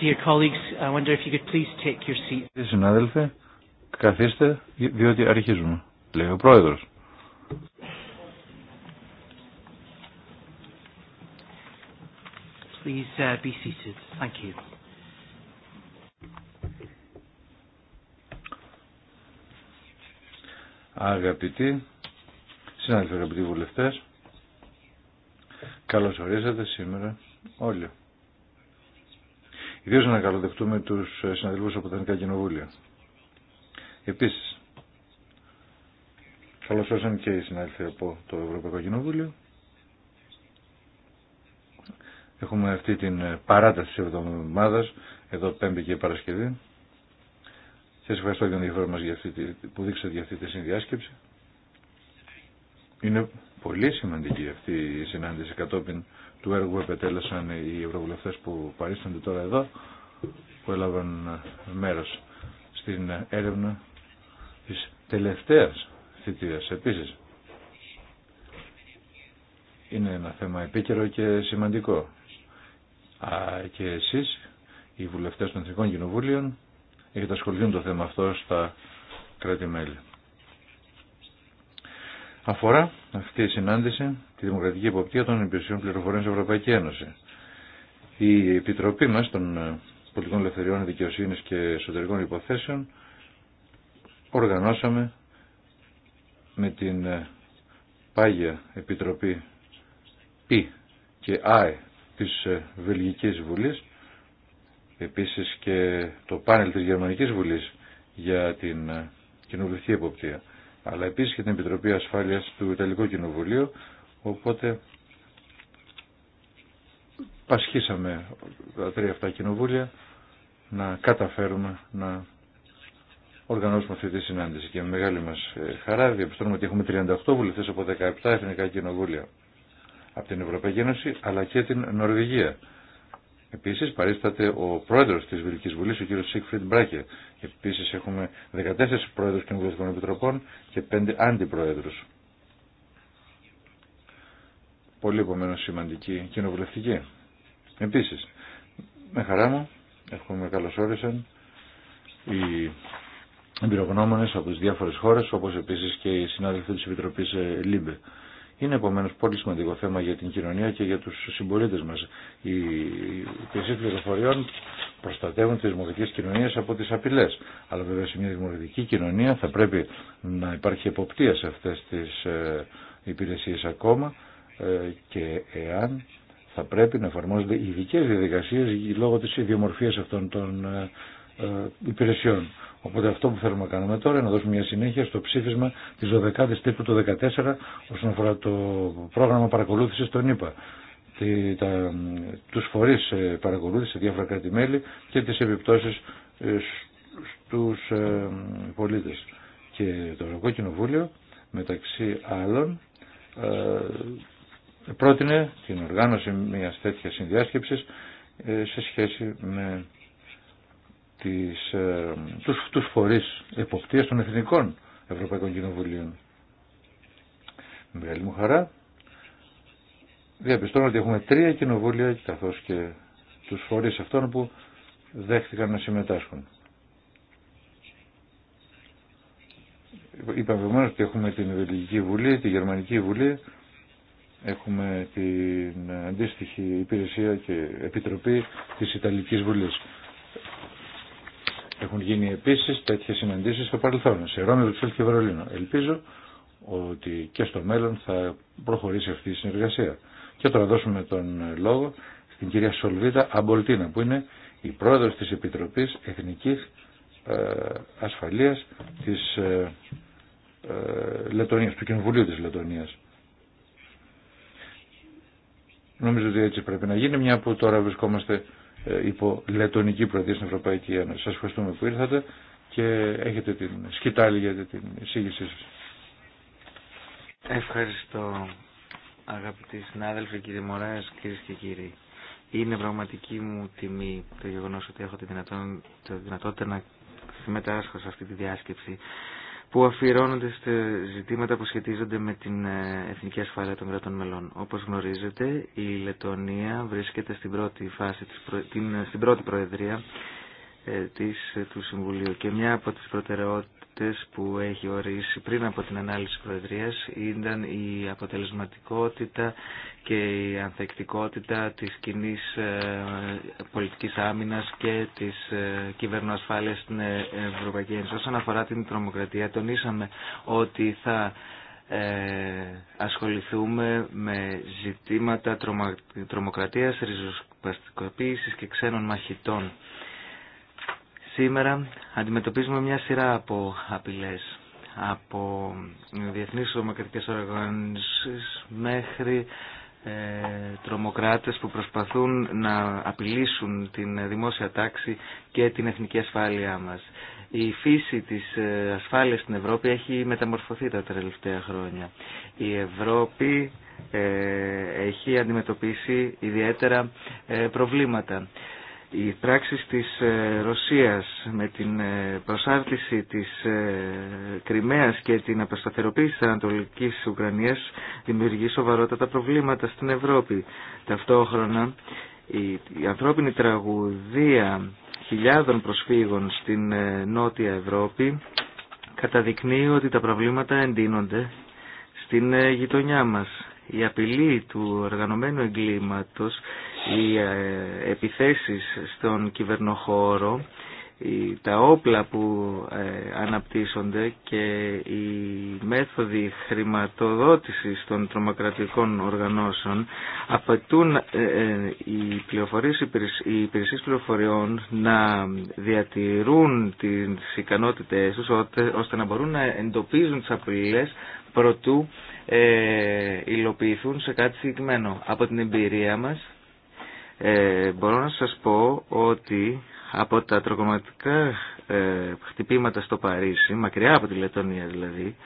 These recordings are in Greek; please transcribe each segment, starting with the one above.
Dear colleagues, I wonder if you could please take your seat. Συνάδελφε, καθίστε διότι αρχίζουμε, λέει ο πρόεδρος. Please uh, be seated. Thank you. Αγαπητοί, συνάδελφοι αγαπητοί βουλευτές, καλώς ορίσατε σήμερα όλοι. Ιδίω να καλοδεχτούμε του ε, συναδελφού από τα Εθνικά Κοινοβούλια. Επίση, καλώ ήρθαν και οι συνάδελφοι από το Ευρωπαϊκό Κοινοβούλιο. Έχουμε αυτή την ε, παράταση τη εβδομάδα, εδώ Πέμπτη και Παρασκευή. Σα ευχαριστώ για τον ενδιαφέρον μα που δείξατε για αυτή τη συνδιάσκεψη. Είναι πολύ σημαντική αυτή η συνάντηση κατόπιν του έργου που επετέλεσαν οι ευρωβουλευτές που παρίστανται τώρα εδώ, που έλαβαν μέρος στην έρευνα της τελευταίας θητείας επίσης. Είναι ένα θέμα επίκαιρο και σημαντικό. Α, και εσείς, οι βουλευτές των Εθνικών Κοινοβούλιων, έχετε ασχοληθεί το θέμα αυτό στα κράτη-μέλη αφορά αυτή η συνάντηση τη δημοκρατική εποπτεία των υπηρεσιών πληροφοριών στην Ευρωπαϊκή Ένωση. Η Επιτροπή μας των ε, Πολιτικών Ελευθεριών Δικαιοσύνης και Εσωτερικών Υποθέσεων οργανώσαμε με την ε, Πάγια Επιτροπή π και ΑΕ της ε, Βελγικής Βουλής επίσης και το πάνελ της Γερμανικής Βουλής για την κοινοβουλευτική εποπτεία αλλά επίσης και την Επιτροπή Ασφάλειας του Ιταλικού Κοινοβουλίου, οπότε πασχίσαμε τα τρία αυτά κοινοβούλια να καταφέρουμε να οργανώσουμε αυτή τη συνάντηση και μεγάλη μας ε, χαρά διαπιστώνουμε ότι έχουμε 38 βουλευτές από 17 εθνικά κοινοβούλια από την Ευρωπαϊκή Ένωση αλλά και την Νορβηγία. Επίση παρίσταται ο πρόεδρο τη Βελική Βουλή, ο κύριος Σίγφριντ Μπράκε. Επίση έχουμε 14 Πρόεδρους κοινοβουλευτικών επιτροπών και 5 αντιπρόεδρου. Πολύ επομένω σημαντική κοινοβουλευτική. Επίση, με χαρά μου, έχουμε καλωσόρισαν οι εμπειρογνώμονε από τι διάφορε χώρε, όπω επίση και οι συνάδελφοι τη Επιτροπή ε, ΛΥΜΠΕ. Είναι επομένω πολύ σημαντικό θέμα για την κοινωνία και για του συμπολίτε μα. Οι υπηρεσίε πληροφοριών προστατεύουν τι δημοκρατικέ κοινωνίε από τι απειλέ. Αλλά βέβαια σε μια δημοκρατική κοινωνία θα πρέπει να υπάρχει εποπτεία σε αυτέ τι ε, υπηρεσίε ακόμα ε, και εάν θα πρέπει να εφαρμόζονται ειδικέ διαδικασίε λόγω τη ιδιομορφία αυτών των ε, υπηρεσιών. Οπότε αυτό που θέλουμε να κάνουμε τώρα είναι να δώσουμε μια συνέχεια στο ψήφισμα τη 12η Τύπου του 2014 όσον αφορά το πρόγραμμα παρακολούθηση των ΗΠΑ. Του φορεί ε, παρακολούθηση σε διάφορα κράτη-μέλη και τι επιπτώσει ε, στου ε, πολίτε. Και το Ευρωπαϊκό Κοινοβούλιο μεταξύ άλλων πρότεινε την οργάνωση μιας τέτοια συνδιάσκεψη σε σχέση με τις, ε, τους, τους φορείς εποπτείας των εθνικών Ευρωπαϊκών Κοινοβουλίων. Με μεγάλη μου χαρά διαπιστώνω ότι έχουμε τρία κοινοβούλια καθώς και τους φορείς αυτών που δέχτηκαν να συμμετάσχουν. Είπαμε μόνο ότι έχουμε την Βελγική Βουλή, τη Γερμανική Βουλή, έχουμε την αντίστοιχη υπηρεσία και επιτροπή της Ιταλικής Βουλής. Έχουν γίνει επίσης τέτοιες συναντήσεις στο παρελθόν, σε Ρώμη, Βρυξέλλες και Βερολίνο. Ελπίζω ότι και στο μέλλον θα προχωρήσει αυτή η συνεργασία. Και τώρα δώσουμε τον λόγο στην κυρία Σολβίτα Αμπολτίνα, που είναι η πρόεδρος της Επιτροπής Εθνικής ε, Ασφαλείας της ε, ε, Λετωνίας, του Κοινοβουλίου της Λετωνίας. Νομίζω ότι έτσι πρέπει να γίνει, μια που τώρα βρισκόμαστε ε, υπό λετωνική προεδρία στην Ευρωπαϊκή Ένωση. Σας ευχαριστούμε που ήρθατε και έχετε την σκητάλη για την εισήγησή σας. Ευχαριστώ αγαπητοί συνάδελφοι, κύριε Μωράς, κύριε και κύριοι. Είναι πραγματική μου τιμή το γεγονός ότι έχω τη δυνατότητα να συμμετάσχω σε αυτή τη διάσκεψη που αφιερώνονται στα ζητήματα που σχετίζονται με την ε, εθνική ασφάλεια των κρατών μελών. Όπως γνωρίζετε, η Λετωνία βρίσκεται στην πρώτη, φάση, ε, στην πρώτη προεδρία ε, της, ε, του Συμβουλίου. Και μια από τις προτεραιότητες που έχει ορίσει πριν από την ανάλυση Προεδρίας ήταν η αποτελεσματικότητα και η ανθεκτικότητα της κοινή ε, πολιτικής άμυνας και της κυβερνοασφάλειας στην Ευρωπαϊκή Ένωση. Όσον αφορά την τρομοκρατία, τονίσαμε ότι θα ασχοληθούμε με ζητήματα τρομα, τρομοκρατίας, ριζοσπαστικοποίησης και ξένων μαχητών. Σήμερα αντιμετωπίζουμε μια σειρά από απειλές από διεθνείς ομοκρατικές οργανώσεις μέχρι ε, τρομοκράτες που προσπαθούν να απειλήσουν την δημόσια τάξη και την εθνική ασφάλειά μας. Η φύση της ε, ασφάλειας στην Ευρώπη έχει μεταμορφωθεί τα τελευταία χρόνια. Η Ευρώπη ε, έχει αντιμετωπίσει ιδιαίτερα προβλήματα οι πράξεις της ε, Ρωσίας με την ε, προσάρτηση της ε, Κρυμαίας και την απεσταθεροποίηση της Ανατολικής Ουκρανίας δημιουργεί σοβαρότατα προβλήματα στην Ευρώπη. Ταυτόχρονα η ανθρώπινη τραγουδία χιλιάδων προσφύγων στην Νότια Ευρώπη καταδεικνύει ότι τα προβλήματα εντείνονται στην γειτονιά μας. Η απειλή του οργανωμένου εγκλήματος οι ε, επιθέσεις στον κυβερνοχώρο, τα όπλα που ε, αναπτύσσονται και οι μέθοδοι χρηματοδότησης των τρομοκρατικών οργανώσεων απαιτούν ε, οι, πληροφορίες, οι υπηρεσίες πληροφοριών να διατηρούν τις ικανότητές τους ώστε να μπορούν να εντοπίζουν τις απειλές προτού υλοποιηθούν σε κάτι συγκεκριμένο. Από την εμπειρία μας ε, μπορώ να σας πω ότι από τα τροκοματικά ε, χτυπήματα στο Παρίσι, μακριά από τη Λετωνία δηλαδή,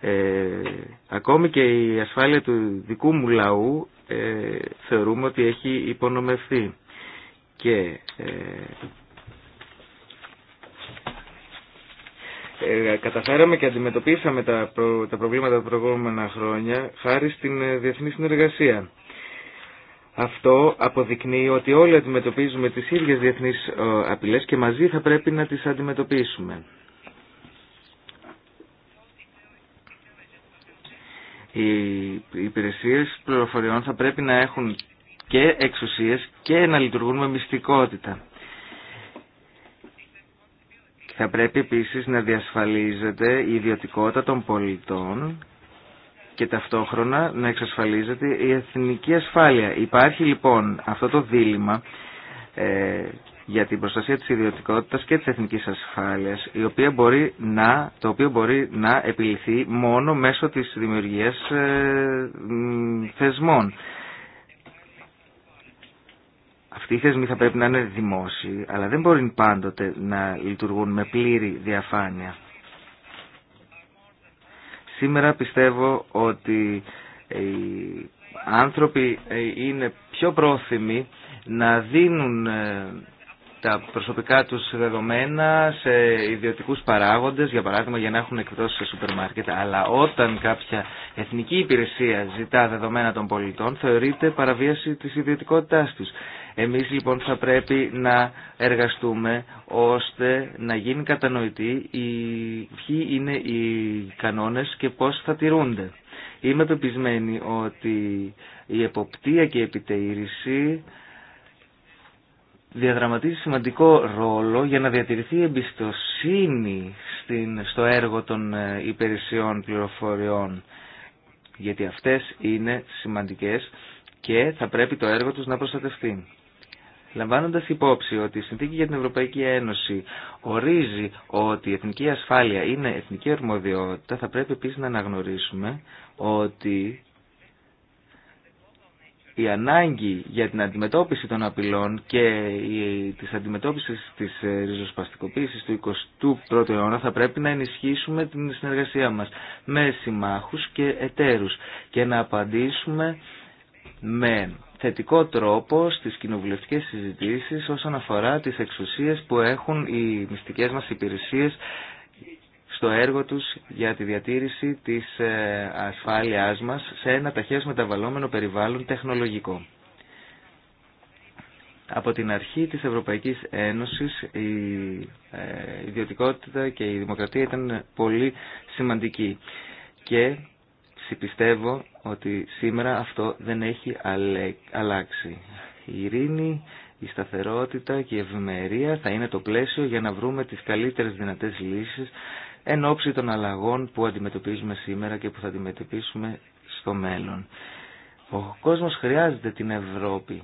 ε, ακόμη και η ασφάλεια του δικού μου λαού ε, θεωρούμε ότι έχει υπονομευθεί. Και καταφέραμε και αντιμετωπίσαμε τα, τα προβλήματα τα προηγούμενα χρόνια χάρη στην διεθνή συνεργασία. Αυτό αποδεικνύει ότι όλοι αντιμετωπίζουμε τις ίδιες διεθνείς ε, απειλές και μαζί θα πρέπει να τις αντιμετωπίσουμε. Οι υπηρεσίες πληροφοριών θα πρέπει να έχουν και εξουσίες και να λειτουργούν με μυστικότητα. Θα πρέπει επίσης να διασφαλίζεται η ιδιωτικότητα των πολιτών και ταυτόχρονα να εξασφαλίζεται η εθνική ασφάλεια. Υπάρχει λοιπόν αυτό το δίλημα ε, για την προστασία της ιδιωτικότητας και της εθνικής ασφάλειας, η οποία μπορεί να, το οποίο μπορεί να επιληθεί μόνο μέσω της δημιουργίας ε, θεσμών. Αυτοί οι θεσμοί θα πρέπει να είναι δημόσιοι, αλλά δεν μπορεί πάντοτε να λειτουργούν με πλήρη διαφάνεια. Σήμερα πιστεύω ότι οι άνθρωποι ε, είναι πιο πρόθυμοι να δίνουν ε, τα προσωπικά τους δεδομένα σε ιδιωτικούς παράγοντες, για παράδειγμα για να έχουν εκδόσει σε σούπερ μάρκετ, αλλά όταν κάποια εθνική υπηρεσία ζητά δεδομένα των πολιτών, θεωρείται παραβίαση της ιδιωτικότητάς τους. Εμείς λοιπόν θα πρέπει να εργαστούμε ώστε να γίνει κατανοητή οι... ποιοι είναι οι κανόνες και πώς θα τηρούνται. Είμαι πεπισμένη ότι η εποπτεία και η επιτήρηση διαδραματίζει σημαντικό ρόλο για να διατηρηθεί η εμπιστοσύνη στην, στο έργο των ε, υπηρεσιών πληροφοριών. Γιατί αυτές είναι σημαντικές και θα πρέπει το έργο τους να προστατευτεί. Λαμβάνοντας υπόψη ότι η Συνθήκη για την Ευρωπαϊκή Ένωση ορίζει ότι η εθνική ασφάλεια είναι εθνική αρμοδιότητα, θα πρέπει επίσης να αναγνωρίσουμε ότι η ανάγκη για την αντιμετώπιση των απειλών και της αντιμετώπισης της ε, ριζοσπαστικοποίησης του 21ου αιώνα θα πρέπει να ενισχύσουμε την συνεργασία μας με συμμάχους και εταίρους και να απαντήσουμε με θετικό τρόπο στις κοινοβουλευτικές συζητήσεις όσον αφορά τις εξουσίες που έχουν οι μυστικές μας υπηρεσίες στο έργο τους για τη διατήρηση της ε, ασφάλειάς μας σε ένα ταχαίως μεταβαλλόμενο περιβάλλον τεχνολογικό. Από την αρχή της Ευρωπαϊκής Ένωσης η ε, ιδιωτικότητα και η δημοκρατία ήταν πολύ σημαντική και Πιστεύω ότι σήμερα αυτό δεν έχει αλλάξει. Η ειρήνη, η σταθερότητα και η ευημερία θα είναι το πλαίσιο για να βρούμε τις καλύτερες δυνατές λύσεις εν ώψη των αλλαγών που αντιμετωπίζουμε σήμερα και που θα αντιμετωπίσουμε στο μέλλον. Ο κόσμος χρειάζεται την Ευρώπη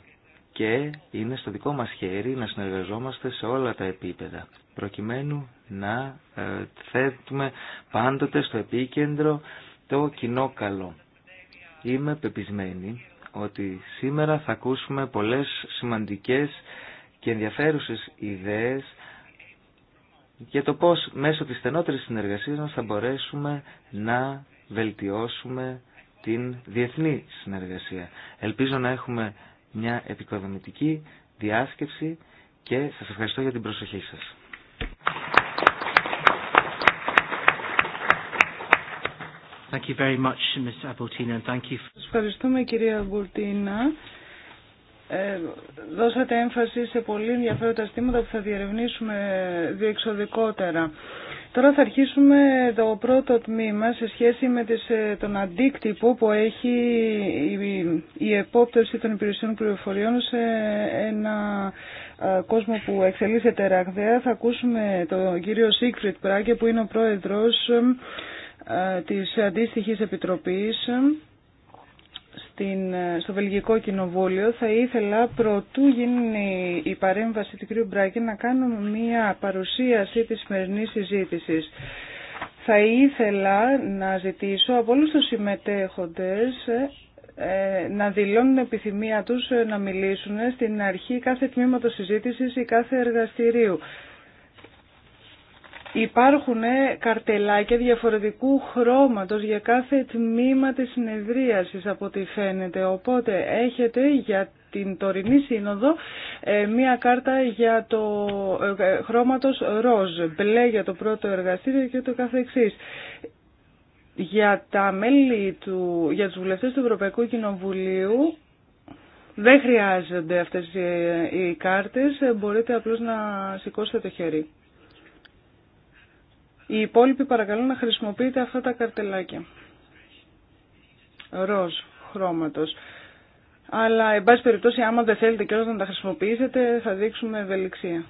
και είναι στο δικό μας χέρι να συνεργαζόμαστε σε όλα τα επίπεδα προκειμένου να ε, θέτουμε πάντοτε στο επίκεντρο κοινό καλό. Είμαι πεπισμένη ότι σήμερα θα ακούσουμε πολλές σημαντικές και ενδιαφέρουσες ιδέες για το πώς μέσω της στενότερης συνεργασίας μας θα μπορέσουμε να βελτιώσουμε την διεθνή συνεργασία. Ελπίζω να έχουμε μια επικοδομητική διάσκεψη και σας ευχαριστώ για την προσοχή σας. Thank you very much, Ms. Thank you. Σας ευχαριστούμε κυρία Αμπουρτίνα. Ε, δώσατε έμφαση σε πολύ ενδιαφέροντα στήματα που θα διερευνήσουμε διεξοδικότερα. Τώρα θα αρχίσουμε το πρώτο τμήμα σε σχέση με τις, ε, τον αντίκτυπο που έχει η, η επόπτευση των υπηρεσιών πληροφοριών σε ένα ε, κόσμο που εξελίσσεται ραγδαία. Θα ακούσουμε τον κύριο Σίκφριτ Πράγκε που είναι ο πρόεδρος ε, ε, της αντίστοιχης επιτροπής ε, στην, ε, στο Βελγικό Κοινοβούλιο θα ήθελα προτού γίνει η παρέμβαση του κ. Μπράκη να κάνουμε μια παρουσίαση της σημερινής συζήτησης. Θα ήθελα να ζητήσω από όλους τους συμμετέχοντες να δηλώνουν επιθυμία τους να μιλήσουν στην αρχή κάθε τμήματος συζήτησης ή κάθε εργαστηρίου. Υπάρχουν ε, καρτελάκια διαφορετικού χρώματος για κάθε τμήμα της συνεδρίασης από ό,τι φαίνεται. Οπότε έχετε για την τωρινή σύνοδο ε, μία κάρτα για το ε, χρώματος ροζ, μπλε για το πρώτο εργαστήριο και το καθεξής. Για τα μέλη του, για τους βουλευτές του Ευρωπαϊκού Κοινοβουλίου δεν χρειάζονται αυτές οι κάρτες, μπορείτε απλώς να σηκώσετε το χέρι. Οι υπόλοιποι παρακαλώ να χρησιμοποιείτε αυτά τα καρτελάκια. Ροζ χρώματος. Αλλά, εν πάση περιπτώσει, άμα δεν θέλετε και να τα χρησιμοποιήσετε, θα δείξουμε ευελιξία.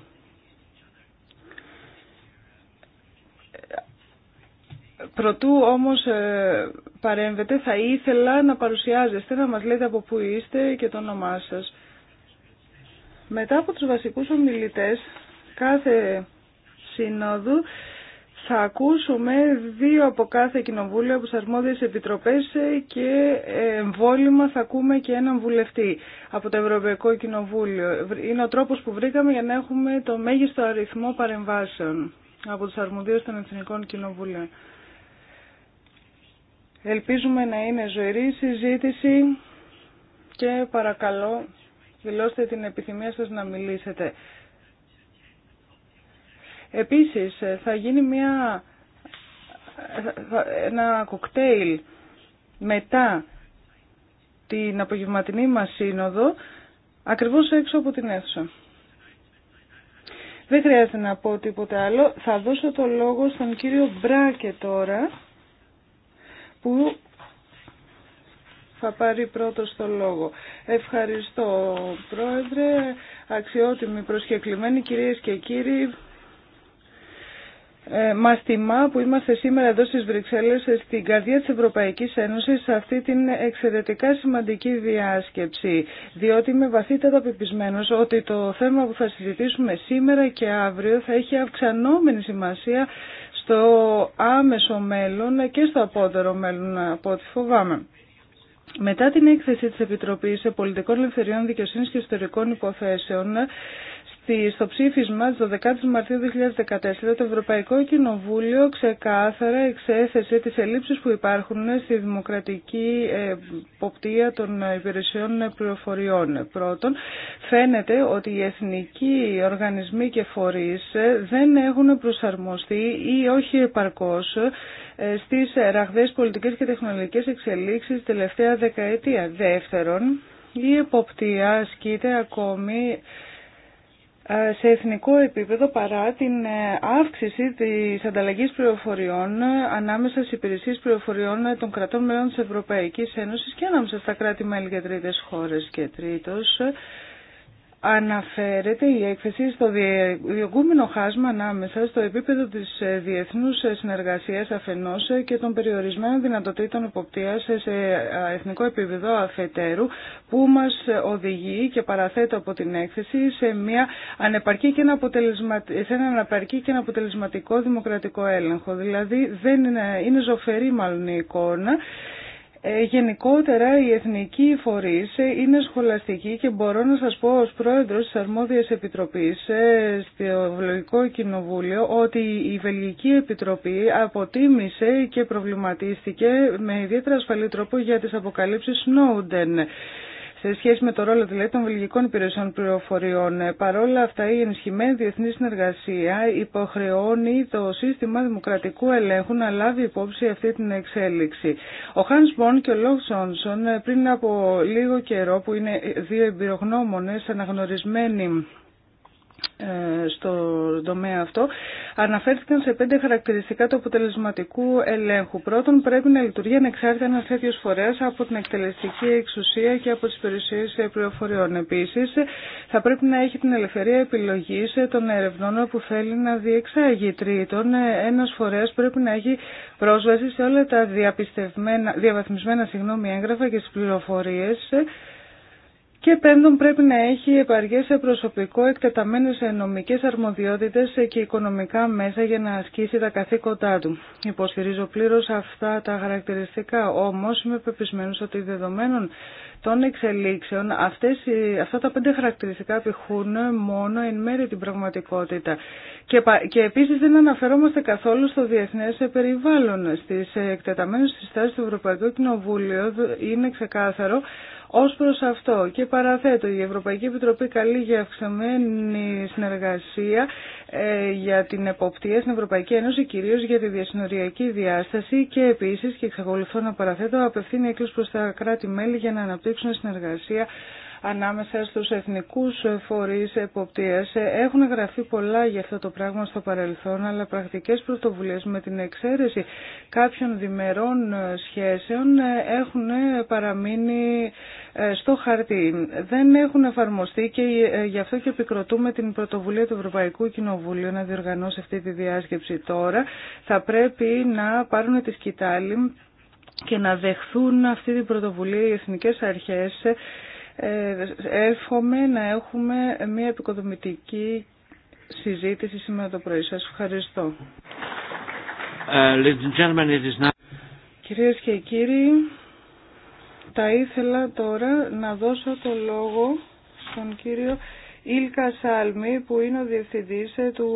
Προτού όμως ε, παρέμβετε, θα ήθελα να παρουσιάζεστε, να μας λέτε από πού είστε και το όνομά σας. Μετά από τους βασικούς ομιλητές, κάθε σύνοδου θα ακούσουμε δύο από κάθε κοινοβούλιο, από τι αρμόδιε επιτροπέ και εμβόλυμα θα ακούμε και έναν βουλευτή από το Ευρωπαϊκό Κοινοβούλιο. Είναι ο τρόπο που βρήκαμε για να έχουμε το μέγιστο αριθμό παρεμβάσεων από του αρμοδίου των Εθνικών Κοινοβουλίων. Ελπίζουμε να είναι ζωηρή συζήτηση και παρακαλώ δηλώστε την επιθυμία σας να μιλήσετε. Επίσης θα γίνει μια, ένα κοκτέιλ μετά την απογευματινή μας σύνοδο ακριβώς έξω από την αίθουσα. Δεν χρειάζεται να πω τίποτε άλλο. Θα δώσω το λόγο στον κύριο Μπράκε τώρα που θα πάρει πρώτος το λόγο. Ευχαριστώ πρόεδρε, αξιότιμοι προσκεκλημένοι κυρίες και κύριοι ε, μας τιμά που είμαστε σήμερα εδώ στις Βρυξέλλες ε, στην καρδιά της Ευρωπαϊκής Ένωσης σε αυτή την εξαιρετικά σημαντική διάσκεψη διότι είμαι βαθύτερα πεπισμένος ότι το θέμα που θα συζητήσουμε σήμερα και αύριο θα έχει αυξανόμενη σημασία στο άμεσο μέλλον και στο απότερο μέλλον από ό,τι φοβάμαι. Μετά την έκθεση της Επιτροπής Πολιτικών Ελευθεριών Δικαιοσύνης και Ιστορικών Υποθέσεων στο ψήφισμα της 12 Μαρτίου 2014 το Ευρωπαϊκό Κοινοβούλιο ξεκάθαρα εξέθεσε τις ελλείψεις που υπάρχουν στη δημοκρατική ε, ποπτεία των υπηρεσιών πληροφοριών. Πρώτον, φαίνεται ότι οι εθνικοί οργανισμοί και φορείς δεν έχουν προσαρμοστεί ή όχι επαρκώς ε, στις ραγδαίες πολιτικές και τεχνολογικές εξελίξεις τελευταία δεκαετία. Δεύτερον, η εποπτεία ασκείται ακόμη ε, σε εθνικό επίπεδο παρά την ε, αύξηση της ανταλλαγής πληροφοριών ε, ανάμεσα στις υπηρεσίες πληροφοριών των κρατών μελών της Ευρωπαϊκής Ένωσης και ανάμεσα στα κράτη-μέλη για τρίτες χώρες και τρίτος αναφέρεται η έκθεση στο διωγούμενο χάσμα ανάμεσα στο επίπεδο της διεθνούς συνεργασίας αφενός και των περιορισμένων δυνατοτήτων υποπτίας σε εθνικό επίπεδο αφετέρου που μας οδηγεί και παραθέτω από την έκθεση σε, μια ανεπαρκή και ένα ανεπαρκή και ένα αποτελεσματικό δημοκρατικό έλεγχο. Δηλαδή δεν είναι, είναι ζωφερή μάλλον η εικόνα ε, γενικότερα η εθνικοί φορείς ε, είναι σχολαστική και μπορώ να σας πω ως πρόεδρος της Αρμόδιας Επιτροπής ε, στο Βελγικό Κοινοβούλιο ότι η Βελγική Επιτροπή αποτίμησε και προβληματίστηκε με ιδιαίτερα ασφαλή τρόπο για τις αποκαλύψεις Snowden σε σχέση με το ρόλο δηλαδή των βελγικών υπηρεσιών πληροφοριών. Ε, παρόλα αυτά, η ενισχυμένη διεθνή συνεργασία υποχρεώνει το σύστημα δημοκρατικού ελέγχου να λάβει υπόψη αυτή την εξέλιξη. Ο Χάν Μπον και ο Λόγ Σόνσον ε, πριν από λίγο καιρό, που είναι δύο εμπειρογνώμονε αναγνωρισμένοι ε, στο τομέα αυτό, αναφέρθηκαν σε πέντε χαρακτηριστικά του αποτελεσματικού ελέγχου. Πρώτον, πρέπει να λειτουργεί ανεξάρτητα ένα τέτοιο φορέα από την εκτελεστική εξουσία και από τι περιουσίε πληροφοριών. Επίση, θα πρέπει να έχει την ελευθερία επιλογή των ερευνών που θέλει να διεξάγει. Τρίτον, ένα φορέα πρέπει να έχει πρόσβαση σε όλα τα διαπιστευμένα, διαβαθμισμένα συγγνώμη, έγγραφα και τι πληροφορίε και πέμπτον πρέπει να έχει επαργέ σε προσωπικό εκτεταμένο σε νομικές αρμοδιότητες και οικονομικά μέσα για να ασκήσει τα καθήκοντά του. Υποστηρίζω πλήρω αυτά τα χαρακτηριστικά, όμως είμαι πεπισμένο ότι δεδομένων των εξελίξεων, αυτές, αυτά τα πέντε χαρακτηριστικά πηχούν μόνο εν μέρει την πραγματικότητα. Και, και επίσης δεν αναφερόμαστε καθόλου στο διεθνές περιβάλλον. Στις εκτεταμένες συστάσεις του Ευρωπαϊκού Κοινοβούλιο είναι ξεκάθαρο Ω προ αυτό και παραθέτω, η Ευρωπαϊκή Επιτροπή καλεί για αυξημένη συνεργασία ε, για την εποπτεία στην Ευρωπαϊκή Ένωση, κυρίως για τη διασυνοριακή διάσταση και επίσης, και εξακολουθώ να παραθέτω, απευθύνει έκκληση προς τα κράτη-μέλη για να αναπτύξουν συνεργασία ανάμεσα στους εθνικούς φορείς εποπτείας. Έχουν γραφεί πολλά για αυτό το πράγμα στο παρελθόν, αλλά πρακτικές πρωτοβουλίες με την εξαίρεση κάποιων διμερών σχέσεων έχουν παραμείνει ε, στο χαρτί. Δεν έχουν εφαρμοστεί και ε, γι' αυτό και επικροτούμε την πρωτοβουλία του Ευρωπαϊκού Κοινοβουλίου να διοργανώσει αυτή τη διάσκεψη τώρα. Θα πρέπει να πάρουν τη σκητάλη και να δεχθούν αυτή την πρωτοβουλία οι εθνικές αρχές ε, εύχομαι να έχουμε μια επικοδομητική συζήτηση σήμερα το πρωί. Σας ευχαριστώ. Uh, Κυρίες και κύριοι, θα ήθελα τώρα να δώσω το λόγο στον κύριο Ήλκα Σάλμη που είναι ο Διευθυντής ε, του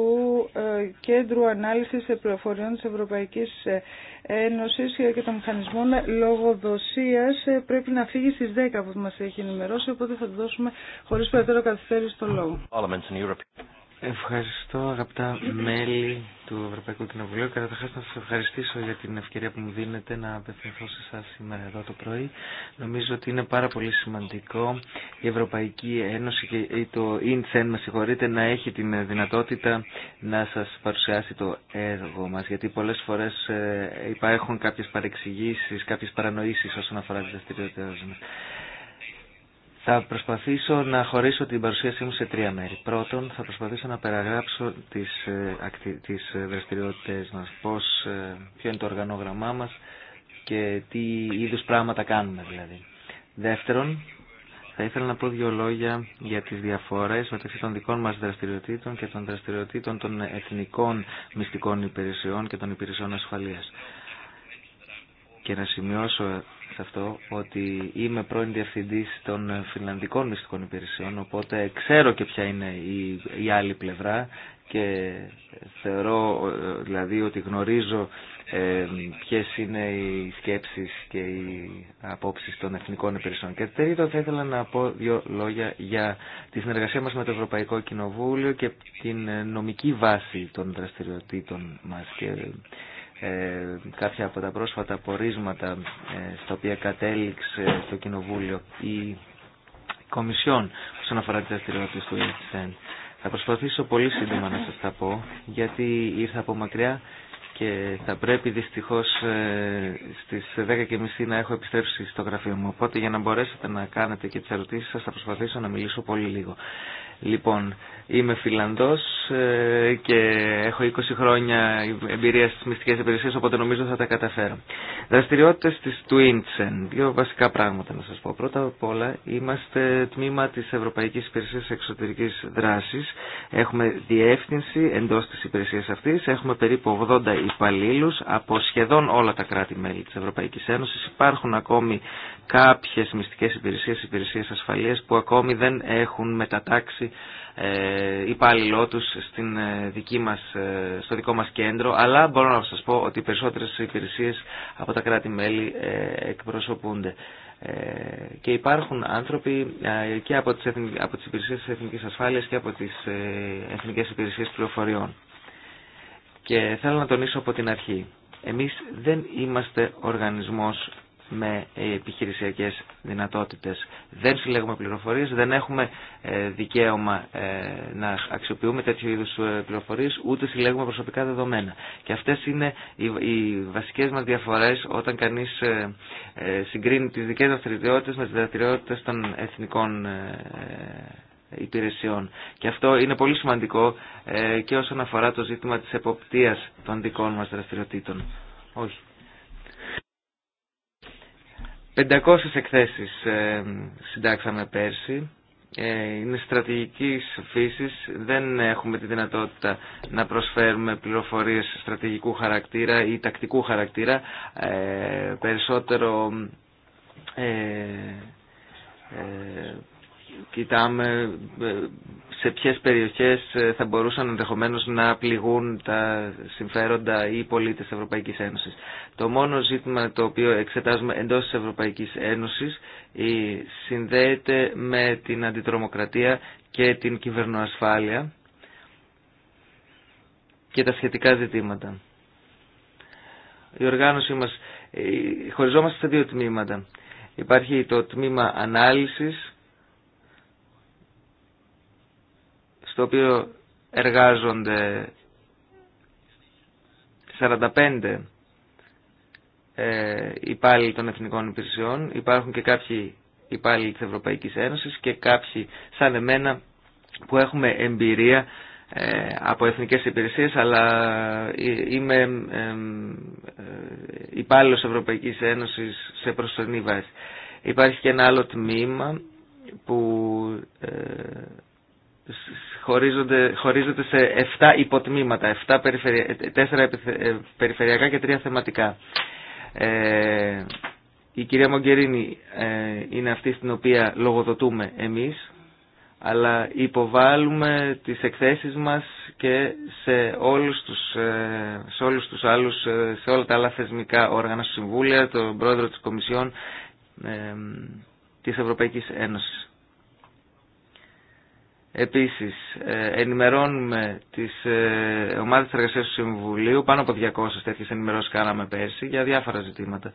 ε, Κέντρου Ανάλυσης Πληροφοριών της Ευρωπαϊκής ε, Ένωσης και των Μηχανισμών Λογοδοσίας πρέπει να φύγει στις 10 που μας έχει ενημερώσει οπότε θα του δώσουμε χωρίς περαιτέρω καθυστέρηση το λόγο. Ευχαριστώ αγαπητά μέλη του Ευρωπαϊκού Κοινοβουλίου. Καταρχά να σα ευχαριστήσω για την ευκαιρία που μου δίνετε να απευθυνθώ σε εσά σήμερα εδώ το πρωί. Νομίζω ότι είναι πάρα πολύ σημαντικό η Ευρωπαϊκή Ένωση και το ΙΝΤΣΕΝ, με συγχωρείτε, να έχει την δυνατότητα να σα παρουσιάσει το έργο μα. Γιατί πολλέ φορέ ε, υπάρχουν κάποιε παρεξηγήσει, κάποιε παρανοήσει όσον αφορά τι δραστηριότητε μα. Θα προσπαθήσω να χωρίσω την παρουσίασή μου σε τρία μέρη. Πρώτον, θα προσπαθήσω να περαγράψω τις, ε, τις ε, δραστηριότητες μας, πώς, ε, ποιο είναι το οργανόγραμμά μας και τι είδους πράγματα κάνουμε δηλαδή. Δεύτερον, θα ήθελα να πω δύο λόγια για τις διαφορές μεταξύ των δικών μας δραστηριοτήτων και των δραστηριοτήτων των εθνικών μυστικών υπηρεσιών και των υπηρεσιών ασφαλείας. Και να σημειώσω ότι είμαι πρώην διευθυντή των Φιλανδικών Μυστικών Υπηρεσιών, οπότε ξέρω και ποια είναι η, η άλλη πλευρά και θεωρώ ε, δηλαδή ότι γνωρίζω ε, ποιες είναι οι σκέψεις και οι απόψεις των εθνικών υπηρεσιών. Και τρίτο θα ήθελα να πω δύο λόγια για τη συνεργασία μας με το Ευρωπαϊκό Κοινοβούλιο και την νομική βάση των δραστηριοτήτων μας. Ε, κάποια από τα πρόσφατα πορίσματα ε, στα οποία κατέληξε το Κοινοβούλιο η Κομισιόν όσον αφορά τις δραστηριότητες του ΕΣΕΝ. Θα προσπαθήσω πολύ σύντομα να σας τα πω, γιατί ήρθα από μακριά και θα πρέπει δυστυχώς ε, στις 10.30 να έχω επιστρέψει στο γραφείο μου. Οπότε για να μπορέσετε να κάνετε και τις ερωτήσεις σας θα προσπαθήσω να μιλήσω πολύ λίγο. Λοιπόν, Είμαι Φιλανδός ε, και έχω 20 χρόνια εμπειρία στις μυστικές υπηρεσίες, οπότε νομίζω θα τα καταφέρω. Δραστηριότητες της Twinsen. Δύο βασικά πράγματα να σας πω. Πρώτα απ' όλα είμαστε τμήμα της Ευρωπαϊκής Υπηρεσίας Εξωτερικής Δράσης. Έχουμε διεύθυνση εντός της υπηρεσίας αυτής. Έχουμε περίπου 80 υπαλλήλους από σχεδόν όλα τα κράτη-μέλη της Ευρωπαϊκής Ένωσης. Υπάρχουν ακόμη κάποιες μυστικές υπηρεσίες, υπηρεσίες ασφαλείας που ακόμη δεν έχουν μετατάξει ε, υπάλληλό τους στην, ε, δική μας, ε, στο δικό μας κέντρο αλλά μπορώ να σας πω ότι οι περισσότερες υπηρεσίες από τα κράτη-μέλη ε, εκπροσωπούνται. και υπάρχουν άνθρωποι και από τις, από τις υπηρεσίες της Εθνικής Ασφάλειας και από τις Εθνικές Υπηρεσίες Πληροφοριών. Και θέλω να τονίσω από την αρχή. Εμείς δεν είμαστε οργανισμός με επιχειρησιακές δυνατότητες. Δεν συλλέγουμε πληροφορίες, δεν έχουμε ε, δικαίωμα ε, να αξιοποιούμε τέτοιου είδους ε, πληροφορίες, ούτε συλλέγουμε προσωπικά δεδομένα. Και αυτές είναι οι βασικές μας διαφορές όταν κανείς συγκρίνει τις δικές δραστηριότητες με τις δραστηριότητες των εθνικών υπηρεσιών. Και αυτό είναι πολύ σημαντικό και όσον αφορά το ζήτημα της εποπτείας των δικών μας δραστηριοτήτων. Όχι. 500 εκθέσεις ε, συντάξαμε πέρσι. Ε, είναι στρατηγικής φύσης, δεν έχουμε τη δυνατότητα να προσφέρουμε πληροφορίες στρατηγικού χαρακτήρα ή τακτικού χαρακτήρα. Ε, περισσότερο κοιτάμε ε, σε ποιες περιοχές ε, θα μπορούσαν ενδεχομένως να πληγούν τα συμφέροντα ή οι πολίτες της Ευρωπαϊκής Ένωσης. Το μόνο ζήτημα το οποίο εξετάζουμε εντός της Ευρωπαϊκής Ένωσης ε, συνδέεται με την αντιτρομοκρατία και την κυβερνοασφάλεια και τα σχετικά ζητήματα. Η οργάνωσή μας χωριζόμαστε σε δύο τμήματα. Υπάρχει το τμήμα ανάλυσης στο οποίο εργάζονται 45 ε, υπάλληλοι των εθνικών υπηρεσιών. Υπάρχουν και κάποιοι υπάλληλοι της Ευρωπαϊκής Ένωσης και κάποιοι σαν εμένα που έχουμε εμπειρία ε, από εθνικές υπηρεσίες αλλά ε, είμαι ε, υπάλληλος Ευρωπαϊκής Ένωσης σε προσωρινή βάση. Υπάρχει και ένα άλλο τμήμα που χωρίζονται, σε 7 υποτμήματα, 7 4 ε, περιφερειακά και 3 θεματικά. Ε, η κυρία Μογκερίνη ε, είναι αυτή στην οποία λογοδοτούμε εμείς, αλλά υποβάλλουμε τις εκθέσεις μας και σε όλους τους, ε, σε όλους τους άλλους, σε όλα τα άλλα θεσμικά όργανα, Συμβούλια, τον Πρόεδρο της Κομισιόν, ε, της Ευρωπαϊκής Ένωσης. Επίσης, ε, ενημερώνουμε τις ε, ομάδες εργασίας του Συμβουλίου, πάνω από 200 τέτοιες ενημερώσεις κάναμε πέρσι για διάφορα ζητήματα.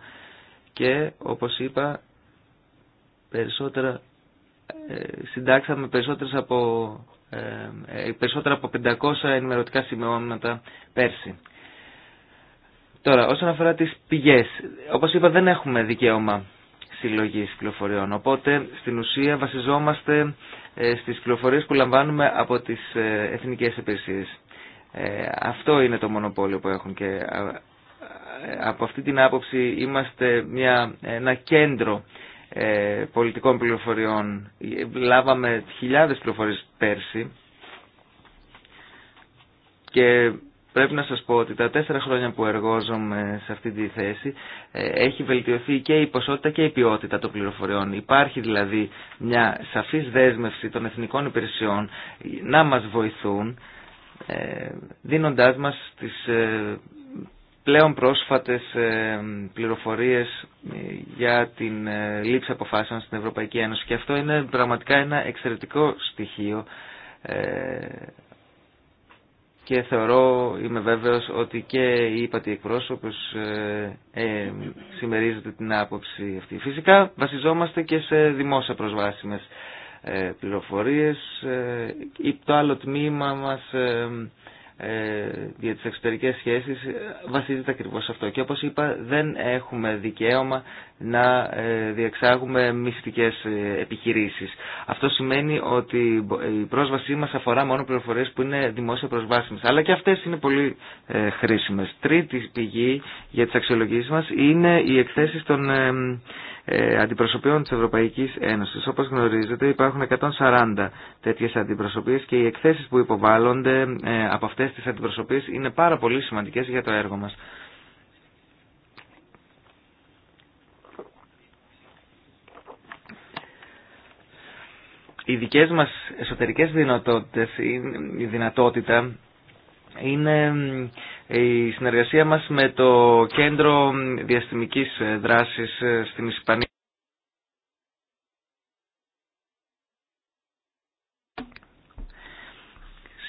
Και, όπως είπα, περισσότερα, ε, συντάξαμε περισσότερες από, περισσότερα από 500 ενημερωτικά σημειώματα πέρσι. Τώρα, όσον αφορά τις πηγές, όπως είπα δεν έχουμε δικαίωμα συλλογής πληροφοριών. Οπότε στην ουσία βασιζόμαστε ε, στις πληροφορίες που λαμβάνουμε από τις ε, εθνικές υπηρεσίες. Ε, αυτό είναι το μονοπόλιο που έχουν και από αυτή την άποψη είμαστε μια, ένα κέντρο πολιτικών πληροφοριών. Λάβαμε χιλιάδες πληροφορίες πέρσι και Πρέπει να σας πω ότι τα τέσσερα χρόνια που εργόζομαι σε αυτή τη θέση ε, έχει βελτιωθεί και η ποσότητα και η ποιότητα των πληροφοριών. Υπάρχει δηλαδή μια σαφής δέσμευση των εθνικών υπηρεσιών να μας βοηθούν ε, δίνοντάς μας τις ε, πλέον πρόσφατες πληροφορίες για την λήψη αποφάσεων στην Ευρωπαϊκή Ένωση. Και αυτό είναι πραγματικά ένα εξαιρετικό στοιχείο και θεωρώ, είμαι βέβαιος, ότι και η ύπατη εκπρόσωπος ε, ε συμμερίζεται την άποψη αυτή. Φυσικά βασιζόμαστε και σε δημόσια προσβάσιμες ε, πληροφορίες. Ε, το άλλο τμήμα μας ε, ε, για τις εξωτερικές σχέσεις ε, βασίζεται ακριβώς αυτό. Και όπως είπα δεν έχουμε δικαίωμα να ε, διεξάγουμε μυστικές επιχειρήσεις. Αυτό σημαίνει ότι η πρόσβασή μας αφορά μόνο πληροφορίες που είναι δημόσια προσβάσιμες. Αλλά και αυτές είναι πολύ χρήσιμες. Τρίτη πηγή για τις αξιολογήσεις μας είναι οι εκθέσεις των ε, αντιπροσωπείων της Ευρωπαϊκής Ένωσης. Όπως γνωρίζετε υπάρχουν 140 τέτοιες αντιπροσωπείες και οι εκθέσεις που υποβάλλονται ε, από αυτές τις αντιπροσωπείες είναι πάρα πολύ σημαντικές για το έργο μας. Οι δικές μας εσωτερικές δυνατότητες, η δυνατότητα είναι η συνεργασία μας με το Κέντρο Διαστημικής Δράσης ε, στην Ισπανία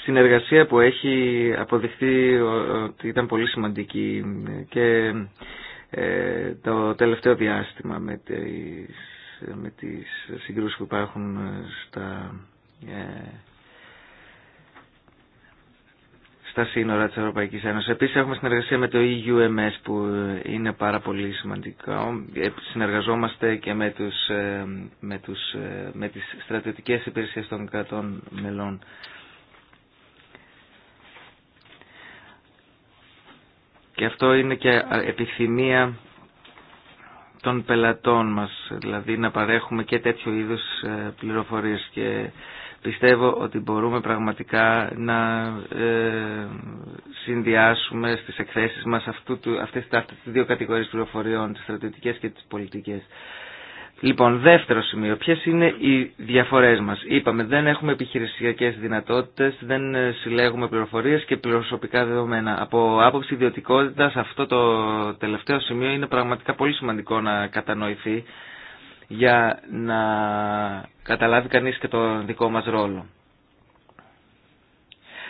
συνεργασία που έχει αποδειχθεί ότι ήταν πολύ σημαντική και ε, το τελευταίο διάστημα με τις, με τις συγκρούσεις που υπάρχουν στα ε, στα σύνορα της Ευρωπαϊκής Ένωσης. Επίσης έχουμε συνεργασία με το EUMS που είναι πάρα πολύ σημαντικό. Ε, συνεργαζόμαστε και με, τους, ε, με, τους, ε, με τις στρατιωτικές υπηρεσίες των κρατών μελών. Και αυτό είναι και επιθυμία των πελατών μας, δηλαδή να παρέχουμε και τέτοιο είδους πληροφορίες και Πιστεύω ότι μπορούμε πραγματικά να ε, συνδυάσουμε στις εκθέσεις μας αυτού του, αυτές, τις δύο κατηγορίες πληροφοριών, τις στρατιωτικές και τις πολιτικές. Λοιπόν, δεύτερο σημείο. Ποιες είναι οι διαφορές μας. Είπαμε, δεν έχουμε επιχειρησιακές δυνατότητες, δεν ε, συλλέγουμε πληροφορίες και πληροσωπικά δεδομένα. Από άποψη ιδιωτικότητας αυτό το τελευταίο σημείο είναι πραγματικά πολύ σημαντικό να κατανοηθεί για να καταλάβει κανείς και τον δικό μας ρόλο.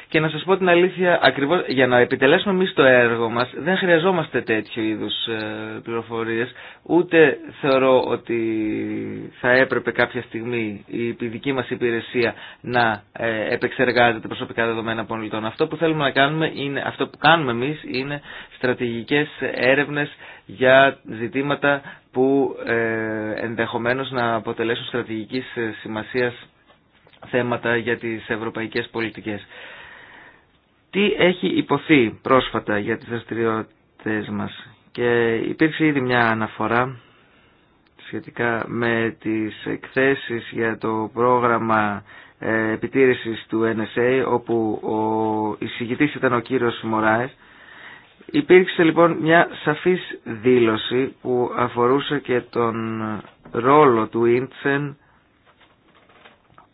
Και να σας πω την αλήθεια, ακριβώς για να επιτελέσουμε εμεί το έργο μας δεν χρειαζόμαστε τέτοιου είδους ε, πληροφορίες, ούτε θεωρώ ότι θα έπρεπε κάποια στιγμή η δική μας υπηρεσία να ε, επεξεργάζεται προσωπικά δεδομένα πολιτών. Αυτό που θέλουμε να κάνουμε είναι, αυτό που κάνουμε εμείς είναι στρατηγικές έρευνες για ζητήματα που ε, ενδεχομένως να αποτελέσουν στρατηγικής ε, σημασίας θέματα για τις ευρωπαϊκές πολιτικές. Τι έχει υποθεί πρόσφατα για τις δραστηριότητε μας και υπήρξε ήδη μια αναφορά σχετικά με τις εκθέσεις για το πρόγραμμα ε, επιτήρησης του NSA όπου ο εισηγητής ήταν ο κύριος Μωράες Υπήρξε λοιπόν μια σαφής δήλωση που αφορούσε και τον ρόλο του Ίντσεν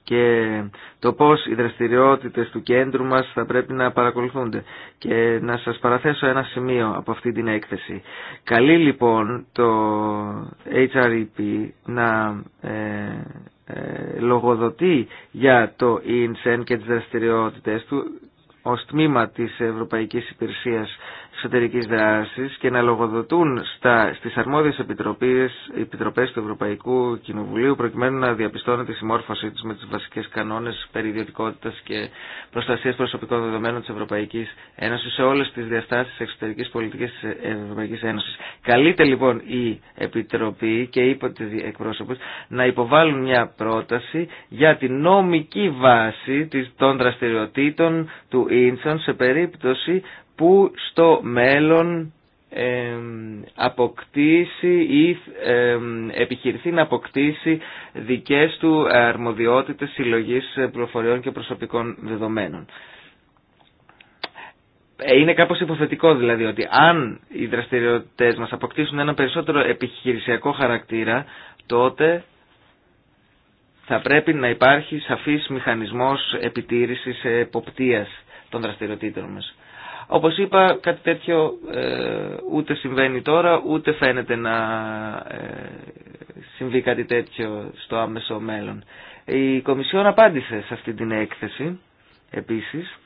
και το πώς οι δραστηριότητες του κέντρου μας θα πρέπει να παρακολουθούνται. Και να σας παραθέσω ένα σημείο από αυτή την έκθεση. Καλεί λοιπόν το HREP να ε, ε, λογοδοτεί για το ΙΝΤΣΕΝ και τις δραστηριότητες του ως τμήμα της Ευρωπαϊκής Υπηρεσίας εσωτερικής δράσης και να λογοδοτούν στα, στις αρμόδιες επιτροπές, επιτροπές του Ευρωπαϊκού Κοινοβουλίου προκειμένου να διαπιστώνουν τη συμμόρφωσή τους με τις βασικές κανόνες περί ιδιωτικότητας και προστασίας προσωπικών δεδομένων της Ευρωπαϊκής Ένωσης σε όλες τις διαστάσεις της εξωτερικής πολιτικής της Ευρωπαϊκής Ένωσης. Καλείται λοιπόν η Επιτροπή και οι εκπρόσωπους να υποβάλουν μια πρόταση για τη νομική βάση των δραστηριοτήτων του Ίντσον σε περίπτωση που στο μέλλον αποκτήσει ή επιχειρηθεί να αποκτήσει δικές του αρμοδιότητες συλλογής προφοριών και προσωπικών δεδομένων. Ε, είναι κάπως υποθετικό δηλαδή ότι αν οι δραστηριότητες μας αποκτήσουν ένα περισσότερο επιχειρησιακό χαρακτήρα τότε θα πρέπει να υπάρχει σαφής μηχανισμός επιτήρησης εποπτείας των δραστηριοτήτων μας. Όπως είπα, κάτι τέτοιο ε, ούτε συμβαίνει τώρα, ούτε φαίνεται να ε, συμβεί κάτι τέτοιο στο άμεσο μέλλον. Η Κομισιόν απάντησε σε αυτή την έκθεση, επίσης,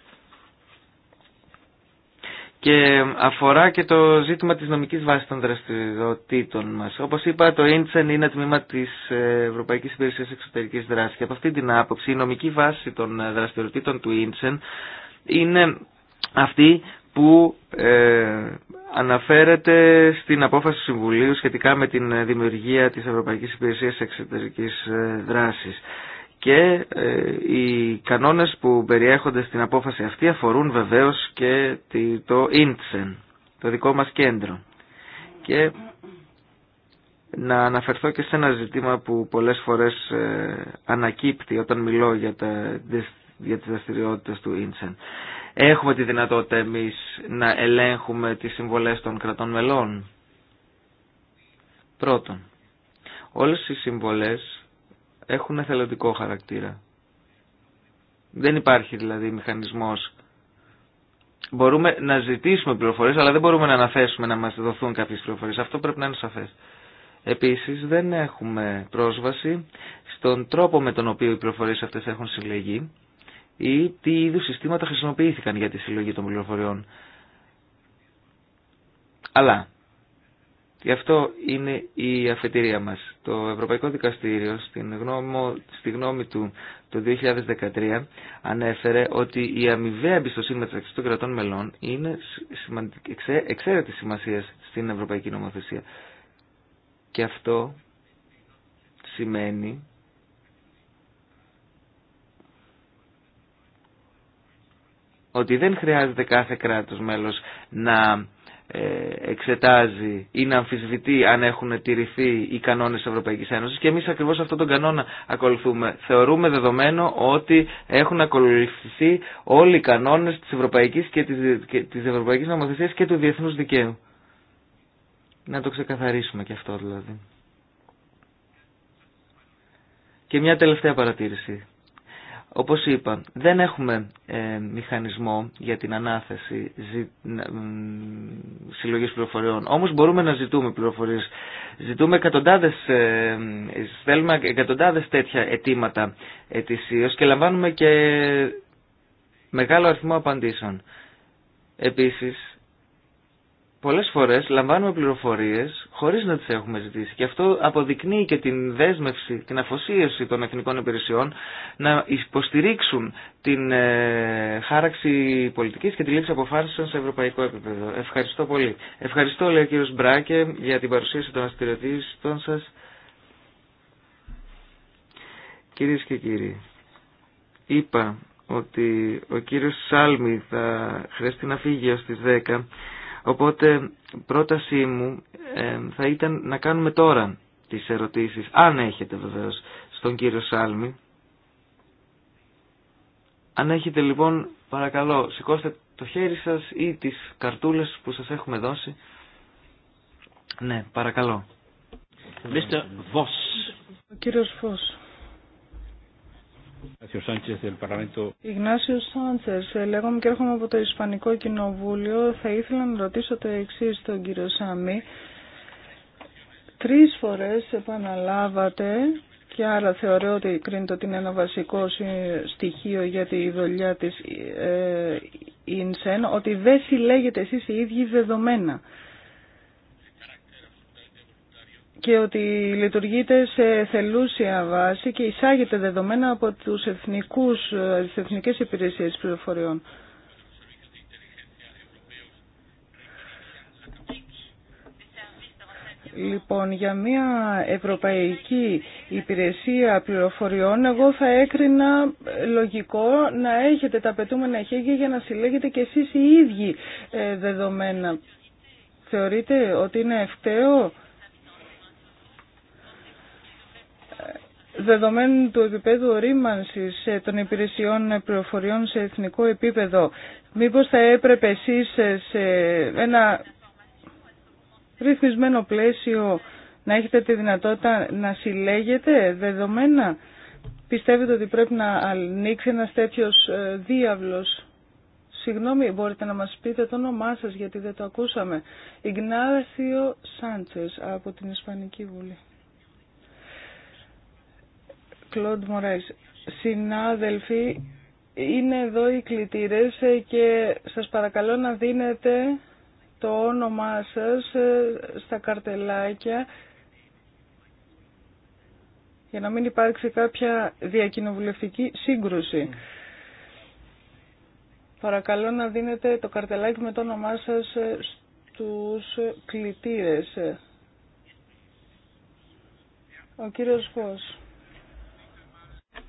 και αφορά και το ζήτημα της νομικής βάσης των δραστηριοτήτων μας. Όπως είπα, το ίντσεν είναι τμήμα της ε, Ευρωπαϊκής Υπηρεσίας Εξωτερικής Δράσης και από αυτή την άποψη η νομική βάση των δραστηριοτήτων του ίντσεν είναι αυτή που ε, αναφέρεται στην απόφαση του Συμβουλίου σχετικά με την δημιουργία της Ευρωπαϊκής Υπηρεσίας Εξωτερικής ε, Δράσης. Και ε, οι κανόνες που περιέχονται στην απόφαση αυτή αφορούν βεβαίως και το Ίντσεν, το δικό μας κέντρο. Και να αναφερθώ και σε ένα ζητήμα που πολλές φορές ανακύπτει όταν μιλώ για, τα, για τις δραστηριότητες του Ίντσεν. Έχουμε τη δυνατότητα εμείς να ελέγχουμε τις συμβολές των κρατών μελών. Πρώτον, όλες οι συμβολές έχουν εθελοντικό χαρακτήρα. Δεν υπάρχει δηλαδή μηχανισμός. Μπορούμε να ζητήσουμε πληροφορίες, αλλά δεν μπορούμε να αναθέσουμε να μας δοθούν κάποιες πληροφορίες. Αυτό πρέπει να είναι σαφές. Επίσης δεν έχουμε πρόσβαση στον τρόπο με τον οποίο οι πληροφορίες αυτές έχουν συλλεγεί ή τι είδου συστήματα χρησιμοποιήθηκαν για τη συλλογή των πληροφοριών. Αλλά γι' αυτό είναι η αφετηρία μας. Το Ευρωπαϊκό Δικαστήριο στην γνώμη, στη γνώμη του το 2013 ανέφερε ότι η αμοιβαία εμπιστοσύνη μεταξύ των κρατών μελών είναι εξαίρετη σημασία στην Ευρωπαϊκή Νομοθεσία. Και αυτό σημαίνει ότι δεν χρειάζεται κάθε κράτος μέλος να ε, εξετάζει ή να αμφισβητεί αν έχουν τηρηθεί οι κανόνες της Ευρωπαϊκής Ένωσης και εμείς ακριβώς αυτόν τον κανόνα ακολουθούμε. Θεωρούμε δεδομένο ότι έχουν ακολουθηθεί όλοι οι κανόνες της Ευρωπαϊκής και της, και της Ευρωπαϊκής Νομοθεσίας και του Διεθνούς Δικαίου. Να το ξεκαθαρίσουμε και αυτό δηλαδή. Και μια τελευταία παρατήρηση όπως είπα, δεν έχουμε ε, μηχανισμό για την ανάθεση ζη, συλλογής πληροφοριών. Όμως μπορούμε να ζητούμε πληροφορίες. Ζητούμε εκατοντάδες, ε, εκατοντάδες τέτοια αιτήματα ετησίως και λαμβάνουμε και μεγάλο αριθμό απαντήσεων. Επίσης, πολλές φορές λαμβάνουμε πληροφορίες χωρίς να τις έχουμε ζητήσει και αυτό αποδεικνύει και την δέσμευση, την αφοσίωση των εθνικών υπηρεσιών να υποστηρίξουν την ε, χάραξη πολιτικής και τη λήψη αποφάσεων σε ευρωπαϊκό επίπεδο. Ευχαριστώ πολύ. Ευχαριστώ λέει ο κύριος Μπράκε για την παρουσίαση των αστηριοτήτων σας. Κυρίες και κύριοι, είπα ότι ο κύριος Σάλμη θα χρειαστεί να φύγει ως τις 10 Οπότε πρότασή μου θα ήταν να κάνουμε τώρα τις ερωτήσεις, αν έχετε βεβαίως, στον κύριο Σάλμη. Αν έχετε λοιπόν, παρακαλώ, σηκώστε το χέρι σας ή τις καρτούλες που σας έχουμε δώσει. Ναι, παρακαλώ. Ο κύριος Ιγνάσιο Σάντσε, λέγομαι και έρχομαι από το Ισπανικό Κοινοβούλιο. Θα ήθελα να ρωτήσω το εξή τον κύριο Σάμι. τρει φορέ επαναλάβατε και άρα θεωρώ ότι κρίνεται ότι είναι ένα βασικό στοιχείο για τη δουλειά τη ε, ε, ΙΝΣΕΝ ότι δεν συλλέγετε εσεί οι ίδιοι δεδομένα και ότι λειτουργείται σε θελούσια βάση και εισάγεται δεδομένα από τους εθνικούς, τις εθνικές υπηρεσίες πληροφοριών. Λοιπόν, για μια ευρωπαϊκή υπηρεσία πληροφοριών, εγώ θα έκρινα λογικό να έχετε τα πετούμενα χέρια για να συλλέγετε και εσείς οι ίδιοι ε, δεδομένα. Θεωρείτε ότι είναι ευκταίο δεδομένου του επίπεδου ορίμανσης ε, των υπηρεσιών ε, πληροφοριών σε εθνικό επίπεδο, μήπως θα έπρεπε εσείς ε, σε ένα ρυθμισμένο πλαίσιο να έχετε τη δυνατότητα να συλλέγετε δεδομένα. Πιστεύετε ότι πρέπει να ανοίξει ένας τέτοιος διάβλος. Συγγνώμη, μπορείτε να μας πείτε το όνομά σας γιατί δεν το ακούσαμε. Ιγνάθιο Σάντσες από την Ισπανική Βουλή. Κλοντ Συνάδελφοι, είναι εδώ οι κλητήρες και σας παρακαλώ να δίνετε το όνομά σας ε, στα καρτελάκια για να μην υπάρξει κάποια διακοινοβουλευτική σύγκρουση. Παρακαλώ να δίνετε το καρτελάκι με το όνομά σας ε, στους κλητήρες. Ο κύριος Φως.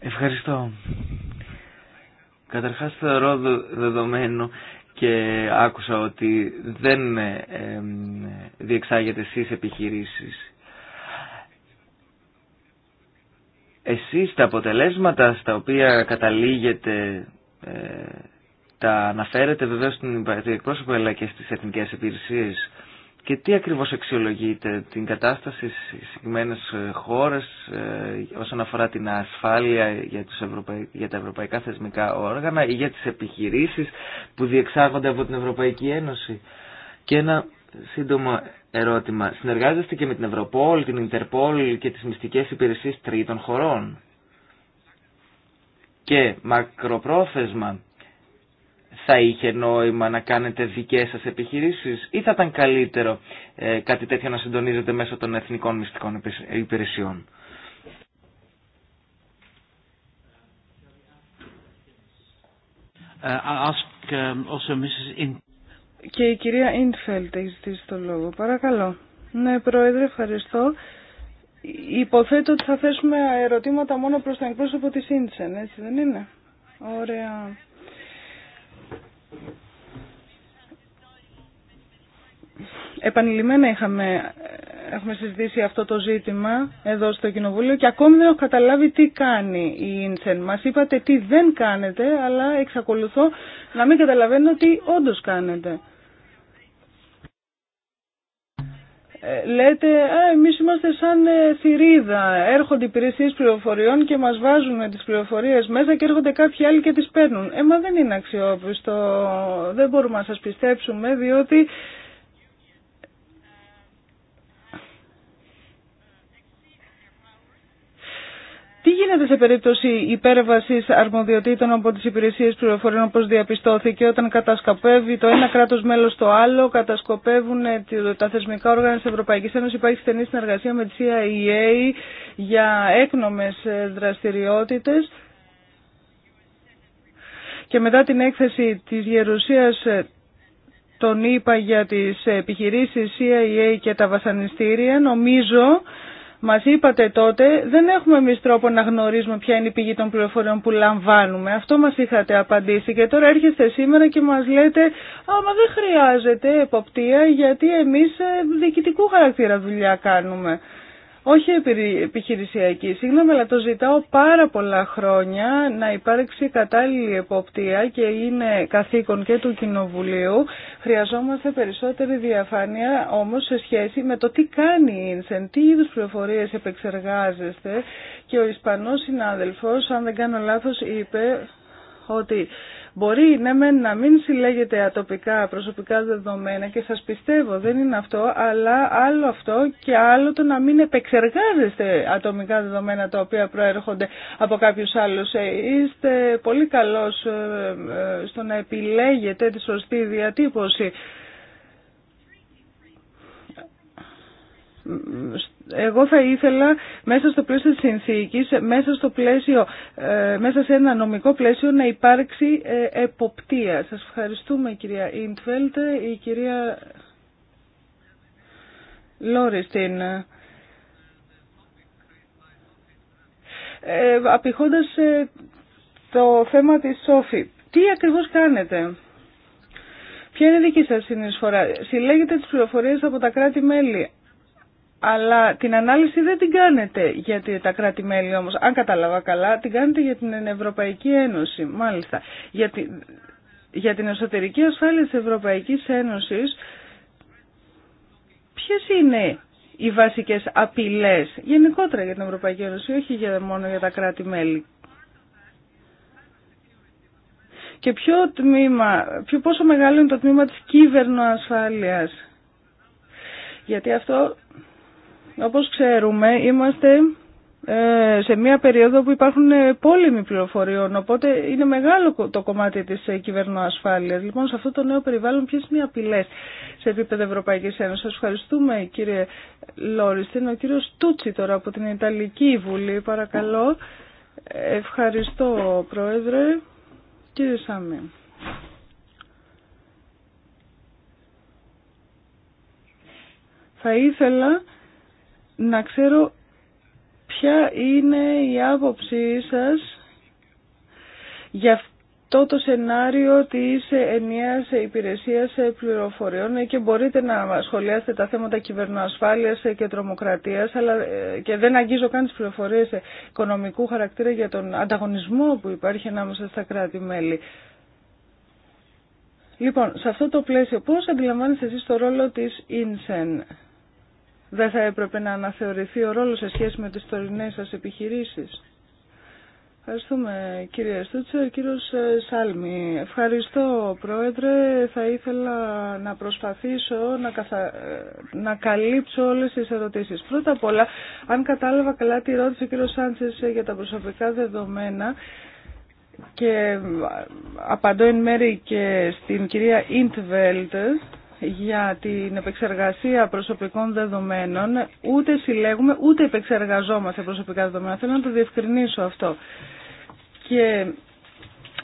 Ευχαριστώ. Καταρχάς θεωρώ δεδομένο και άκουσα ότι δεν ε, ε, διεξάγετε εσείς επιχειρήσεις. Εσείς τα αποτελέσματα στα οποία καταλήγετε ε, τα αναφέρετε βεβαίως στην εκπρόσωπο αλλά και στις εθνικές υπηρεσίες και τι ακριβώς αξιολογείται την κατάσταση στις συγκεκριμένε ε, χώρες ε, όσον αφορά την ασφάλεια για, τους για τα ευρωπαϊκά θεσμικά όργανα ή για τις επιχειρήσεις που διεξάγονται από την Ευρωπαϊκή Ένωση. Και ένα σύντομο ερώτημα. Συνεργάζεστε και με την Ευρωπόλ, την Ιντερπόλ και τις μυστικές υπηρεσίες τρίτων χωρών. Και μακροπρόθεσμα θα είχε νόημα να κάνετε δικές σας επιχειρήσεις ή θα ήταν καλύτερο ε, κάτι τέτοιο να συντονίζεται μέσω των εθνικών μυστικών υπηρεσιών. Ε, um, Και η κυρία Ίντφελτ έχει ζητήσει το λόγο. Παρακαλώ. Ναι, Πρόεδρε, ευχαριστώ. Υποθέτω ότι θα θέσουμε ερωτήματα μόνο προς τον εκπρόσωπο της Ίντσεν, έτσι δεν είναι. Ωραία. επανειλημμένα είχαμε, έχουμε συζητήσει αυτό το ζήτημα εδώ στο Κοινοβούλιο και ακόμη δεν έχω καταλάβει τι κάνει η Ίνσεν. Μας είπατε τι δεν κάνετε, αλλά εξακολουθώ να μην καταλαβαίνω τι όντως κάνετε. Ε, λέτε εμεί εμείς είμαστε σαν ε, θηρίδα, έρχονται υπηρεσίε πληροφοριών και μας βάζουν τις πληροφορίες μέσα και έρχονται κάποιοι άλλοι και τις παίρνουν». Ε, μα δεν είναι αξιόπιστο, δεν μπορούμε να σας πιστέψουμε διότι σε περίπτωση υπέρβαση αρμοδιοτήτων από τις υπηρεσίες πληροφοριών όπω διαπιστώθηκε όταν κατασκοπεύει το ένα κράτος μέλος το άλλο, κατασκοπεύουν ε, τα θεσμικά όργανα τη Ευρωπαϊκή Ένωση υπάρχει στενή συνεργασία με τη CIA για έκνομε ε, δραστηριότητες. Και μετά την έκθεση της Γερουσίας ε, τον είπα για τις επιχειρήσεις CIA και τα βασανιστήρια, νομίζω Μα είπατε τότε, δεν έχουμε εμεί τρόπο να γνωρίζουμε ποια είναι η πηγή των πληροφοριών που λαμβάνουμε. Αυτό μας είχατε απαντήσει και τώρα έρχεστε σήμερα και μας λέτε «Άμα δεν χρειάζεται εποπτεία γιατί εμείς ε, διοικητικού χαρακτήρα δουλειά κάνουμε» όχι επιχειρησιακή, συγγνώμη, αλλά το ζητάω πάρα πολλά χρόνια να υπάρξει κατάλληλη εποπτεία και είναι καθήκον και του Κοινοβουλίου. Χρειαζόμαστε περισσότερη διαφάνεια όμως σε σχέση με το τι κάνει η Ινσεν, τι είδους πληροφορίες επεξεργάζεστε και ο Ισπανός συνάδελφος, αν δεν κάνω λάθος, είπε ότι Μπορεί ναι να μην συλλέγετε ατοπικά προσωπικά δεδομένα και σας πιστεύω δεν είναι αυτό, αλλά άλλο αυτό και άλλο το να μην επεξεργάζεστε ατομικά δεδομένα τα οποία προέρχονται από κάποιους άλλους. Ε, είστε πολύ καλός ε, ε, στο να επιλέγετε τη σωστή διατύπωση εγώ θα ήθελα μέσα στο πλαίσιο της συνθήκης, μέσα, στο πλαίσιο, ε, μέσα σε ένα νομικό πλαίσιο να υπάρξει ε, εποπτεία. Σας ευχαριστούμε κυρία Ιντφέλτ, η κυρία Λόριστην. Ε, απηχώντας ε, το θέμα της Σόφη, τι ακριβώς κάνετε. Ποια είναι δική σας συνεισφορά. Συλλέγετε τις πληροφορίες από τα κράτη-μέλη αλλά την ανάλυση δεν την κάνετε για τα κράτη-μέλη όμως. Αν κατάλαβα καλά, την κάνετε για την Ευρωπαϊκή Ένωση, μάλιστα. Για την, για την εσωτερική ασφάλεια της Ευρωπαϊκής Ένωσης, ποιες είναι οι βασικές απειλές γενικότερα για την Ευρωπαϊκή Ένωση, όχι για, μόνο για τα κράτη-μέλη. Και ποιο τμήμα, ποιο πόσο μεγάλο είναι το τμήμα της κύβερνο-ασφάλειας. Γιατί αυτό όπως ξέρουμε, είμαστε ε, σε μια περίοδο που υπάρχουν ε, πόλεμοι πληροφοριών, οπότε είναι μεγάλο το κομμάτι της ε, κυβερνοασφάλειας. Λοιπόν, σε αυτό το νέο περιβάλλον ποιες είναι οι απειλές σε επίπεδο Ευρωπαϊκής Ένωσης. Σας ευχαριστούμε κύριε Λόριστην. Ο κύριος Τούτσι τώρα από την Ιταλική Βουλή, παρακαλώ. Ευχαριστώ Πρόεδρε. Κύριε Σάμι. Θα ήθελα να ξέρω ποια είναι η άποψή σας για αυτό το σενάριο της υπηρεσία σε πληροφοριών και μπορείτε να σχολιάσετε τα θέματα κυβερνοασφάλειας και τρομοκρατίας αλλά ε, και δεν αγγίζω καν τις πληροφορίες οικονομικού χαρακτήρα για τον ανταγωνισμό που υπάρχει ανάμεσα στα κράτη-μέλη. Λοιπόν, σε αυτό το πλαίσιο πώς αντιλαμβάνεστε εσείς το ρόλο της INSEN δεν θα έπρεπε να αναθεωρηθεί ο ρόλος σε σχέση με τις τωρινές σας επιχειρήσεις. Ευχαριστούμε κύριε Στούτσερ. Κύριος ε, Σάλμη, ευχαριστώ πρόεδρε. Θα ήθελα να προσπαθήσω να, καθα... να καλύψω όλες τις ερωτήσεις. Πρώτα απ' όλα, αν κατάλαβα καλά τη ρώτηση ο κύριος Σάντσες ε, για τα προσωπικά δεδομένα, και ε, απαντώ εν μέρη και στην κυρία Ιντβέλτ, για την επεξεργασία προσωπικών δεδομένων ούτε συλλέγουμε ούτε επεξεργαζόμαστε προσωπικά δεδομένα. Θέλω να το διευκρινίσω αυτό. Και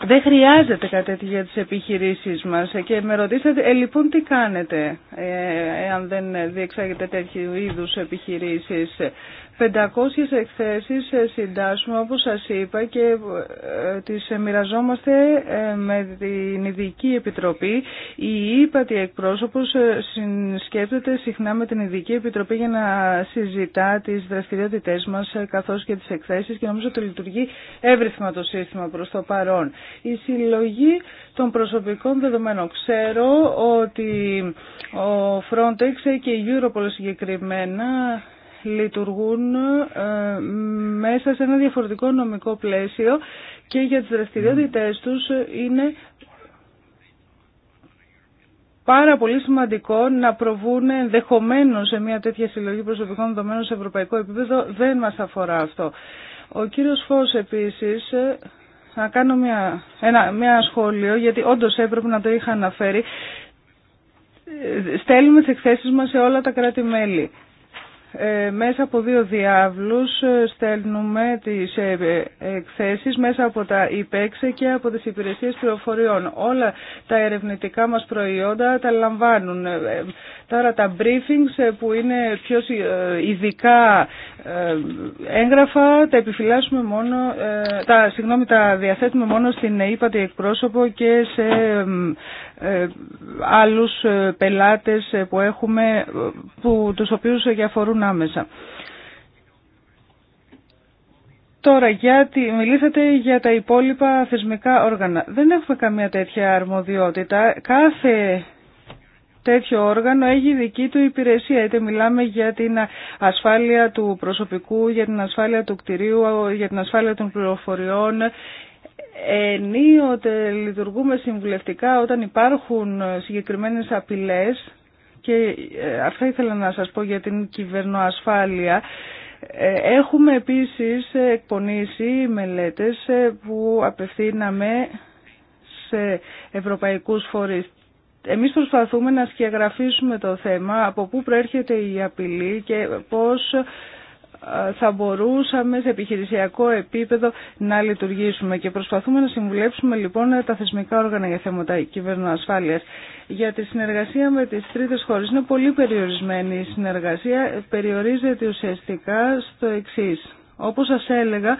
δεν χρειάζεται κάτι τέτοιο για τις επιχειρήσεις μας και με ρωτήσατε, ε, λοιπόν τι κάνετε ε, ε αν δεν διεξάγετε τέτοιου είδους επιχειρήσεις. 500 εκθέσεις συντάσσουμε όπως σας είπα και ε, τις μοιραζόμαστε ε, με την Ειδική Επιτροπή. Η ύπατη εκπρόσωπος ε, συσκέπτεται συχνά με την Ειδική Επιτροπή για να συζητά τις δραστηριότητές μας καθώς και τις εκθέσεις και νομίζω ότι λειτουργεί εύρυθμα το σύστημα προς το παρόν. Η συλλογή των προσωπικών δεδομένων. Ξέρω ότι ο Frontex και η Europol συγκεκριμένα λειτουργούν ε, μέσα σε ένα διαφορετικό νομικό πλαίσιο και για τις δραστηριότητες τους είναι πάρα πολύ σημαντικό να προβούν ενδεχομένω σε μια τέτοια συλλογή προσωπικών δεδομένων σε ευρωπαϊκό επίπεδο. Δεν μας αφορά αυτό. Ο κύριος Φως επίσης θα ε, κάνω μια, ένα, μια σχόλιο, γιατί όντω έπρεπε να το είχα αναφέρει. Ε, στέλνουμε τι εκθέσει μα σε όλα τα κράτη-μέλη. Ε, μέσα από δύο διάβλους ε, στέλνουμε τις ε, εκθέσεις μέσα από τα υπέξε και από τις υπηρεσίες πληροφοριών. Όλα τα ερευνητικά μας προϊόντα τα λαμβάνουν. Τώρα τα briefings που είναι πιο ειδικά έγγραφα τα επιφυλάσσουμε μόνο, τα, συγγνώμη, τα διαθέτουμε μόνο στην ΕΥΠΑΤΗ εκπρόσωπο και σε ε, άλλους ε, πελάτες ε, που έχουμε, που, τους οποίους διαφορούν άμεσα. Τώρα, γιατί μιλήσατε για τα υπόλοιπα θεσμικά όργανα. Δεν έχουμε καμία τέτοια αρμοδιότητα. Κάθε τέτοιο όργανο έχει δική του υπηρεσία. Είτε μιλάμε για την ασφάλεια του προσωπικού, για την ασφάλεια του κτηρίου, για την ασφάλεια των πληροφοριών ενίοτε λειτουργούμε συμβουλευτικά όταν υπάρχουν συγκεκριμένες απειλές και ε, αυτά ήθελα να σας πω για την κυβερνοασφάλεια. Ε, έχουμε επίσης εκπονήσει μελέτες ε, που απευθύναμε σε ευρωπαϊκούς φορείς. Εμείς προσπαθούμε να σκιαγραφίσουμε το θέμα, από πού προέρχεται η απειλή και πώς θα μπορούσαμε σε επιχειρησιακό επίπεδο να λειτουργήσουμε και προσπαθούμε να συμβουλέψουμε λοιπόν τα θεσμικά όργανα για θέματα κυβερνοασφάλειας. Για τη συνεργασία με τις τρίτες χώρες είναι πολύ περιορισμένη η συνεργασία, περιορίζεται ουσιαστικά στο εξή. Όπως σας έλεγα,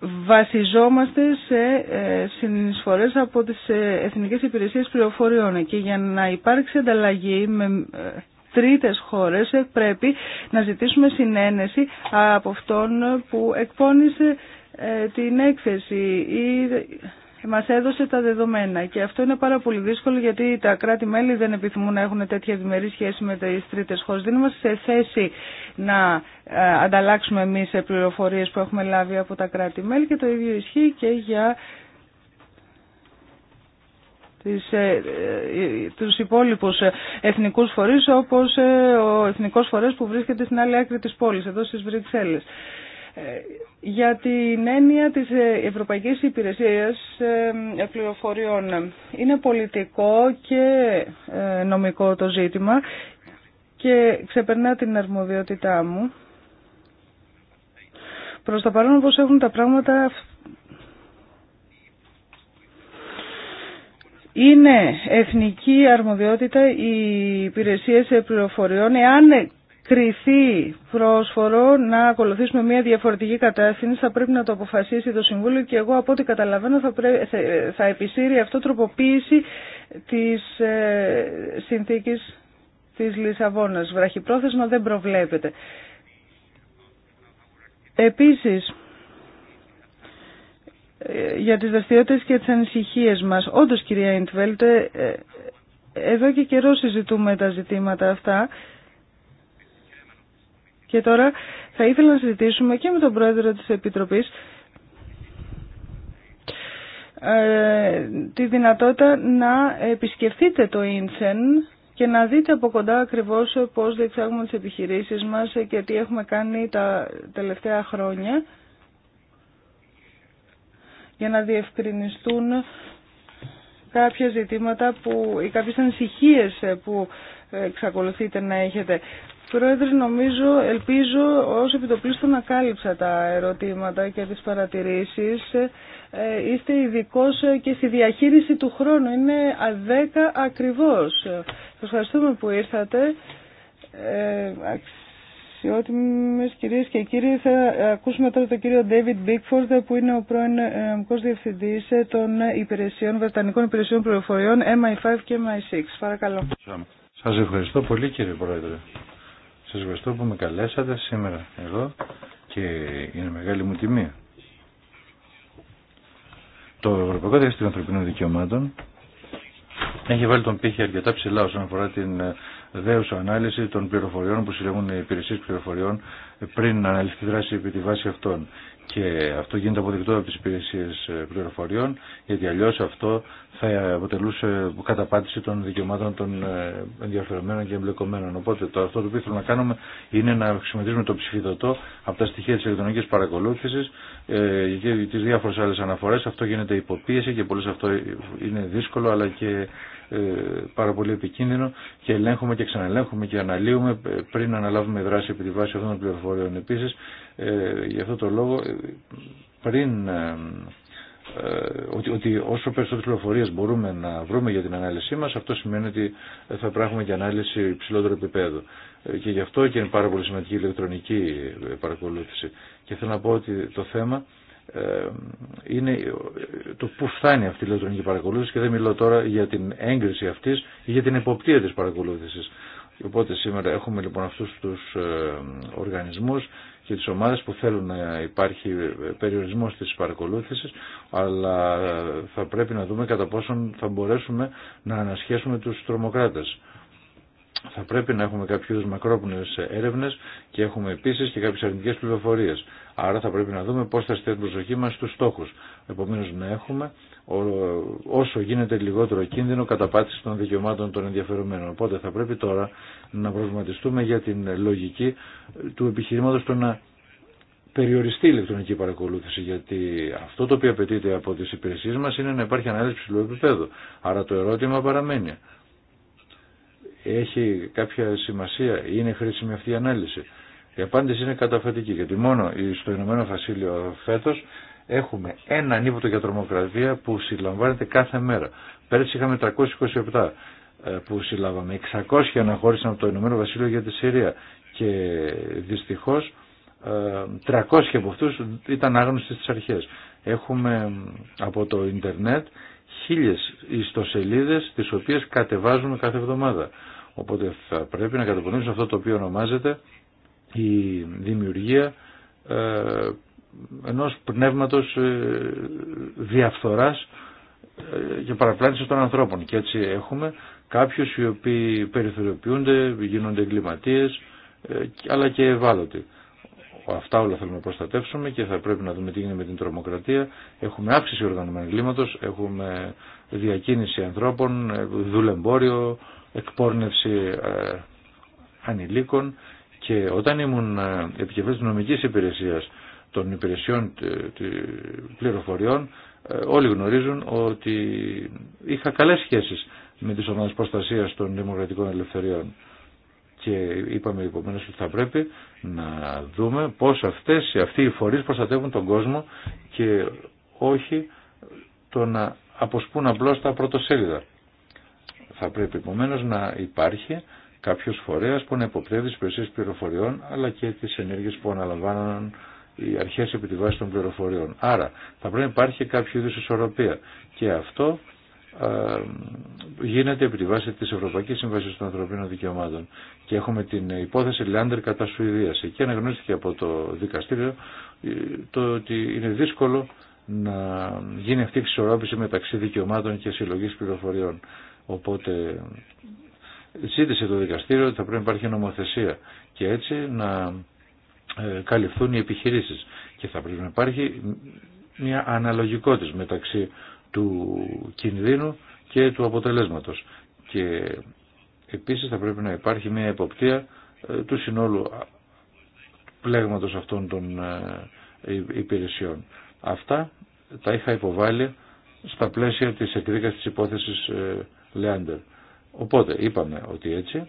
βασιζόμαστε σε ε, συνεισφορές από τις ε, Εθνικές Υπηρεσίες Πληροφοριών και για να υπάρξει ανταλλαγή με ε, τρίτες χώρες πρέπει να ζητήσουμε συνένεση από αυτόν που εκπώνησε ε, την έκθεση ή μας έδωσε τα δεδομένα και αυτό είναι πάρα πολύ δύσκολο γιατί τα κράτη-μέλη δεν επιθυμούν να έχουν τέτοια διμερή σχέση με τις τρίτες χώρες. Δεν είμαστε σε θέση να ε, ανταλλάξουμε εμείς πληροφορίες που έχουμε λάβει από τα κράτη-μέλη και το ίδιο ισχύει και για τις, ε, ε, τους υπόλοιπους ε, εθνικούς φορείς όπως ο εθνικός φορέας που βρίσκεται στην άλλη άκρη της πόλης, εδώ στις Βρυξέλλες. Για την έννοια της Ευρωπαϊκής Υπηρεσίας Πληροφοριών είναι πολιτικό και νομικό το ζήτημα και ξεπερνά την αρμοδιότητά μου. Προς το παρόν όπως έχουν τα πράγματα είναι εθνική αρμοδιότητα οι υπηρεσίες πληροφοριών εάν κριθεί πρόσφορο να ακολουθήσουμε μια διαφορετική κατάσταση θα πρέπει να το αποφασίσει το Συμβούλιο και εγώ από ό,τι καταλαβαίνω θα, πρέ... θα επισύρει αυτό τροποποίηση της ε, συνθήκης της Λισαβόνας. Βραχυπρόθεσμα δεν προβλέπεται. Επίσης, ε, για τις δραστηριότητες και τις ανησυχίες μας. Όντως, κυρία Ιντβέλτε, ε, εδώ και καιρό συζητούμε τα ζητήματα αυτά και τώρα θα ήθελα να συζητήσουμε και με τον Πρόεδρο της Επιτροπής ε, τη δυνατότητα να επισκεφτείτε το Ίντσεν και να δείτε από κοντά ακριβώς πώς διεξάγουμε τις επιχειρήσεις μας και τι έχουμε κάνει τα τελευταία χρόνια για να διευκρινιστούν κάποια ζητήματα που, ή κάποιες ανησυχίε ε, που εξακολουθείτε να έχετε. Πρόεδρε, νομίζω, ελπίζω ως επιτοπλίστων να κάλυψα τα ερωτήματα και τις παρατηρήσεις. Ε, είστε ειδικό ε, και στη διαχείριση του χρόνου. Είναι 10 ακριβώς. Σας ευχαριστούμε που ήρθατε. Αξιότιμες κυρίες και κύριοι, θα ακούσουμε τώρα τον κύριο David Bickford που είναι ο πρώην ε, νομικός διευθυντής ε, των υπηρεσιών, Βρετανικών Υπηρεσιών Πληροφοριών MI5 και MI6. Παρακαλώ. Σας ευχαριστώ πολύ κύριε Πρόεδρε. Σας ευχαριστώ που με καλέσατε σήμερα εδώ και είναι μεγάλη μου τιμή. Το Ευρωπαϊκό Δικαστήριο Ανθρωπίνων Δικαιωμάτων έχει βάλει τον πύχη αρκετά ψηλά όσον αφορά την ε, δέουσα ανάλυση των πληροφοριών που συλλέγουν οι υπηρεσίε πληροφοριών πριν να αναλυθεί δράση επί τη βάση αυτών. Και αυτό γίνεται αποδεκτό από τι υπηρεσίε ε, πληροφοριών, γιατί αλλιώ αυτό θα αποτελούσε καταπάτηση των δικαιωμάτων των ε, ενδιαφερομένων και εμπλεκομένων. Οπότε το αυτό το οποίο θέλουμε να κάνουμε είναι να χρησιμοποιήσουμε το ψηφιδωτό από τα στοιχεία τη ηλεκτρονική παρακολούθηση ε, και τι διάφορε άλλε αναφορέ. Αυτό γίνεται υποπίεση και πολλέ αυτό είναι δύσκολο, αλλά και ε, πάρα πολύ επικίνδυνο και ελέγχουμε και ξαναελέγχουμε και αναλύουμε πριν αναλάβουμε δράση επί τη βάση αυτών των πληροφοριών. Επίσης, ε, γι' αυτό το λόγο, ε, πριν ότι, ότι όσο περισσότερες πληροφορίες μπορούμε να βρούμε για την ανάλυση μας, αυτό σημαίνει ότι θα πράγουμε και ανάλυση υψηλότερου επίπεδου. Και γι' αυτό και είναι πάρα πολύ σημαντική η ηλεκτρονική παρακολούθηση. Και θέλω να πω ότι το θέμα ε, είναι το που φτάνει αυτή η ηλεκτρονική παρακολούθηση και δεν μιλώ τώρα για την έγκριση αυτής ή για την εποπτεία της παρακολούθησης. Οπότε σήμερα έχουμε λοιπόν αυτούς τους ε, οργανισμούς και τις ομάδες που θέλουν να υπάρχει περιορισμός της παρακολούθησης αλλά ε, θα πρέπει να δούμε κατά πόσον θα μπορέσουμε να ανασχέσουμε τους τρομοκράτες. Θα πρέπει να έχουμε κάποιους μακρόπνες έρευνες και έχουμε επίσης και κάποιες αρνητικές πληροφορίες. Άρα θα πρέπει να δούμε πώς θα στέλνει προσοχή μας στους στόχους. Επομένως να έχουμε όσο γίνεται λιγότερο κίνδυνο καταπάτηση των δικαιωμάτων των ενδιαφερομένων. Οπότε θα πρέπει τώρα να προβληματιστούμε για την λογική του επιχειρήματος το να περιοριστεί η ηλεκτρονική παρακολούθηση γιατί αυτό το οποίο απαιτείται από τις υπηρεσίες μας είναι να υπάρχει ανάλυση ψηλού επίπεδου. Άρα το ερώτημα παραμένει. Έχει κάποια σημασία, ή είναι χρήσιμη αυτή η ανάλυση. Η απάντηση είναι καταφατική, γιατί μόνο στο Ηνωμένο Βασίλειο φέτος έχουμε έναν ύποπτο για τρομοκρατία που συλλαμβάνεται κάθε μέρα. Πέρσι είχαμε 327 ε, που συλλάβαμε. 600 αναχώρησαν από το Ηνωμένο Βασίλειο για τη Συρία και δυστυχώς 300 ε, από αυτούς ήταν άγνωστοι στις αρχές. Έχουμε από το ίντερνετ χίλιες ιστοσελίδες τις οποίες κατεβάζουμε κάθε εβδομάδα. Οπότε θα πρέπει να καταπονήσουμε αυτό το οποίο ονομάζεται η δημιουργία ε, ενός πνεύματος ε, διαφθοράς ε, και παραπλάνησης των ανθρώπων. Και έτσι έχουμε κάποιους οι οποίοι περιθωριοποιούνται, γίνονται εγκληματίες, ε, αλλά και ευάλωτοι. Αυτά όλα θέλουμε να προστατεύσουμε και θα πρέπει να δούμε τι γίνεται με την τρομοκρατία. Έχουμε αύξηση οργανωμένου εγκλήματο, έχουμε διακίνηση ανθρώπων, ε, δουλεμπόριο, εκπόρνευση ανηλίκων και όταν ήμουν ε, επικεφαλής της νομικής υπηρεσίας των υπηρεσιών ε, πληροφοριών, ε, όλοι γνωρίζουν ότι είχα καλές σχέσεις με τις ομάδες προστασίας των δημοκρατικών ελευθεριών. Και είπαμε επομένως ότι θα πρέπει να δούμε πώς αυτές, αυτοί οι φορείς προστατεύουν τον κόσμο και όχι το να αποσπούν απλώς τα πρωτοσέλιδα. Θα πρέπει επομένως να υπάρχει κάποιο φορέα που να υποπτεύει τι υπηρεσίε πληροφοριών αλλά και τι ενέργειε που αναλαμβάνουν οι αρχέ επί τη βάση των πληροφοριών. Άρα θα πρέπει να υπάρχει κάποιο είδου ισορροπία και αυτό γίνεται επί τη βάση τη Ευρωπαϊκή Σύμβαση των Ανθρωπίνων Δικαιωμάτων. Και έχουμε την υπόθεση Λάντερ κατά Σουηδία. Εκεί αναγνώστηκε από το δικαστήριο ε, το ότι είναι δύσκολο να γίνει αυτή η ισορροπήση μεταξύ δικαιωμάτων και συλλογή πληροφοριών. Οπότε ζήτησε το δικαστήριο ότι θα πρέπει να υπάρχει νομοθεσία και έτσι να ε, καλυφθούν οι επιχειρήσεις και θα πρέπει να υπάρχει μια αναλογικότητα μεταξύ του κινδύνου και του αποτελέσματος και επίσης θα πρέπει να υπάρχει μια εποπτεία ε, του συνόλου πλέγματος αυτών των ε, υπηρεσιών. Αυτά τα είχα υποβάλει στα πλαίσια της εκδίκας της υπόθεσης Λεάντερ. Οπότε είπαμε ότι έτσι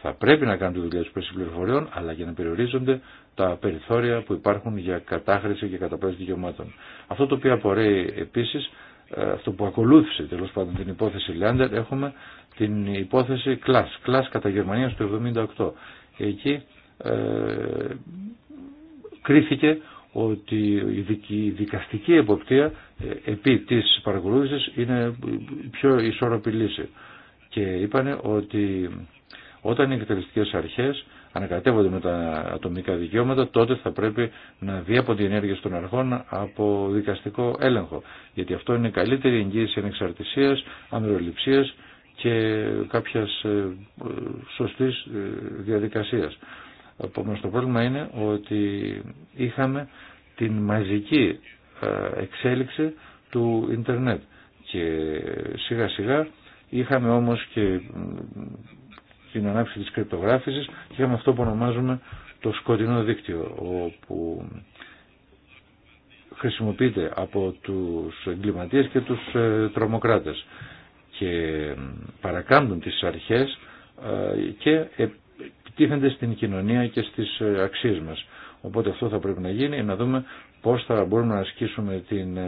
θα πρέπει να κάνουν τη δουλειά του πέση πληροφοριών, αλλά και να περιορίζονται τα περιθώρια που υπάρχουν για κατάχρηση και καταπέραση δικαιωμάτων. Αυτό το οποίο απορρέει επίση, ε, αυτό που ακολούθησε τέλο πάντων την υπόθεση Λάντερ, έχουμε την υπόθεση Κλάσ. Κλάσ κατά Γερμανία στο 1978. Εκεί ε, κρίθηκε ότι η δικαστική εποπτεία ε, επί της παρακολούθησης είναι πιο ισόρροπη και είπανε ότι όταν οι εκτελεστικές αρχές ανακατεύονται με τα ατομικά δικαιώματα, τότε θα πρέπει να δει από την ενέργεια των αρχών από δικαστικό έλεγχο. Γιατί αυτό είναι καλύτερη εγγύηση ανεξαρτησίας, αμεροληψία και κάποιας ε, σωστής ε, διαδικασίας. Επομένως το πρόβλημα είναι ότι είχαμε την μαζική ε, εξέλιξη του ίντερνετ και σιγά σιγά Είχαμε όμως και την ανάπτυξη της κρυπτογράφησης και είχαμε αυτό που ονομάζουμε το σκοτεινό δίκτυο όπου χρησιμοποιείται από τους εγκληματίες και τους ε, τρομοκράτες και παρακάμπτουν τις αρχές ε, και επιτίθενται στην κοινωνία και στις ε, αξίες μας. Οπότε αυτό θα πρέπει να γίνει, να δούμε πώς θα μπορούμε να ασκήσουμε την,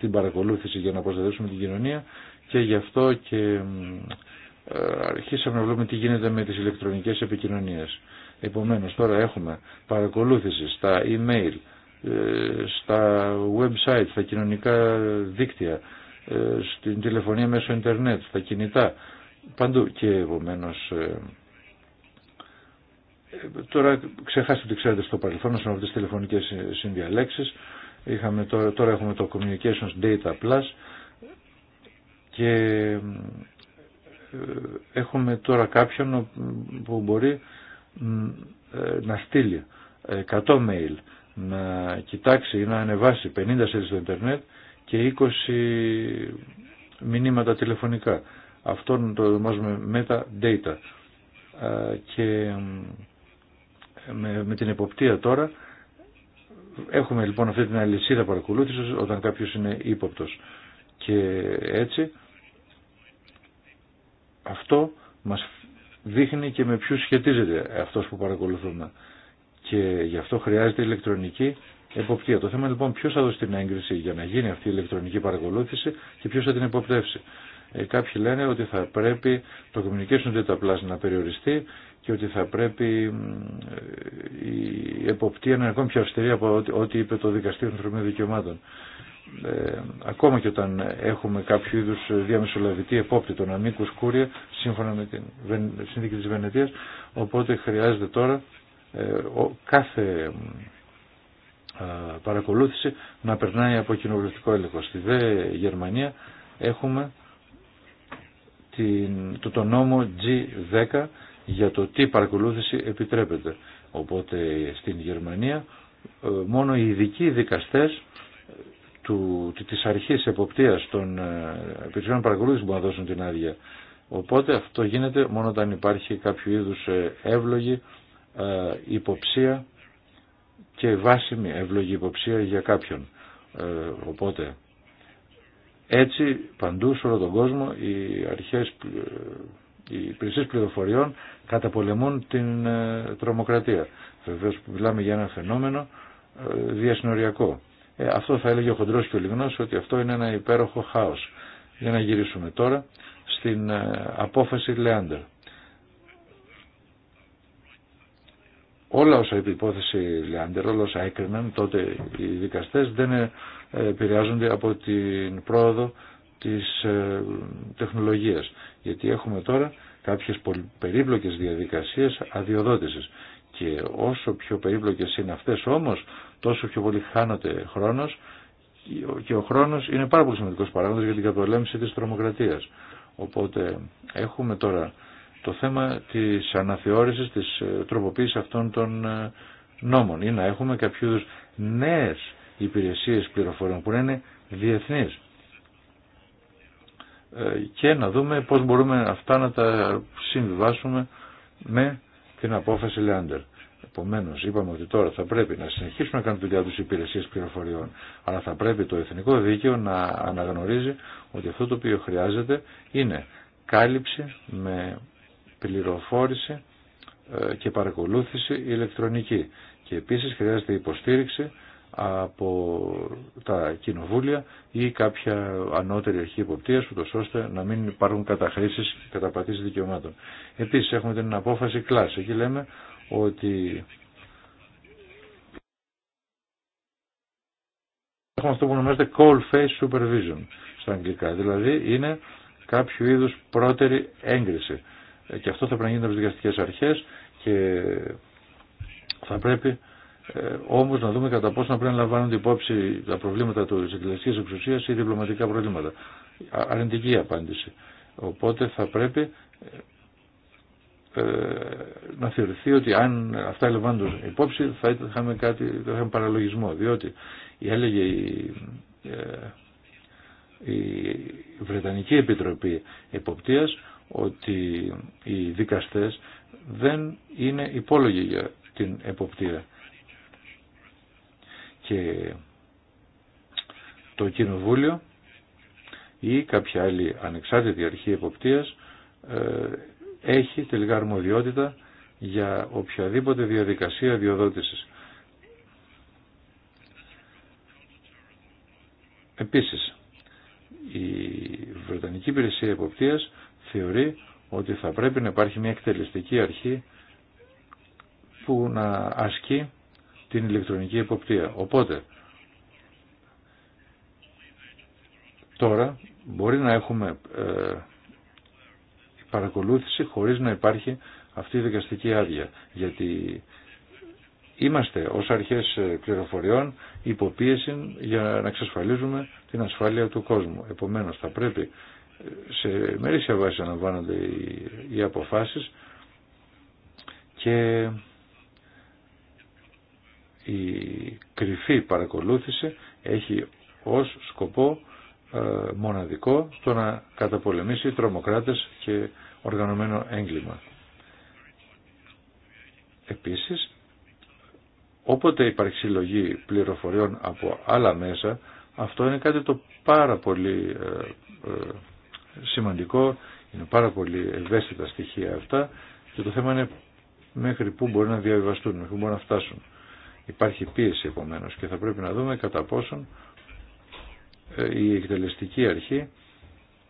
την παρακολούθηση για να προστατεύσουμε την κοινωνία και γι' αυτό και ε, αρχίσαμε να βλέπουμε τι γίνεται με τις ηλεκτρονικές επικοινωνίες. Επομένως τώρα έχουμε παρακολούθηση στα email, ε, στα website, στα κοινωνικά δίκτυα, ε, στην τηλεφωνία μέσω ίντερνετ, στα κινητά, παντού και επομένως τώρα ξεχάσετε ότι ξέρετε στο παρελθόν όσον αυτές τις τηλεφωνικές συνδιαλέξεις είχαμε, τώρα έχουμε το Communications Data Plus και ε, έχουμε τώρα κάποιον που μπορεί ε, να στείλει 100 ε, mail, να κοιτάξει ή να ανεβάσει 50 σελίδες στο ίντερνετ και 20 μηνύματα τηλεφωνικά. Αυτό το ονομάζουμε meta data. Και με, την εποπτεία τώρα έχουμε λοιπόν αυτή την αλυσίδα παρακολούθησης όταν κάποιος είναι ύποπτος. Και έτσι αυτό μας δείχνει και με ποιους σχετίζεται αυτός που παρακολουθούμε. Και γι' αυτό χρειάζεται ηλεκτρονική εποπτεία. Το θέμα λοιπόν ποιος θα δώσει την έγκριση για να γίνει αυτή η ηλεκτρονική παρακολούθηση και ποιος θα την εποπτεύσει. Ε, κάποιοι λένε ότι θα πρέπει το communication data plus να περιοριστεί και ότι θα πρέπει ε, η εποπτεία να είναι ακόμη πιο αυστηρή από ό,τι είπε το Δικαστήριο των Δικαιωμάτων. Ε, ακόμα και όταν έχουμε κάποιο είδου διαμεσολαβητή επόπτη τον Αμίκου Σκούρια σύμφωνα με την Σύνδικη της Βενετίας οπότε χρειάζεται τώρα ε, ο, κάθε παρακολούθηση να περνάει από κοινοβουλευτικό έλεγχο. Στη ΔΕ Γερμανία έχουμε την, το, το νόμο G10 για το τι παρακολούθηση επιτρέπεται. Οπότε στην Γερμανία ε, μόνο οι ειδικοί δικαστές του, της αρχής εποπτείας των υπηρεσιών ε, παρακολούθησης που να δώσουν την άδεια. Οπότε αυτό γίνεται μόνο όταν υπάρχει κάποιο είδους ε, εύλογη ε, υποψία και βάσιμη εύλογη υποψία για κάποιον. οπότε έτσι παντού σε όλο τον κόσμο οι αρχές οι υπηρεσίε πληροφοριών καταπολεμούν την τρομοκρατία. Βεβαίως μιλάμε για ένα φαινόμενο διασυνοριακό ε, αυτό θα έλεγε ο χοντρός και ο λιγνός ότι αυτό είναι ένα υπέροχο χάος. Για να γυρίσουμε τώρα στην ε, απόφαση Λεάντερ. Όλα όσα είπε η υπόθεση Λεάντερ, όλα όσα έκριναν τότε οι δικαστές δεν ε, επηρεάζονται από την πρόοδο της τεχνολογίας. Γιατί έχουμε τώρα κάποιες περίπλοκες διαδικασίες αδειοδότησης. Και όσο πιο περίπλοκες είναι αυτές όμως, τόσο πιο πολύ χάνεται χρόνος και ο χρόνος είναι πάρα πολύ σημαντικός παράγοντας για την κατολέμηση της τρομοκρατίας. Οπότε έχουμε τώρα το θέμα της αναθεώρησης, της ε, τροποποίησης αυτών των ε, νόμων ή να έχουμε κάποιου νέε νέες υπηρεσίες πληροφοριών που να είναι διεθνείς ε, και να δούμε πώς μπορούμε αυτά να τα συμβιβάσουμε με την απόφαση Λεάντερ. Επομένω, είπαμε ότι τώρα θα πρέπει να συνεχίσουμε να κάνουν δουλειά του υπηρεσίε πληροφοριών, αλλά θα πρέπει το εθνικό δίκαιο να αναγνωρίζει ότι αυτό το οποίο χρειάζεται είναι κάλυψη με πληροφόρηση ε, και παρακολούθηση ηλεκτρονική. Και επίσης χρειάζεται υποστήριξη από τα κοινοβούλια ή κάποια ανώτερη αρχή υποπτίας, ούτως ώστε να μην υπάρχουν καταχρήσεις και καταπατήσεις δικαιωμάτων. Επίσης έχουμε την απόφαση κλάση. Εκεί λέμε ότι έχουμε αυτό που ονομάζεται call face supervision στα αγγλικά. Δηλαδή είναι κάποιο είδους πρώτερη έγκριση. Και αυτό θα πρέπει να γίνει από τις δικαστικές αρχές και θα πρέπει ε, όμω να δούμε κατά πόσο να πρέπει να λαμβάνονται υπόψη τα προβλήματα τη εκλογική εξουσία ή διπλωματικά προβλήματα. Αρνητική απάντηση. Οπότε θα πρέπει ε, ε, να θεωρηθεί ότι αν αυτά ελαμβάνονταν υπόψη θα είχαμε, κάτι, θα είχαμε παραλογισμό διότι έλεγε η, ε, η Βρετανική Επιτροπή Εποπτείας ότι οι δικαστές δεν είναι υπόλογοι για την εποπτεία και το Κοινοβούλιο ή κάποια άλλη ανεξάρτητη αρχή εποπτείας ε, έχει τελικά αρμοδιότητα για οποιαδήποτε διαδικασία διοδότησης. Επίσης, η Βρετανική Υπηρεσία Εποπτείας θεωρεί ότι θα πρέπει να υπάρχει μια εκτελεστική αρχή που να ασκεί την ηλεκτρονική εποπτεία. Οπότε, τώρα μπορεί να έχουμε ε, παρακολούθηση χωρίς να υπάρχει αυτή η δικαστική άδεια. Γιατί είμαστε ως αρχές πληροφοριών υποπίεση για να εξασφαλίζουμε την ασφάλεια του κόσμου. Επομένως θα πρέπει σε μερίσια βάση να λαμβάνονται οι αποφάσεις και η κρυφή παρακολούθηση έχει ως σκοπό ε, μοναδικό στο να καταπολεμήσει τρομοκράτες και οργανωμένο έγκλημα. Επίσης, όποτε υπάρχει συλλογή πληροφοριών από άλλα μέσα, αυτό είναι κάτι το πάρα πολύ ε, ε, σημαντικό, είναι πάρα πολύ ευαίσθητα στοιχεία αυτά και το θέμα είναι μέχρι πού μπορεί να διαβιβαστούν, μέχρι πού μπορεί να φτάσουν. Υπάρχει πίεση επομένως και θα πρέπει να δούμε κατά πόσον η εκτελεστική αρχή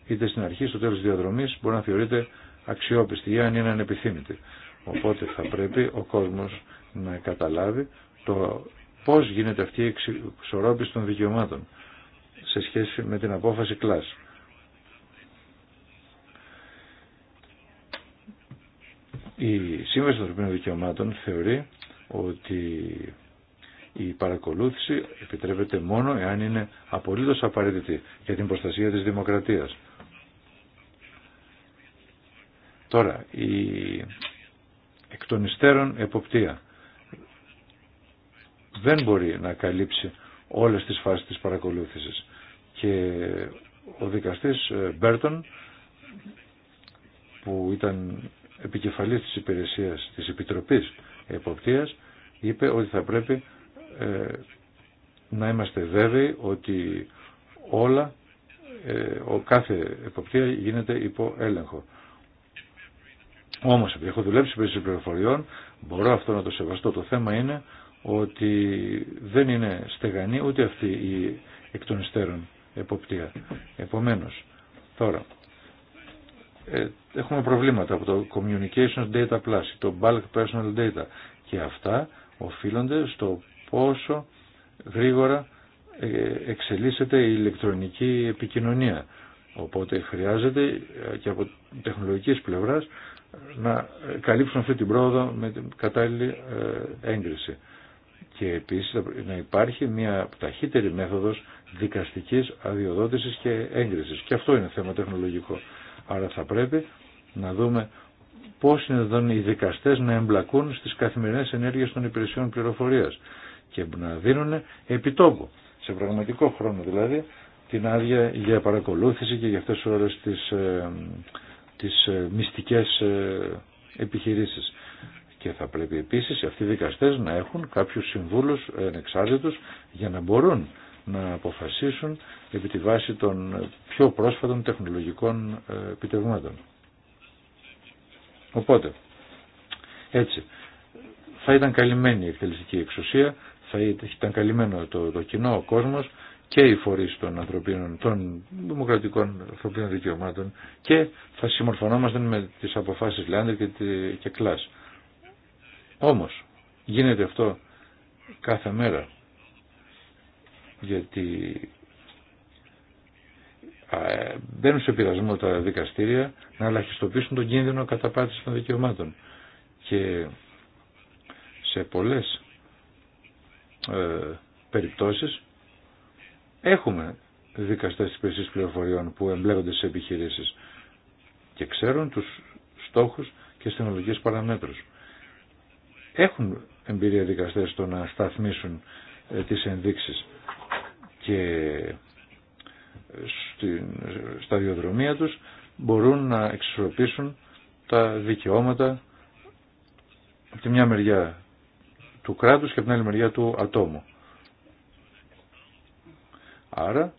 είτε στην αρχή, στο τέλος της διαδρομής μπορεί να θεωρείται αξιόπιστη η αν είναι ανεπιθύμητη. Οπότε θα πρέπει ο κόσμος να καταλάβει το πώς γίνεται αυτή η εξορρόπηση των δικαιωμάτων σε σχέση με την απόφαση κλάσ. Η Σύμβαση των Ανθρωπίνων Δικαιωμάτων θεωρεί ότι η παρακολούθηση επιτρέπεται μόνο εάν είναι απολύτως απαραίτητη για την προστασία της δημοκρατίας. Τώρα, η εκ των υστέρων εποπτεία δεν μπορεί να καλύψει όλες τις φάσεις της παρακολούθησης. Και ο δικαστής ε, Μπέρτον, που ήταν επικεφαλής της υπηρεσίας της Επιτροπής Εποπτείας, είπε ότι θα πρέπει ε, να είμαστε βέβαιοι ότι όλα, ε, ο κάθε εποπτεία γίνεται υπό έλεγχο. Όμως, επειδή έχω δουλέψει πληροφοριών, μπορώ αυτό να το σεβαστώ. Το θέμα είναι ότι δεν είναι στεγανή ούτε αυτή η εκ των υστέρων εποπτεία. Επομένως, τώρα, ε, έχουμε προβλήματα από το Communications Data Plus, το Bulk Personal Data και αυτά οφείλονται στο πόσο γρήγορα ε, εξελίσσεται η ηλεκτρονική επικοινωνία. Οπότε χρειάζεται ε, και από τεχνολογικής πλευράς να ε, καλύψουν αυτή την πρόοδο με την κατάλληλη έγκριση. Και επίσης να υπάρχει μια ταχύτερη μέθοδος δικαστικής αδειοδότησης και έγκρισης. Και αυτό είναι θέμα τεχνολογικό. Άρα θα πρέπει να δούμε πώς είναι οι δικαστές να εμπλακούν στις καθημερινές ενέργειες των υπηρεσιών πληροφορίας και να δίνουν επιτόπου, σε πραγματικό χρόνο δηλαδή, την άδεια για παρακολούθηση και για αυτές τις ώρες τις, ε, ε, μυστικές ε, επιχειρήσεις. Και θα πρέπει επίσης αυτοί οι δικαστές να έχουν κάποιους συμβούλους ενεξάρτητους για να μπορούν να αποφασίσουν επί τη βάση των πιο πρόσφατων τεχνολογικών επιτευγμάτων. Οπότε, έτσι, θα ήταν καλυμμένη η εκτελεστική εξουσία θα ήταν καλυμμένο το, το κοινό, ο κόσμος και οι φορείς των ανθρωπίνων, των δημοκρατικών ανθρωπίνων δικαιωμάτων και θα συμμορφωνόμασταν με τις αποφάσεις Λάντερ και, και Κλάς. Όμως γίνεται αυτό κάθε μέρα γιατί ε, μπαίνουν σε πειρασμό τα δικαστήρια να ελαχιστοποιήσουν τον κίνδυνο καταπάτηση των δικαιωμάτων και σε πολλές ε, περιπτώσεις έχουμε δικαστές υπηρεσίας πληροφοριών που εμπλέκονται σε επιχειρήσεις και ξέρουν τους στόχους και στενολογικές παραμέτρους. Έχουν εμπειρία δικαστές στο να σταθμίσουν ε, τις ενδείξεις και ε, στην σταδιοδρομία τους μπορούν να εξισορροπήσουν τα δικαιώματα από τη μια μεριά του κράτους και από την άλλη μεριά του ατόμου. Άρα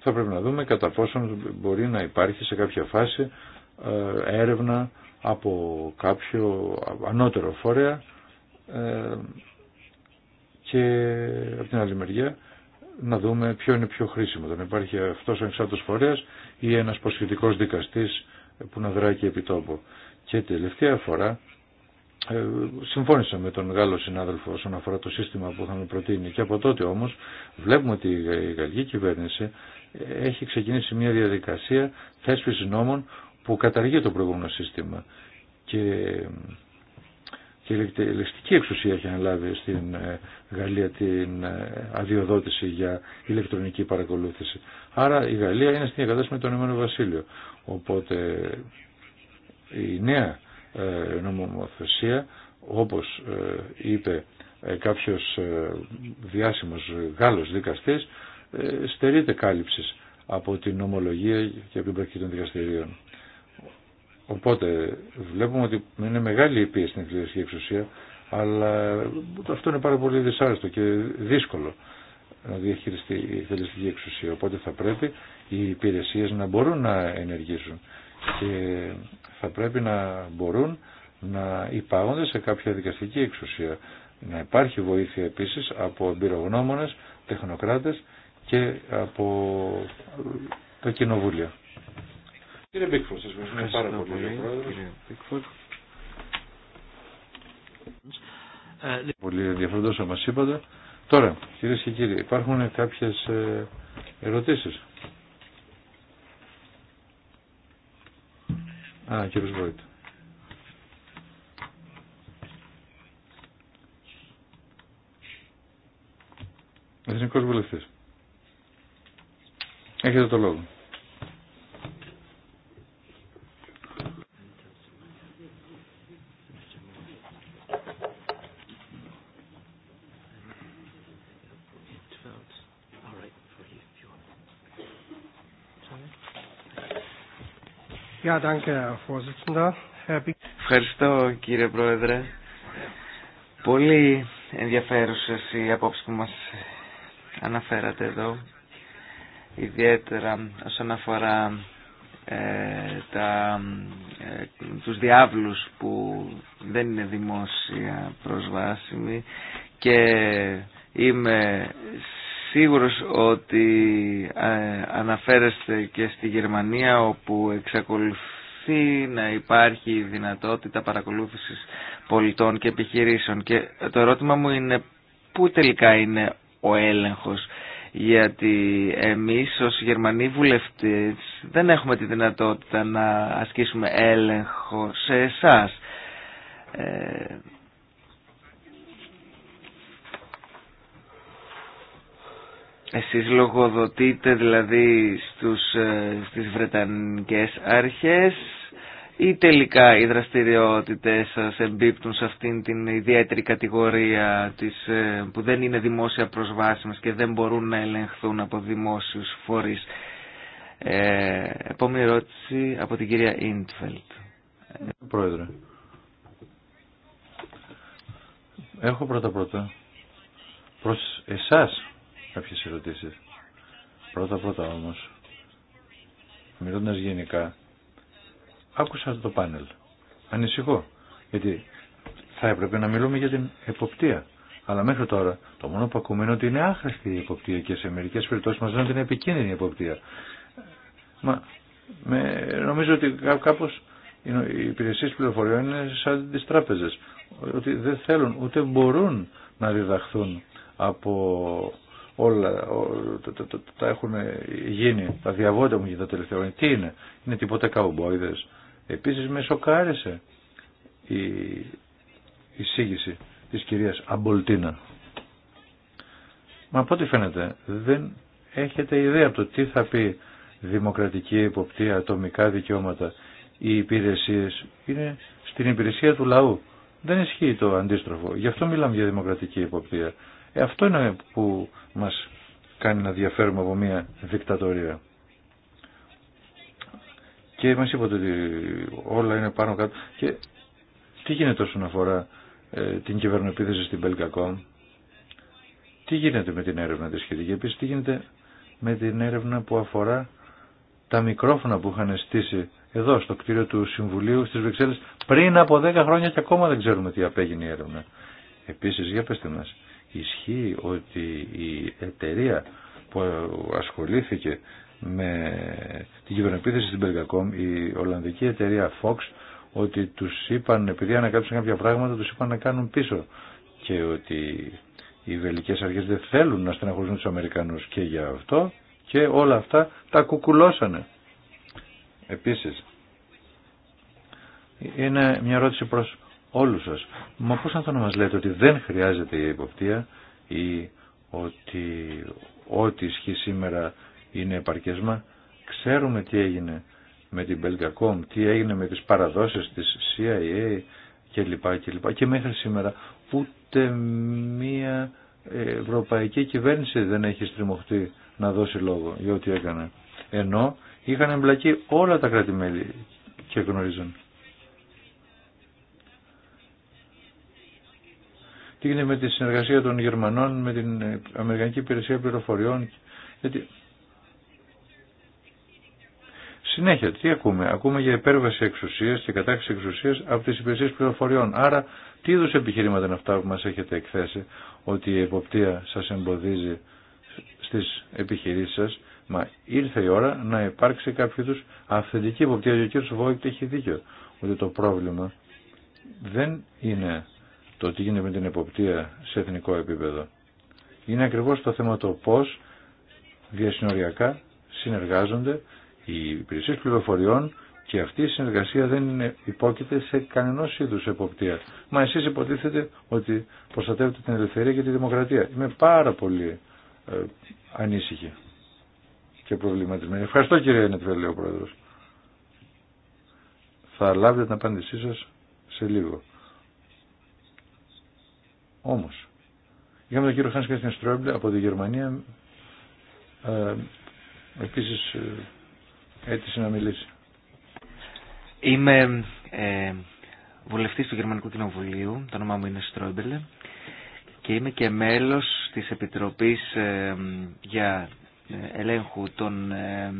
θα πρέπει να δούμε κατά πόσον μπορεί να υπάρχει σε κάποια φάση ε, έρευνα από κάποιο ανώτερο φορέα ε, και από την άλλη μεριά να δούμε ποιο είναι πιο χρήσιμο. Δεν υπάρχει αυτός ο εξάρτητος φορέας ή ένας προσχετικός δικαστής που να δράει και επιτόπου. Και τελευταία φορά ε, συμφώνησα με τον Γάλλο συνάδελφο όσον αφορά το σύστημα που είχαμε προτείνει και από τότε όμως βλέπουμε ότι η γαλλική κυβέρνηση έχει ξεκινήσει μια διαδικασία θέσπισης νόμων που καταργεί το προηγούμενο σύστημα και, και η ηλεκτρική εξουσία έχει αναλάβει στην ε, Γαλλία την ε, αδειοδότηση για ηλεκτρονική παρακολούθηση. Άρα η Γαλλία είναι στην εγκατάσταση με τον Ηνωμένο Βασίλειο. Οπότε η νέα ε, νομοθεσία όπως ε, είπε ε, κάποιος διάσημος Γάλλος δικαστής στερείται κάλυψης από την νομολογία και από την πρακτική των δικαστηρίων. Οπότε βλέπουμε ότι είναι μεγάλη η πίεση στην εκτελεστική εξουσία, αλλά αυτό είναι πάρα πολύ δυσάρεστο και δύσκολο να διαχειριστεί η εκτελεστική εξουσία. Οπότε θα πρέπει οι υπηρεσίες να μπορούν να ενεργήσουν και θα πρέπει να μπορούν να υπάγονται σε κάποια δικαστική εξουσία. Να υπάρχει βοήθεια επίσης από εμπειρογνώμονες, τεχνοκράτες και από τα κοινοβούλια. Κύριε Μπίκφορ, σας ευχαριστούμε πάρα πολύ. Κύριε ε, ναι. Πολύ ενδιαφέροντος είπατε. Τώρα, κυρίες και κύριοι, υπάρχουν κάποιες ε, ερωτήσεις. Α, κύριος Βόητο. Εθνικός βουλευτής. Έχετε το λόγο. Ευχαριστώ κύριε Πρόεδρε. Πολύ ενδιαφέρουσε οι απόψει που μας αναφέρατε εδώ. Ιδιαίτερα όσον αφορά ε, τα, ε, τους διάβλους που δεν είναι δημόσια προσβάσιμοι και είμαι σίγουρος ότι ε, αναφέρεστε και στη Γερμανία όπου εξακολουθεί να υπάρχει δυνατότητα παρακολούθησης πολιτών και επιχειρήσεων και το ερώτημα μου είναι πού τελικά είναι ο έλεγχος γιατί εμείς ως Γερμανοί βουλευτές δεν έχουμε τη δυνατότητα να ασκήσουμε έλεγχο σε εσάς. Ε, Εσείς λογοδοτείτε δηλαδή στους, ε, στις Βρετανικές αρχές ή τελικά οι δραστηριότητες σας εμπίπτουν σε αυτήν την ιδιαίτερη κατηγορία της, ε, που δεν είναι δημόσια προσβάσιμες και δεν μπορούν να ελεγχθούν από δημόσιους φορείς. Ε, επόμενη ερώτηση από την κυρία Ιντφελτ. Πρόεδρε. Έχω πρώτα πρώτα προς εσάς κάποιες ερωτήσεις. Πρώτα πρώτα όμως, μιλώντας γενικά, άκουσα το πάνελ. Ανησυχώ, γιατί θα έπρεπε να μιλούμε για την εποπτεία. Αλλά μέχρι τώρα το μόνο που ακούμε είναι ότι είναι άχρηστη η εποπτεία και σε μερικές περιπτώσεις μας λένε ότι είναι επικίνδυνη η εποπτεία. Μα με, νομίζω ότι κάπως οι υπηρεσίε πληροφοριών είναι σαν τις τράπεζες. Ότι δεν θέλουν ούτε μπορούν να διδαχθούν από όλα τα έχουν γίνει, τα διαβόντα μου για τα τελευταία χρόνια. Τι είναι, είναι τίποτα καουμπόιδες. Επίσης με σοκάρισε η εισήγηση της κυρίας Αμπολτίνα. Μα από ό,τι φαίνεται δεν έχετε ιδέα από το τι θα πει δημοκρατική υποπτία, ατομικά δικαιώματα. Οι υπηρεσίες είναι στην υπηρεσία του λαού. Δεν ισχύει το αντίστροφο. Γι' αυτό μιλάμε για δημοκρατική υποπτία. Ε, αυτό είναι που μας κάνει να διαφέρουμε από μια δικτατορία. Και μας είπατε ότι όλα είναι πάνω κάτω. Και τι γίνεται όσον αφορά ε, την κυβερνοεπίθεση στην Belgacom. Τι γίνεται με την έρευνα τη σχετική. Επίσης τι γίνεται με την έρευνα που αφορά τα μικρόφωνα που είχαν στήσει εδώ στο κτίριο του Συμβουλίου στις Βρυξέλλες πριν από 10 χρόνια και ακόμα δεν ξέρουμε τι απέγινε η έρευνα. Επίσης για πέστε μας ισχύει ότι η εταιρεία που ασχολήθηκε με την κυβερνοεπίθεση στην Περγακόμ, η Ολλανδική εταιρεία Fox, ότι τους είπαν, επειδή ανακάλυψαν κάποια πράγματα, τους είπαν να κάνουν πίσω και ότι οι βελικές αρχές δεν θέλουν να στεναχωρούν τους Αμερικανούς και για αυτό και όλα αυτά τα κουκουλώσανε. Επίσης, είναι μια ερώτηση προς όλους σας. Μα πώς να να μας λέτε ότι δεν χρειάζεται η υποπτία ή ότι ό,τι ισχύει σήμερα είναι επαρκέσμα. Ξέρουμε τι έγινε με την Belgacom, τι έγινε με τις παραδόσεις της CIA κλπ. λοιπά Και μέχρι σήμερα ούτε μία ευρωπαϊκή κυβέρνηση δεν έχει στριμωχτεί να δώσει λόγο για ό,τι έκανε. Ενώ είχαν εμπλακεί όλα τα κράτη-μέλη και γνωρίζουν. τι γίνεται με τη συνεργασία των Γερμανών με την Αμερικανική Υπηρεσία Πληροφοριών. Γιατί... Συνέχεια, τι ακούμε. Ακούμε για υπέρβαση εξουσία και κατάξη εξουσία από τι υπηρεσίε πληροφοριών. Άρα, τι είδου επιχειρήματα είναι αυτά που μα έχετε εκθέσει, ότι η εποπτεία σα εμποδίζει στι επιχειρήσει σα. Μα ήρθε η ώρα να υπάρξει κάποιο είδου αυθεντική εποπτεία. Και ο κ. Βόικτ έχει δίκιο ότι το πρόβλημα δεν είναι το τι γίνεται με την εποπτεία σε εθνικό επίπεδο. Είναι ακριβώς το θέμα το πώς διασυνοριακά συνεργάζονται οι υπηρεσίες πληροφοριών και αυτή η συνεργασία δεν είναι υπόκειται σε κανενός είδους εποπτεία. Μα εσείς υποτίθετε ότι προστατεύετε την ελευθερία και τη δημοκρατία. Είμαι πάρα πολύ ε, ανήσυχη και προβληματισμένη. Ευχαριστώ κύριε Νετβέλ, ο Θα λάβετε την απάντησή σα σε λίγο. Όμω, είχαμε τον κύριο Χάνς Κρίστιαν από τη Γερμανία, ε, επίσης ε, έτσι να μιλήσει. Είμαι ε, βουλευτής του Γερμανικού Κοινοβουλίου, το όνομά μου είναι και είμαι και μέλος της Επιτροπής ε, για ελέγχου των ε,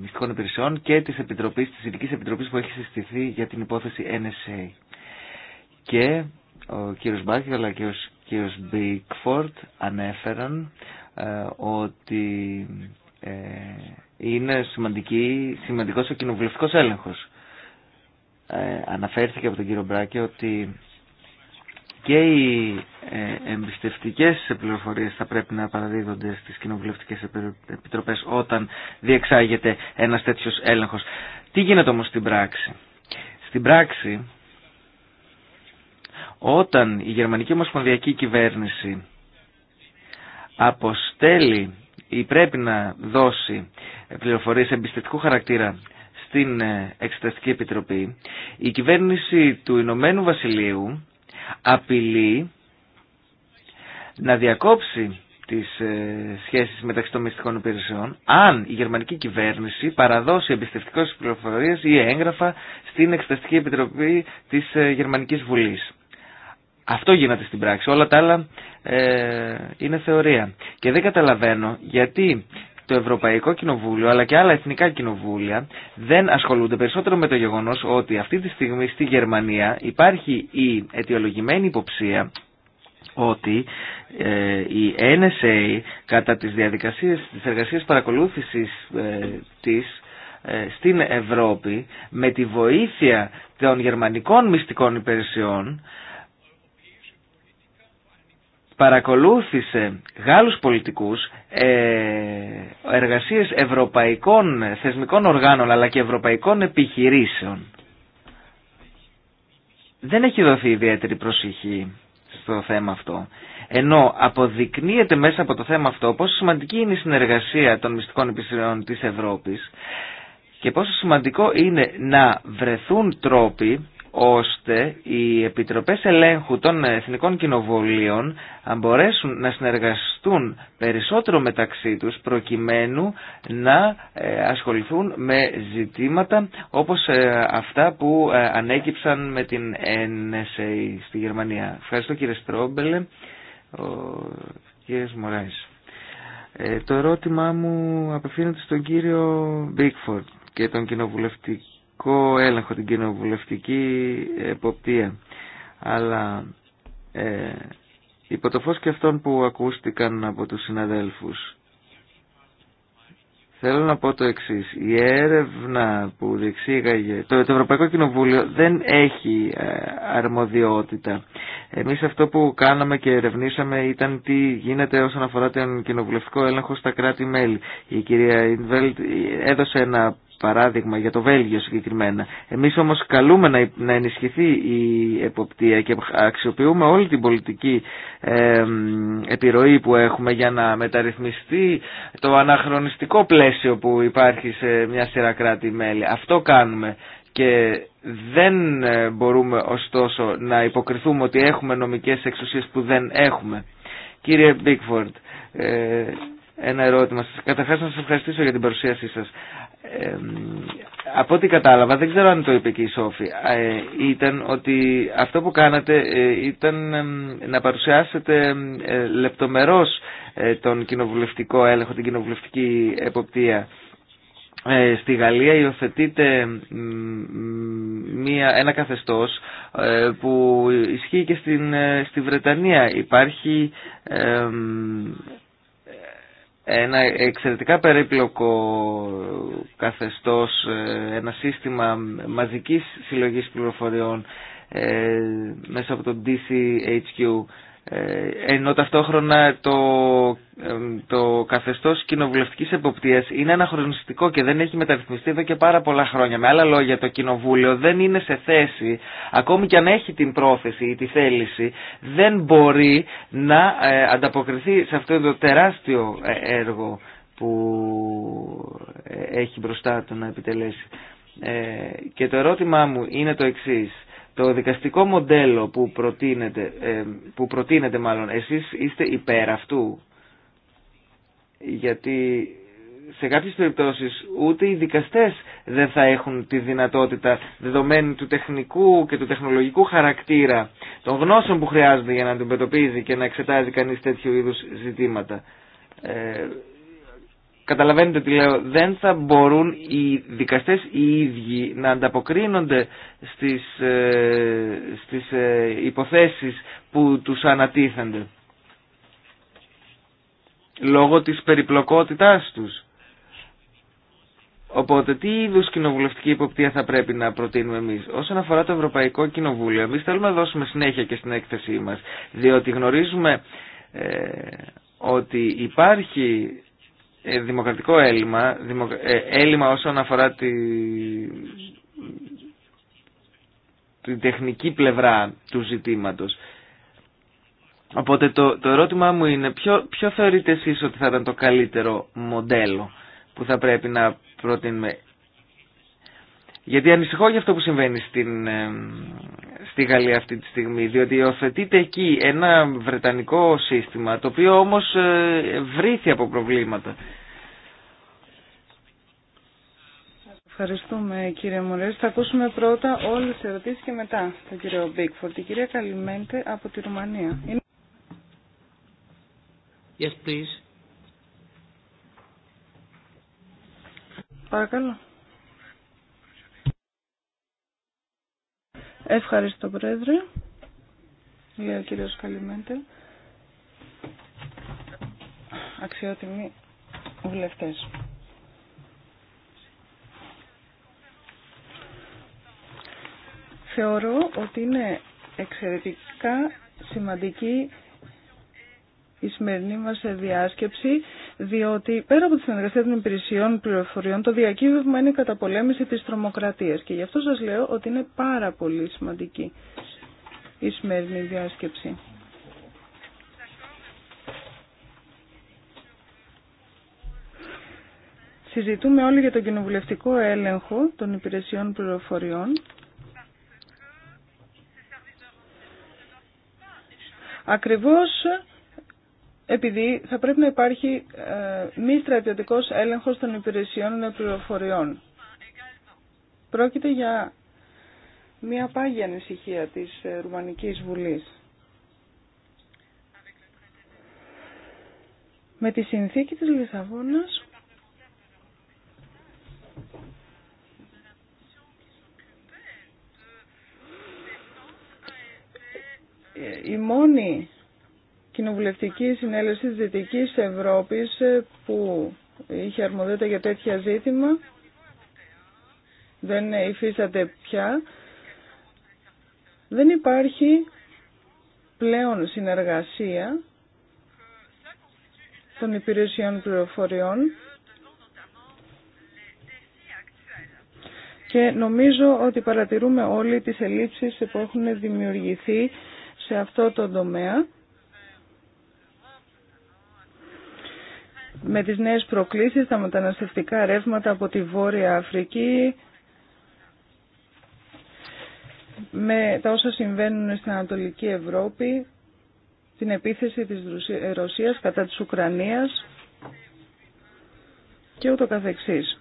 μυστικών υπηρεσιών και της Επιτροπής, της Ειδικής Επιτροπής που έχει συστηθεί για την υπόθεση NSA. Και ο κύριος Μπάκη αλλά και ο κύριος Μπίκφορτ ανέφεραν ε, ότι ε, είναι σημαντική, σημαντικός ο κοινοβουλευτικός έλεγχος. Ε, αναφέρθηκε από τον κύριο Μπράκη ότι και οι εμπιστευτικές πληροφορίες θα πρέπει να παραδίδονται στις κοινοβουλευτικές επιτροπές όταν διεξάγεται ένας τέτοιος έλεγχος. Τι γίνεται όμως στην πράξη. Στην πράξη όταν η γερμανική ομοσπονδιακή κυβέρνηση αποστέλει ή πρέπει να δώσει πληροφορίες εμπιστευτικού χαρακτήρα στην ε, Εξεταστική Επιτροπή, η κυβέρνηση του Ηνωμένου Βασιλείου απειλεί να διακόψει τις ε, σχέσεις μεταξύ των μυστικών υπηρεσιών αν η γερμανική κυβέρνηση παραδώσει εμπιστευτικές πληροφορίες ή έγγραφα στην Εξεταστική Επιτροπή της ε, Γερμανικής Βουλής. Αυτό γίνεται στην πράξη. Όλα τα άλλα ε, είναι θεωρία. Και δεν καταλαβαίνω γιατί το Ευρωπαϊκό Κοινοβούλιο αλλά και άλλα εθνικά κοινοβούλια δεν ασχολούνται περισσότερο με το γεγονός ότι αυτή τη στιγμή στη Γερμανία υπάρχει η αιτιολογημένη υποψία ότι ε, η NSA κατά τις διαδικασίες ε, της εργασίας παρακολούθησης της στην Ευρώπη με τη βοήθεια των γερμανικών μυστικών υπηρεσιών παρακολούθησε Γάλλους πολιτικούς ε, εργασίες ευρωπαϊκών θεσμικών οργάνων αλλά και ευρωπαϊκών επιχειρήσεων. Δεν έχει δοθεί ιδιαίτερη προσοχή στο θέμα αυτό. Ενώ αποδεικνύεται μέσα από το θέμα αυτό πόσο σημαντική είναι η συνεργασία των μυστικών υπηρεσιών της Ευρώπης και πόσο σημαντικό είναι να βρεθούν τρόποι ώστε οι επιτροπές ελέγχου των εθνικών κοινοβουλίων μπορέσουν να συνεργαστούν περισσότερο μεταξύ τους προκειμένου να ε, ασχοληθούν με ζητήματα όπως ε, αυτά που ε, ανέκυψαν με την NSA στη Γερμανία. Ευχαριστώ κύριε Στρόμπελε. Ο κύριος Μωράης. το ερώτημά μου απευθύνεται στον κύριο Μπίκφορντ και τον κοινοβουλευτή κοινοβουλευτικό έλεγχο, την κοινοβουλευτική εποπτεία. Αλλά ε, υπό το φως και αυτών που ακούστηκαν από τους συναδέλφους, θέλω να πω το εξής. Η έρευνα που διεξήγαγε το, το Ευρωπαϊκό Κοινοβούλιο δεν έχει ε, αρμοδιότητα. Εμείς αυτό που κάναμε και ερευνήσαμε ήταν τι γίνεται όσον αφορά τον κοινοβουλευτικό έλεγχο στα κράτη-μέλη. Η κυρία Ινβέλτ ε, έδωσε ένα παράδειγμα για το Βέλγιο συγκεκριμένα. Εμείς όμως καλούμε να ενισχυθεί η εποπτεία και αξιοποιούμε όλη την πολιτική επιρροή που έχουμε για να μεταρρυθμιστεί το αναχρονιστικό πλαίσιο που υπάρχει σε μια σειρά κράτη-μέλη. Αυτό κάνουμε και δεν ε, μπορούμε ωστόσο να υποκριθούμε ότι έχουμε νομικές εξουσίες που δεν έχουμε. Κύριε Μπίκφορντ, ε, ένα ερώτημα σας. Καταρχάς να σας ευχαριστήσω για την παρουσίασή σας από ό,τι κατάλαβα, δεν ξέρω αν το είπε και η Σόφη, ε, ήταν ότι αυτό που κάνατε ε, ήταν να παρουσιάσετε ε, λεπτομερώς τον κοινοβουλευτικό έλεγχο, την κοινοβουλευτική εποπτεία. Στη Γαλλία υιοθετείται μία, ένα καθεστώς που ισχύει και στην, στη Βρετανία. Υπάρχει ένα εξαιρετικά περίπλοκο καθεστώς, ε, ένα σύστημα μαζικής συλλογής πληροφοριών ε, μέσα από το DCHQ ε, ενώ ταυτόχρονα το, το καθεστώς κοινοβουλευτικής εποπτείας είναι αναχρονιστικό και δεν έχει μεταρρυθμιστεί εδώ και πάρα πολλά χρόνια. Με άλλα λόγια το κοινοβούλιο δεν είναι σε θέση, ακόμη και αν έχει την πρόθεση ή τη θέληση, δεν μπορεί να ε, ανταποκριθεί σε αυτό το τεράστιο ε, έργο που έχει μπροστά του να επιτελέσει. και το ερώτημά μου είναι το εξής το δικαστικό μοντέλο που προτείνετε, που προτείνετε μάλλον εσείς είστε υπέρ αυτού γιατί σε κάποιες περιπτώσεις ούτε οι δικαστές δεν θα έχουν τη δυνατότητα δεδομένου του τεχνικού και του τεχνολογικού χαρακτήρα των γνώσεων που χρειάζονται για να αντιμετωπίζει και να εξετάζει κανείς τέτοιου είδους ζητήματα. Ε, Καταλαβαίνετε τι λέω, δεν θα μπορούν οι δικαστές οι ίδιοι να ανταποκρίνονται στις, ε, στις ε, υποθέσεις που τους ανατίθενται. Λόγω της περιπλοκότητάς τους. Οπότε τι είδου κοινοβουλευτική υποπτία θα πρέπει να προτείνουμε εμείς. Όσον αφορά το Ευρωπαϊκό Κοινοβούλιο, εμείς θέλουμε να δώσουμε συνέχεια και στην έκθεσή μας. Διότι γνωρίζουμε ε, ότι υπάρχει ε, δημοκρατικό έλλειμμα, ε, έλλειμμα όσον αφορά τη, την τεχνική πλευρά του ζητήματος. Οπότε το, το ερώτημά μου είναι ποιο, ποιο θεωρείτε εσείς ότι θα ήταν το καλύτερο μοντέλο που θα πρέπει να προτείνουμε. Γιατί ανησυχώ για αυτό που συμβαίνει στην, στη Γαλλία αυτή τη στιγμή, διότι υιοθετείται εκεί ένα βρετανικό σύστημα, το οποίο όμως ε, από προβλήματα. Ευχαριστούμε κύριε Μωρές. Θα ακούσουμε πρώτα όλες τις ερωτήσεις και μετά τον κύριο Μπίκφορντ, Η κυρία Καλυμέντε από τη Ρουμανία. Yes, please. Παρακαλώ. Ευχαριστώ Πρόεδρε. Λέει ο κύριος Καλυμέντε. Αξιότιμοι βουλευτές. θεωρώ ότι είναι εξαιρετικά σημαντική η σημερινή μας διάσκεψη, διότι πέρα από τη συνεργασία των υπηρεσιών πληροφοριών, το διακύβευμα είναι η καταπολέμηση της τρομοκρατίας και γι' αυτό σας λέω ότι είναι πάρα πολύ σημαντική η σημερινή διάσκεψη. Συζητούμε όλοι για τον κοινοβουλευτικό έλεγχο των υπηρεσιών πληροφοριών Ακριβώς επειδή θα πρέπει να υπάρχει ε, μη στρατιωτικός έλεγχος των υπηρεσιών πληροφοριών. Πρόκειται για μια πάγια ανησυχία της ε, Ρουμανικής Βουλής. Με τη συνθήκη της Λισαβόνας η μόνη κοινοβουλευτική συνέλευση της Δυτικής Ευρώπης ε, που είχε αρμοδέτα για τέτοια ζήτημα δεν υφίσταται πια. Δεν υπάρχει πλέον συνεργασία των υπηρεσιών πληροφοριών και νομίζω ότι παρατηρούμε όλοι τις ελλείψεις που έχουν δημιουργηθεί σε αυτό το τομέα με τις νέες προκλήσεις, τα μεταναστευτικά ρεύματα από τη Βόρεια Αφρική, με τα όσα συμβαίνουν στην Ανατολική Ευρώπη, την επίθεση της ε, Ρωσίας κατά της Ουκρανίας και ούτω καθεξής.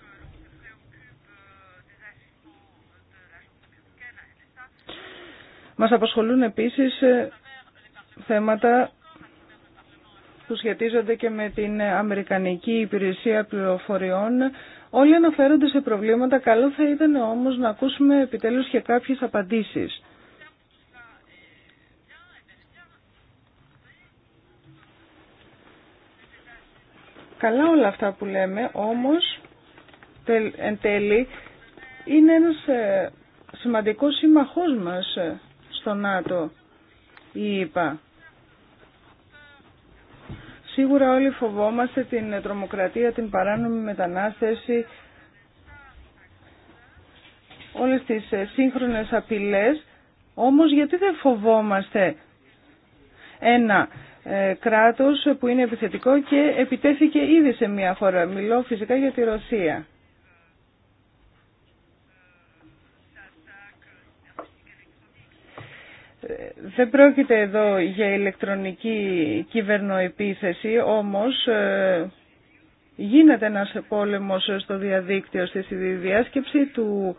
Μας απασχολούν επίσης ε, θέματα που σχετίζονται και με την Αμερικανική Υπηρεσία Πληροφοριών. Όλοι αναφέρονται σε προβλήματα, καλό θα ήταν όμως να ακούσουμε επιτέλους και κάποιες απαντήσεις. Καλά όλα αυτά που λέμε, όμως εν τέλει είναι ένας ε, σημαντικός σύμμαχός μας ε, στο ΝΑΤΟ ή Σίγουρα όλοι φοβόμαστε την τρομοκρατία, την παράνομη μετανάστευση, όλες τις ε, σύγχρονες απειλές, όμως γιατί δεν φοβόμαστε ένα ε, κράτος που είναι επιθετικό και επιτέθηκε ήδη σε μια χώρα. Μιλώ φυσικά για τη Ρωσία. δεν πρόκειται εδώ για ηλεκτρονική κυβερνοεπίθεση, όμως ε, γίνεται ένας πόλεμος στο διαδίκτυο στη διάσκεψη του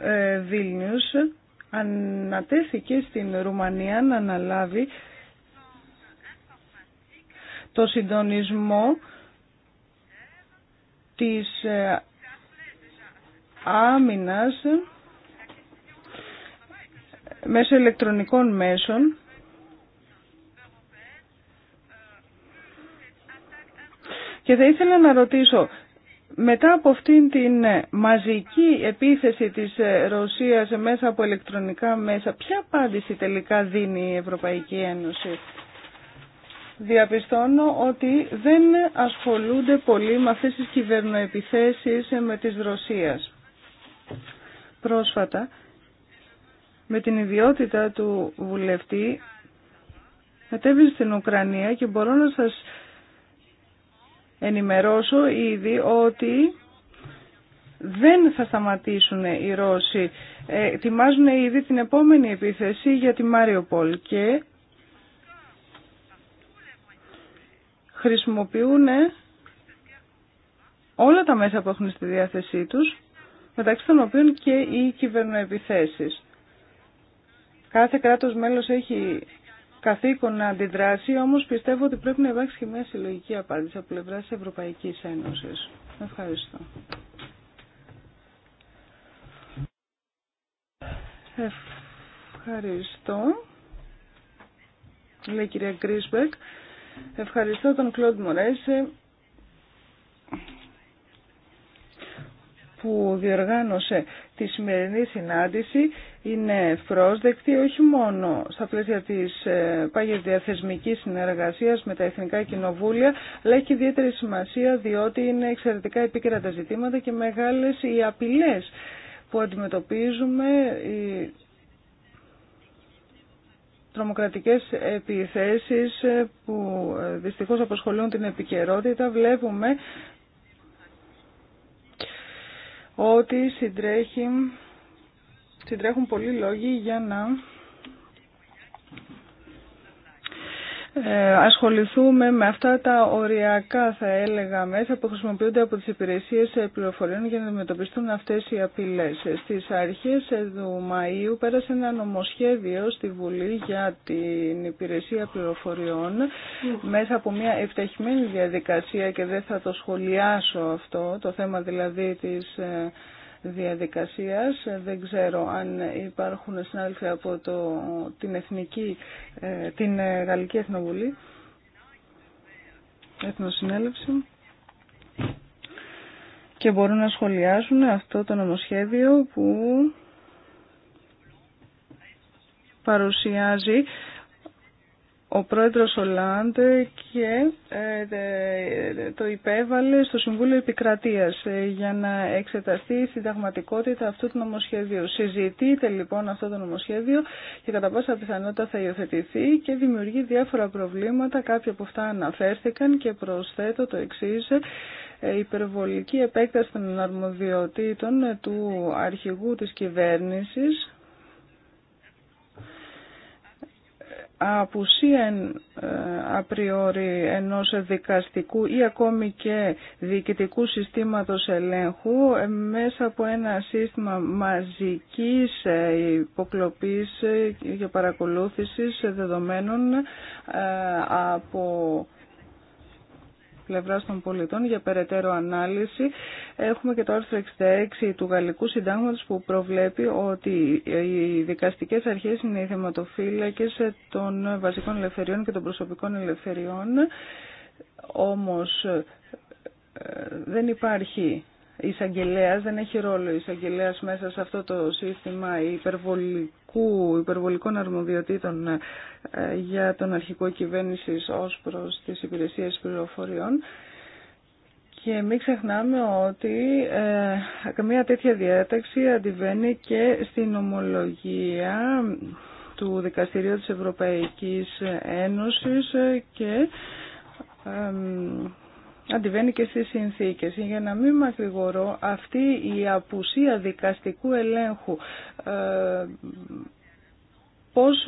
ε, Βίλνιους. Ανατέθηκε στην Ρουμανία να αναλάβει το συντονισμό της ε, άμυνας μέσω ηλεκτρονικών μέσων και θα ήθελα να ρωτήσω μετά από αυτήν την μαζική επίθεση της Ρωσίας μέσα από ηλεκτρονικά μέσα, ποια απάντηση τελικά δίνει η Ευρωπαϊκή Ένωση. Διαπιστώνω ότι δεν ασχολούνται πολύ με αυτές τις κυβερνοεπιθέσεις με της Ρωσίας. Πρόσφατα με την ιδιότητα του βουλευτή μετέβη στην Ουκρανία και μπορώ να σας ενημερώσω ήδη ότι δεν θα σταματήσουν οι Ρώσοι. Ε, ετοιμάζουν ήδη την επόμενη επίθεση για τη Μάριοπολ και χρησιμοποιούν ε, όλα τα μέσα που έχουν στη διάθεσή τους, μεταξύ των οποίων και οι κυβερνοεπιθέσεις. Κάθε κράτος μέλος έχει καθήκον να αντιδράσει, όμως πιστεύω ότι πρέπει να υπάρξει και μια συλλογική απάντηση από πλευρά της Ευρωπαϊκής Ένωσης. Ευχαριστώ. Ευχαριστώ. Λέει κυρία Κρίσπεκ. Ευχαριστώ τον Κλοντ Μορέσε που διοργάνωσε τη σημερινή συνάντηση είναι ευπρόσδεκτη όχι μόνο στα πλαίσια της ε, πάγιας διαθεσμικής συνεργασίας με τα Εθνικά Κοινοβούλια, αλλά έχει ιδιαίτερη σημασία διότι είναι εξαιρετικά επίκαιρα τα ζητήματα και μεγάλες οι απειλές που αντιμετωπίζουμε, οι τρομοκρατικές επιθέσεις ε, που ε, δυστυχώς αποσχολούν την επικαιρότητα. Βλέπουμε ότι συντρέχει συντρέχουν πολλοί λόγοι για να ε, ασχοληθούμε με αυτά τα οριακά θα έλεγα μέσα που χρησιμοποιούνται από τις υπηρεσίες ε, πληροφοριών για να αντιμετωπιστούν αυτές οι απειλές. Στις αρχές ε, του Μαΐου πέρασε ένα νομοσχέδιο στη Βουλή για την υπηρεσία πληροφοριών μέσα από μια ευτυχημένη διαδικασία και δεν θα το σχολιάσω αυτό, το θέμα δηλαδή της διαδικασίας. Δεν ξέρω αν υπάρχουν συνάδελφοι από το, την, Εθνική, ε, την Γαλλική Εθνοβουλή, Εθνοσυνέλευση και μπορούν να σχολιάσουν αυτό το νομοσχέδιο που παρουσιάζει ο πρόεδρος Ολάντε και ε, το υπέβαλε στο Συμβούλιο Επικρατείας ε, για να εξεταστεί η συνταγματικότητα αυτού του νομοσχεδίου. Συζητείται λοιπόν αυτό το νομοσχέδιο και κατά πάσα πιθανότητα θα υιοθετηθεί και δημιουργεί διάφορα προβλήματα. Κάποια από αυτά αναφέρθηκαν και προσθέτω το εξής ε, υπερβολική επέκταση των αρμοδιοτήτων του αρχηγού της κυβέρνησης απουσία απριόρι ε, ενός δικαστικού ή ακόμη και διοικητικού συστήματος ελέγχου ε, μέσα από ένα σύστημα μαζικής ε, υποκλοπής και παρακολούθησης δεδομένων από Πλευρά των πολιτών για περαιτέρω ανάλυση. Έχουμε και το άρθρο 66 του Γαλλικού Συντάγματο που προβλέπει ότι οι δικαστικές αρχές είναι οι θεματοφύλακε των βασικών ελευθεριών και των προσωπικών ελευθεριών. Όμως ε, δεν υπάρχει εισαγγελέα, δεν έχει ρόλο εισαγγελέα μέσα σε αυτό το σύστημα υπερβολικού, υπερβολικών αρμοδιοτήτων ε, για τον αρχικό κυβέρνηση ω προς τι Υπηρεσίε πληροφοριών. Και μην ξεχνάμε ότι ε, καμία τέτοια διάταξη αντιβαίνει και στην ομολογία του Δικαστηρίου της Ευρωπαϊκής Ένωσης και ε, αντιβαίνει και στις συνθήκες. Για να μην μακρηγορώ, αυτή η απουσία δικαστικού ελέγχου ε, πώς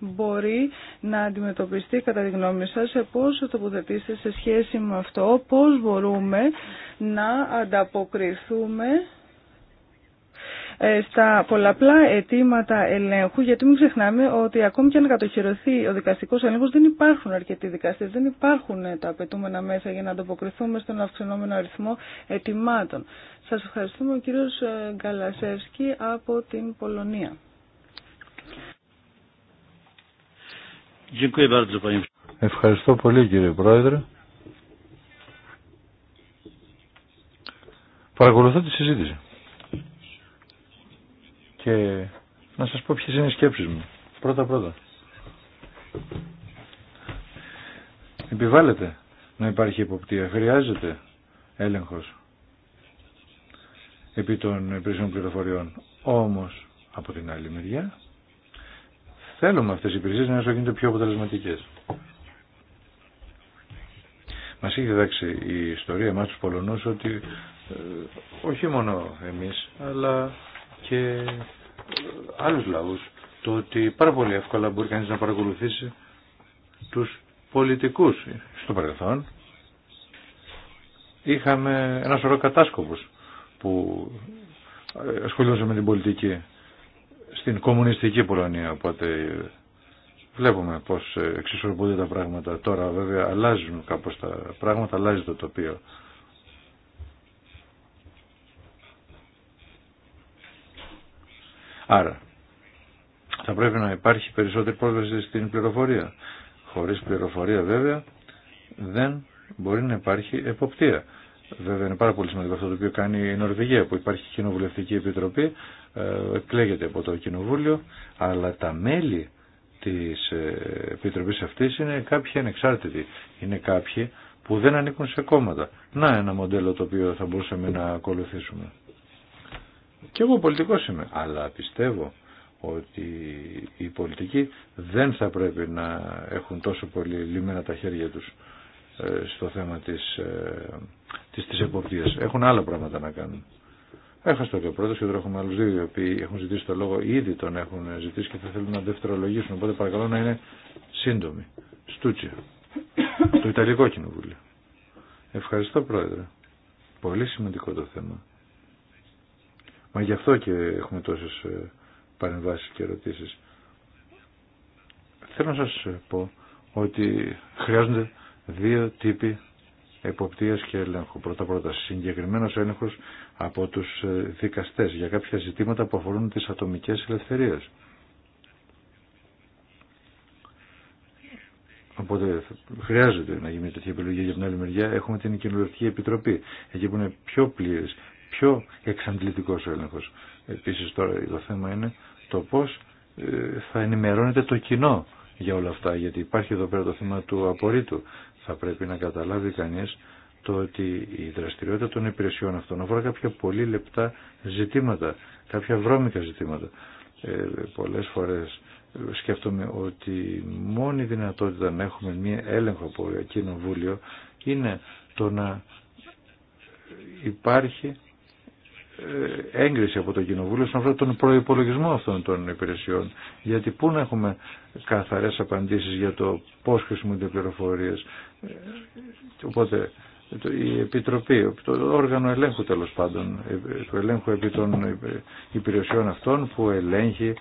μπορεί να αντιμετωπιστεί κατά τη γνώμη σας, σε πώς τοποθετήσετε σε σχέση με αυτό, πώς μπορούμε να ανταποκριθούμε ε, στα πολλαπλά αιτήματα ελέγχου, γιατί μην ξεχνάμε ότι ακόμη και αν κατοχυρωθεί ο δικαστικό έλεγχο, δεν υπάρχουν αρκετοί δικαστέ, δεν υπάρχουν ε, τα απαιτούμενα μέσα για να ανταποκριθούμε στον αυξανόμενο αριθμό ετοιμάτων. Σα ευχαριστούμε, ο κύριο ε, Γκαλασεύσκη από την Πολωνία. Ευχαριστώ πολύ κύριε Πρόεδρε. Παρακολουθώ τη συζήτηση και να σας πω ποιες είναι οι σκέψεις μου. Πρώτα πρώτα. Επιβάλλεται να υπάρχει υποπτία. Χρειάζεται έλεγχος επί των υπηρεσιών πληροφοριών. Όμως, από την άλλη μεριά, θέλουμε αυτές οι υπηρεσίες να γίνονται πιο αποτελεσματικές. Μας έχει διδάξει η ιστορία μας τους Πολωνούς ότι ε, όχι μόνο εμείς, αλλά και άλλους λαούς το ότι πάρα πολύ εύκολα μπορεί κανείς να παρακολουθήσει τους πολιτικούς στο παρελθόν. Είχαμε ένα σωρό κατάσκοπους που ε, ασχολούνται με την πολιτική στην κομμουνιστική Πολωνία, οπότε βλέπουμε πώς εξισορροπούνται τα πράγματα τώρα βέβαια αλλάζουν κάπως τα πράγματα, αλλάζει το τοπίο. Άρα, θα πρέπει να υπάρχει περισσότερη πρόσβαση στην πληροφορία. Χωρίς πληροφορία βέβαια δεν μπορεί να υπάρχει εποπτεία. Βέβαια είναι πάρα πολύ σημαντικό αυτό το οποίο κάνει η Νορβηγία που υπάρχει κοινοβουλευτική επιτροπή, ε, εκλέγεται από το κοινοβούλιο, αλλά τα μέλη της ε, επιτροπής αυτής είναι κάποιοι ανεξάρτητοι, είναι κάποιοι που δεν ανήκουν σε κόμματα. Να ένα μοντέλο το οποίο θα μπορούσαμε να ακολουθήσουμε. Και εγώ πολιτικό είμαι, αλλά πιστεύω ότι οι πολιτικοί δεν θα πρέπει να έχουν τόσο πολύ λιμένα τα χέρια τους ε, στο θέμα της, ε, της, της εποπτείας. Έχουν άλλα πράγματα να κάνουν. Έχασε το και ο πρώτο και τώρα έχουμε άλλου δύο οι οποίοι έχουν ζητήσει το λόγο, ήδη τον έχουν ζητήσει και θα θέλουν να δευτερολογήσουν. Οπότε παρακαλώ να είναι σύντομοι. Στούτσια. Το Ιταλικό Κοινοβούλιο. Ευχαριστώ Πρόεδρε. Πολύ σημαντικό το θέμα. Μα γι' αυτό και έχουμε τόσες ε, παρεμβάσεις και ερωτήσεις. Θέλω να σας πω ότι χρειάζονται δύο τύποι εποπτείας και ελέγχου. Πρώτα πρώτα συγκεκριμένος έλεγχος από τους ε, δικαστές για κάποια ζητήματα που αφορούν τις ατομικές ελευθερίες. Οπότε χρειάζεται να γίνει τέτοια επιλογή για την άλλη μεριά. Έχουμε την Κοινοβουλευτική Επιτροπή, εκεί που είναι πιο πλήρε πιο εξαντλητικός ο έλεγχος. Επίσης τώρα το θέμα είναι το πώς ε, θα ενημερώνεται το κοινό για όλα αυτά, γιατί υπάρχει εδώ πέρα το θέμα του απορρίτου. Θα πρέπει να καταλάβει κανείς το ότι η δραστηριότητα των υπηρεσιών αυτών αφορά κάποια πολύ λεπτά ζητήματα, κάποια βρώμικα ζητήματα. Ε, πολλές φορές ε, σκέφτομαι ότι μόνη δυνατότητα να έχουμε μία έλεγχο από κοινοβούλιο είναι το να υπάρχει ε, έγκριση από το Κοινοβούλιο στον αυτό τον προϋπολογισμό αυτών των υπηρεσιών. Γιατί πού να έχουμε καθαρές απαντήσεις για το πώς χρησιμοποιούνται οι πληροφορίες. Ε, οπότε η Επιτροπή, το όργανο ελέγχου τέλος πάντων, ε, του ελέγχου επί των υπηρεσιών αυτών που ελέγχει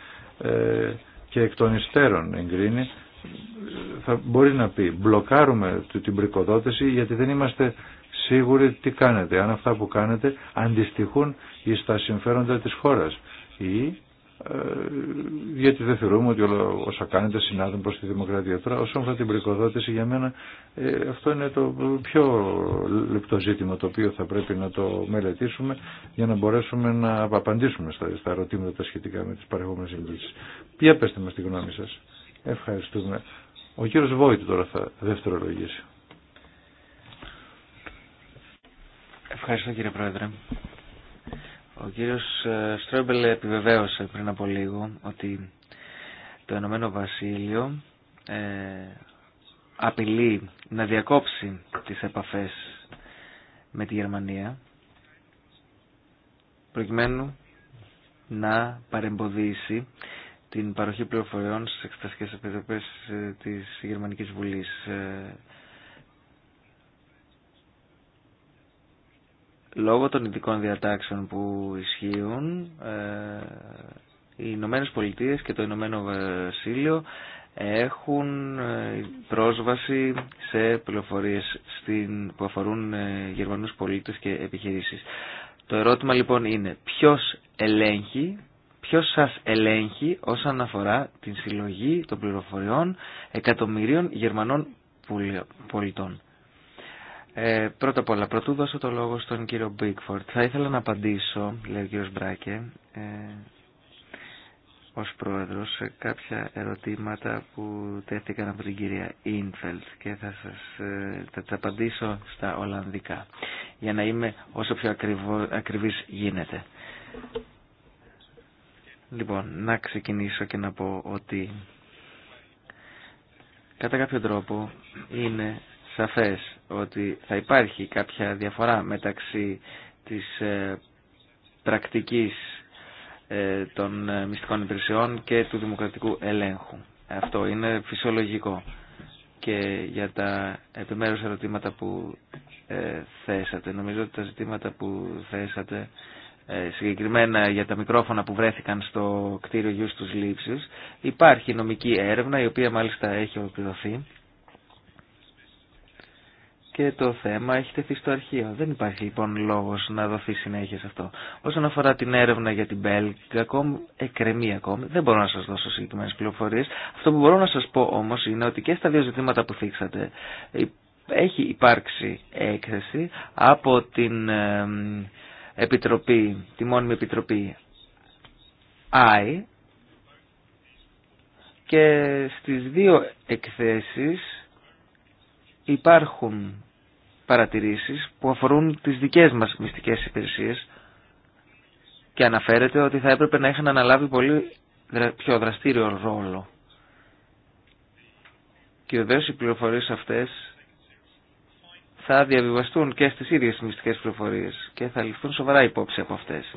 και εκ των υστέρων εγκρίνει, θα μπορεί να πει μπλοκάρουμε την πρικοδότηση γιατί δεν είμαστε σίγουροι τι κάνετε, αν αυτά που κάνετε αντιστοιχούν στα συμφέροντα της χώρας ή ε, γιατί δεν θεωρούμε ότι όλα όσα κάνετε συνάδουν προς τη δημοκρατία. Τώρα όσον αφορά την πρικοδότηση για μένα ε, αυτό είναι το πιο λεπτό ζήτημα το οποίο θα πρέπει να το μελετήσουμε για να μπορέσουμε να απαντήσουμε στα, στα ερωτήματα τα σχετικά με τις παρεχόμενες εγκλήσεις. Ποια πέστε μας τη γνώμη σας. Ευχαριστούμε. Ο κύριος Βόητ τώρα θα δευτερολογήσει. Ευχαριστώ κύριε Πρόεδρε. Ο κύριος ε, Στρόμπελ επιβεβαίωσε πριν από λίγο ότι το Ενωμένο Βασίλειο ε, απειλεί να διακόψει τις επαφές με τη Γερμανία προκειμένου να παρεμποδίσει την παροχή πληροφοριών στις εξεταστικές επιτροπές ε, της Γερμανικής Βουλής. λόγω των ειδικών διατάξεων που ισχύουν ε, οι Ηνωμένε Πολιτείε και το Ηνωμένο Βασίλειο έχουν ε, πρόσβαση σε πληροφορίες που αφορούν ε, Γερμανούς πολίτες και επιχειρήσεις. Το ερώτημα λοιπόν είναι ποιος ελέγχει, ποιος σας ελέγχει όσον αφορά την συλλογή των πληροφοριών εκατομμυρίων Γερμανών πολιτών. Ε, πρώτα απ' όλα, πρωτού δώσω το λόγο στον κύριο Μπίκφορτ. Θα ήθελα να απαντήσω, λέει ο κύριος Μπράκε, ε, ως πρόεδρος, σε κάποια ερωτήματα που τέθηκαν από την κυρία Ίνφελτ και θα σας ε, απαντήσω στα Ολλανδικά, για να είμαι όσο πιο ακριβή γίνεται. Λοιπόν, να ξεκινήσω και να πω ότι κατά κάποιο τρόπο είναι σαφές ότι θα υπάρχει κάποια διαφορά μεταξύ της ε, πρακτικής ε, των ε, μυστικών υπηρεσιών και του δημοκρατικού ελέγχου. Αυτό είναι φυσιολογικό και για τα επιμέρους ερωτήματα που θέσατε. Νομίζω ότι τα ζητήματα που θέσατε συγκεκριμένα για τα μικρόφωνα που βρέθηκαν στο κτίριο γιους τους λήψης υπάρχει νομική έρευνα η οποία μάλιστα έχει ολοκληρωθεί και το θέμα έχει τεθεί στο αρχείο. Δεν υπάρχει λοιπόν λόγος να δοθεί συνέχεια σε αυτό. Όσον αφορά την έρευνα για την ακόμη εκκρεμεί ακόμη. Δεν μπορώ να σας δώσω συγκεκριμένες πληροφορίες. Αυτό που μπορώ να σας πω όμως είναι ότι και στα δύο ζητήματα που θίξατε ε, έχει υπάρξει έκθεση από την επιτροπή, τη μόνιμη επιτροπή I και στις δύο εκθέσεις υπάρχουν παρατηρήσεις που αφορούν τις δικές μας μυστικές υπηρεσίες και αναφέρεται ότι θα έπρεπε να είχαν αναλάβει πολύ πιο δραστήριο ρόλο. Και βεβαίω οι πληροφορίες αυτές θα διαβιβαστούν και στις ίδιες μυστικές πληροφορίες και θα ληφθούν σοβαρά υπόψη από αυτές.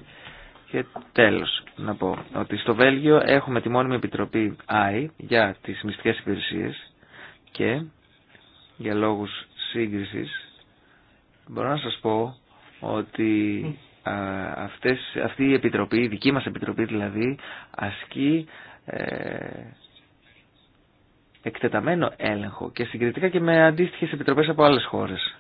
Και τέλος να πω ότι στο Βέλγιο έχουμε τη μόνιμη επιτροπή ΆΗ για τις μυστικές υπηρεσίες και για λόγους σύγκρισης μπορώ να σας πω ότι αυτές, αυτή η επιτροπή, η δική μας επιτροπή δηλαδή, ασκεί ε, εκτεταμένο έλεγχο και συγκριτικά και με αντίστοιχες επιτροπές από άλλες χώρες.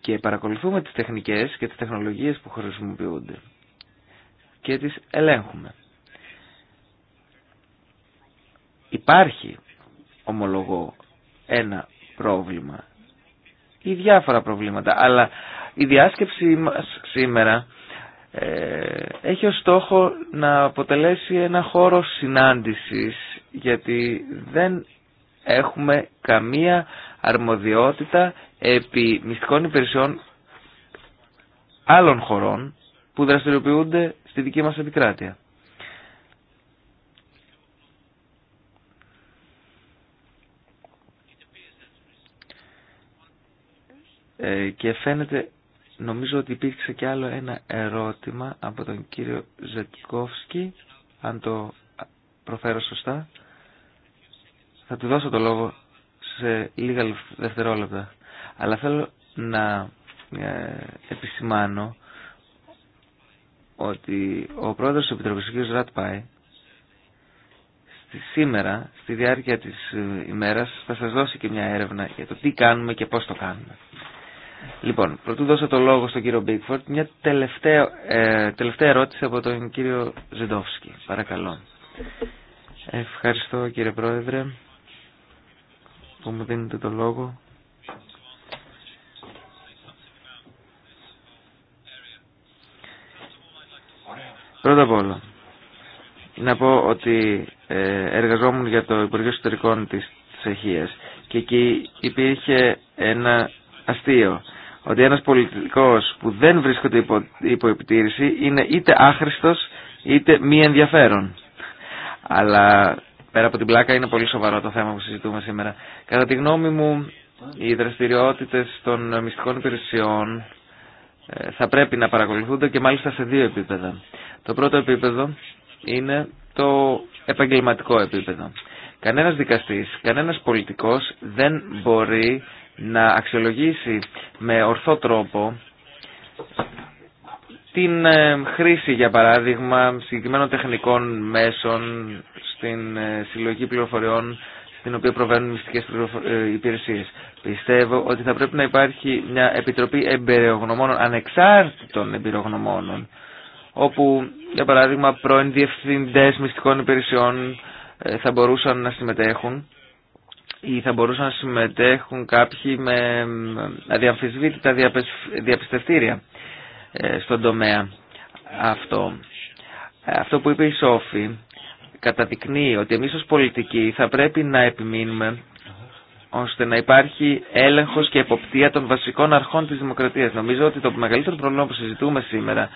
Και παρακολουθούμε τις τεχνικές και τις τεχνολογίες που χρησιμοποιούνται και τις ελέγχουμε. Υπάρχει ομολογώ, ένα πρόβλημα ή διάφορα προβλήματα. Αλλά η διάσκεψη μας σήμερα ε, έχει ως στόχο να αποτελέσει ένα χώρο συνάντησης γιατί δεν έχουμε καμία αρμοδιότητα επί μυστικών υπηρεσιών άλλων χωρών που δραστηριοποιούνται στη δική μας επικράτεια. Ε, και φαίνεται νομίζω ότι υπήρξε και άλλο ένα ερώτημα από τον κύριο Ζετικόφσκι αν το προφέρω σωστά θα του δώσω το λόγο σε λίγα δευτερόλεπτα αλλά θέλω να ε, επισημάνω ότι ο πρόεδρος του Επιτροπής, ο σήμερα, στη διάρκεια της ε, ημέρας, θα σας δώσει και μια έρευνα για το τι κάνουμε και πώς το κάνουμε. Λοιπόν, πρωτού δώσω το λόγο στον κύριο Μπίκφορτ, μια τελευταία, ε, τελευταία ερώτηση από τον κύριο Ζεντόφσκι. Παρακαλώ. Ευχαριστώ κύριε Πρόεδρε που μου δίνετε το λόγο. Πρώτα απ' όλα, να πω ότι ε, εργαζόμουν για το Υπουργείο Συντερικών της Τσεχίας και εκεί υπήρχε ένα αστείο ότι ένας πολιτικός που δεν βρίσκεται υπό, επιτήρηση είναι είτε άχρηστος είτε μη ενδιαφέρον. Αλλά πέρα από την πλάκα είναι πολύ σοβαρό το θέμα που συζητούμε σήμερα. Κατά τη γνώμη μου οι δραστηριότητες των μυστικών υπηρεσιών ε, θα πρέπει να παρακολουθούνται και μάλιστα σε δύο επίπεδα. Το πρώτο επίπεδο είναι το επαγγελματικό επίπεδο. Κανένας δικαστής, κανένας πολιτικός δεν μπορεί να αξιολογήσει με ορθό τρόπο την ε, χρήση, για παράδειγμα, συγκεκριμένων τεχνικών μέσων στην ε, συλλογή πληροφοριών στην οποία προβαίνουν μυστικές ε, υπηρεσίες. Πιστεύω ότι θα πρέπει να υπάρχει μια επιτροπή εμπειρογνωμόνων, ανεξάρτητων εμπειρογνωμόνων, όπου, για παράδειγμα, πρώην διευθυντές μυστικών υπηρεσιών θα μπορούσαν να συμμετέχουν ή θα μπορούσαν να συμμετέχουν κάποιοι με αδιαμφισβήτητα διαπιστευτήρια ε, στον τομέα αυτό. Ε, αυτό που είπε η Σόφη καταδεικνύει ότι εμείς ως πολιτικοί θα πρέπει να επιμείνουμε ώστε να υπάρχει έλεγχος και εποπτεία των βασικών αρχών της δημοκρατίας. Νομίζω ότι το μεγαλύτερο πρόβλημα που συζητούμε σήμερα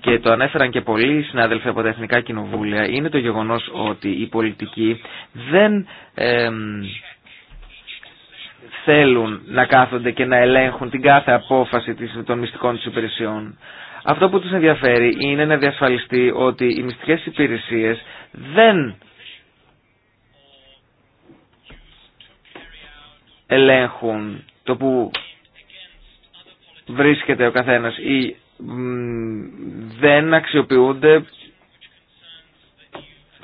και το ανέφεραν και πολλοί συνάδελφοι από τα Εθνικά Κοινοβούλια είναι το γεγονός ότι οι πολιτικοί δεν θέλουν να κάθονται και να ελέγχουν την κάθε απόφαση των μυστικών τους υπηρεσιών. Αυτό που τους ενδιαφέρει είναι να διασφαλιστεί ότι οι μυστικές υπηρεσίες δεν ελέγχουν το που βρίσκεται ο καθένας ή δεν αξιοποιούνται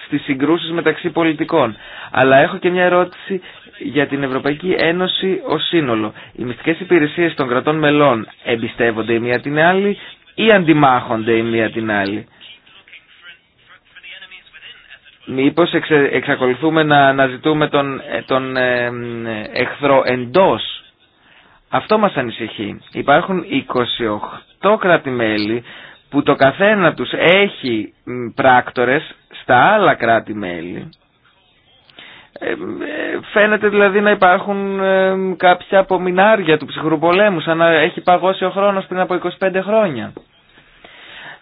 στις συγκρούσεις μεταξύ πολιτικών. Αλλά έχω και μια ερώτηση για την Ευρωπαϊκή Ένωση ω σύνολο. Οι μυστικές υπηρεσίες των κρατών μελών εμπιστεύονται η μία την άλλη ή αντιμάχονται η μία την άλλη. Μήπως εξακολουθούμε να ζητούμε τον, ε, τον ε, εχθρό εντός. Αυτό μας ανησυχεί. Υπάρχουν 28 κράτη-μέλη που το καθένα τους έχει πράκτορες στα άλλα κράτη-μέλη ε, φαίνεται δηλαδή να υπάρχουν κάποια απομεινάρια του ψυχρού πολέμου σαν να έχει παγώσει ο χρόνος πριν από 25 χρόνια.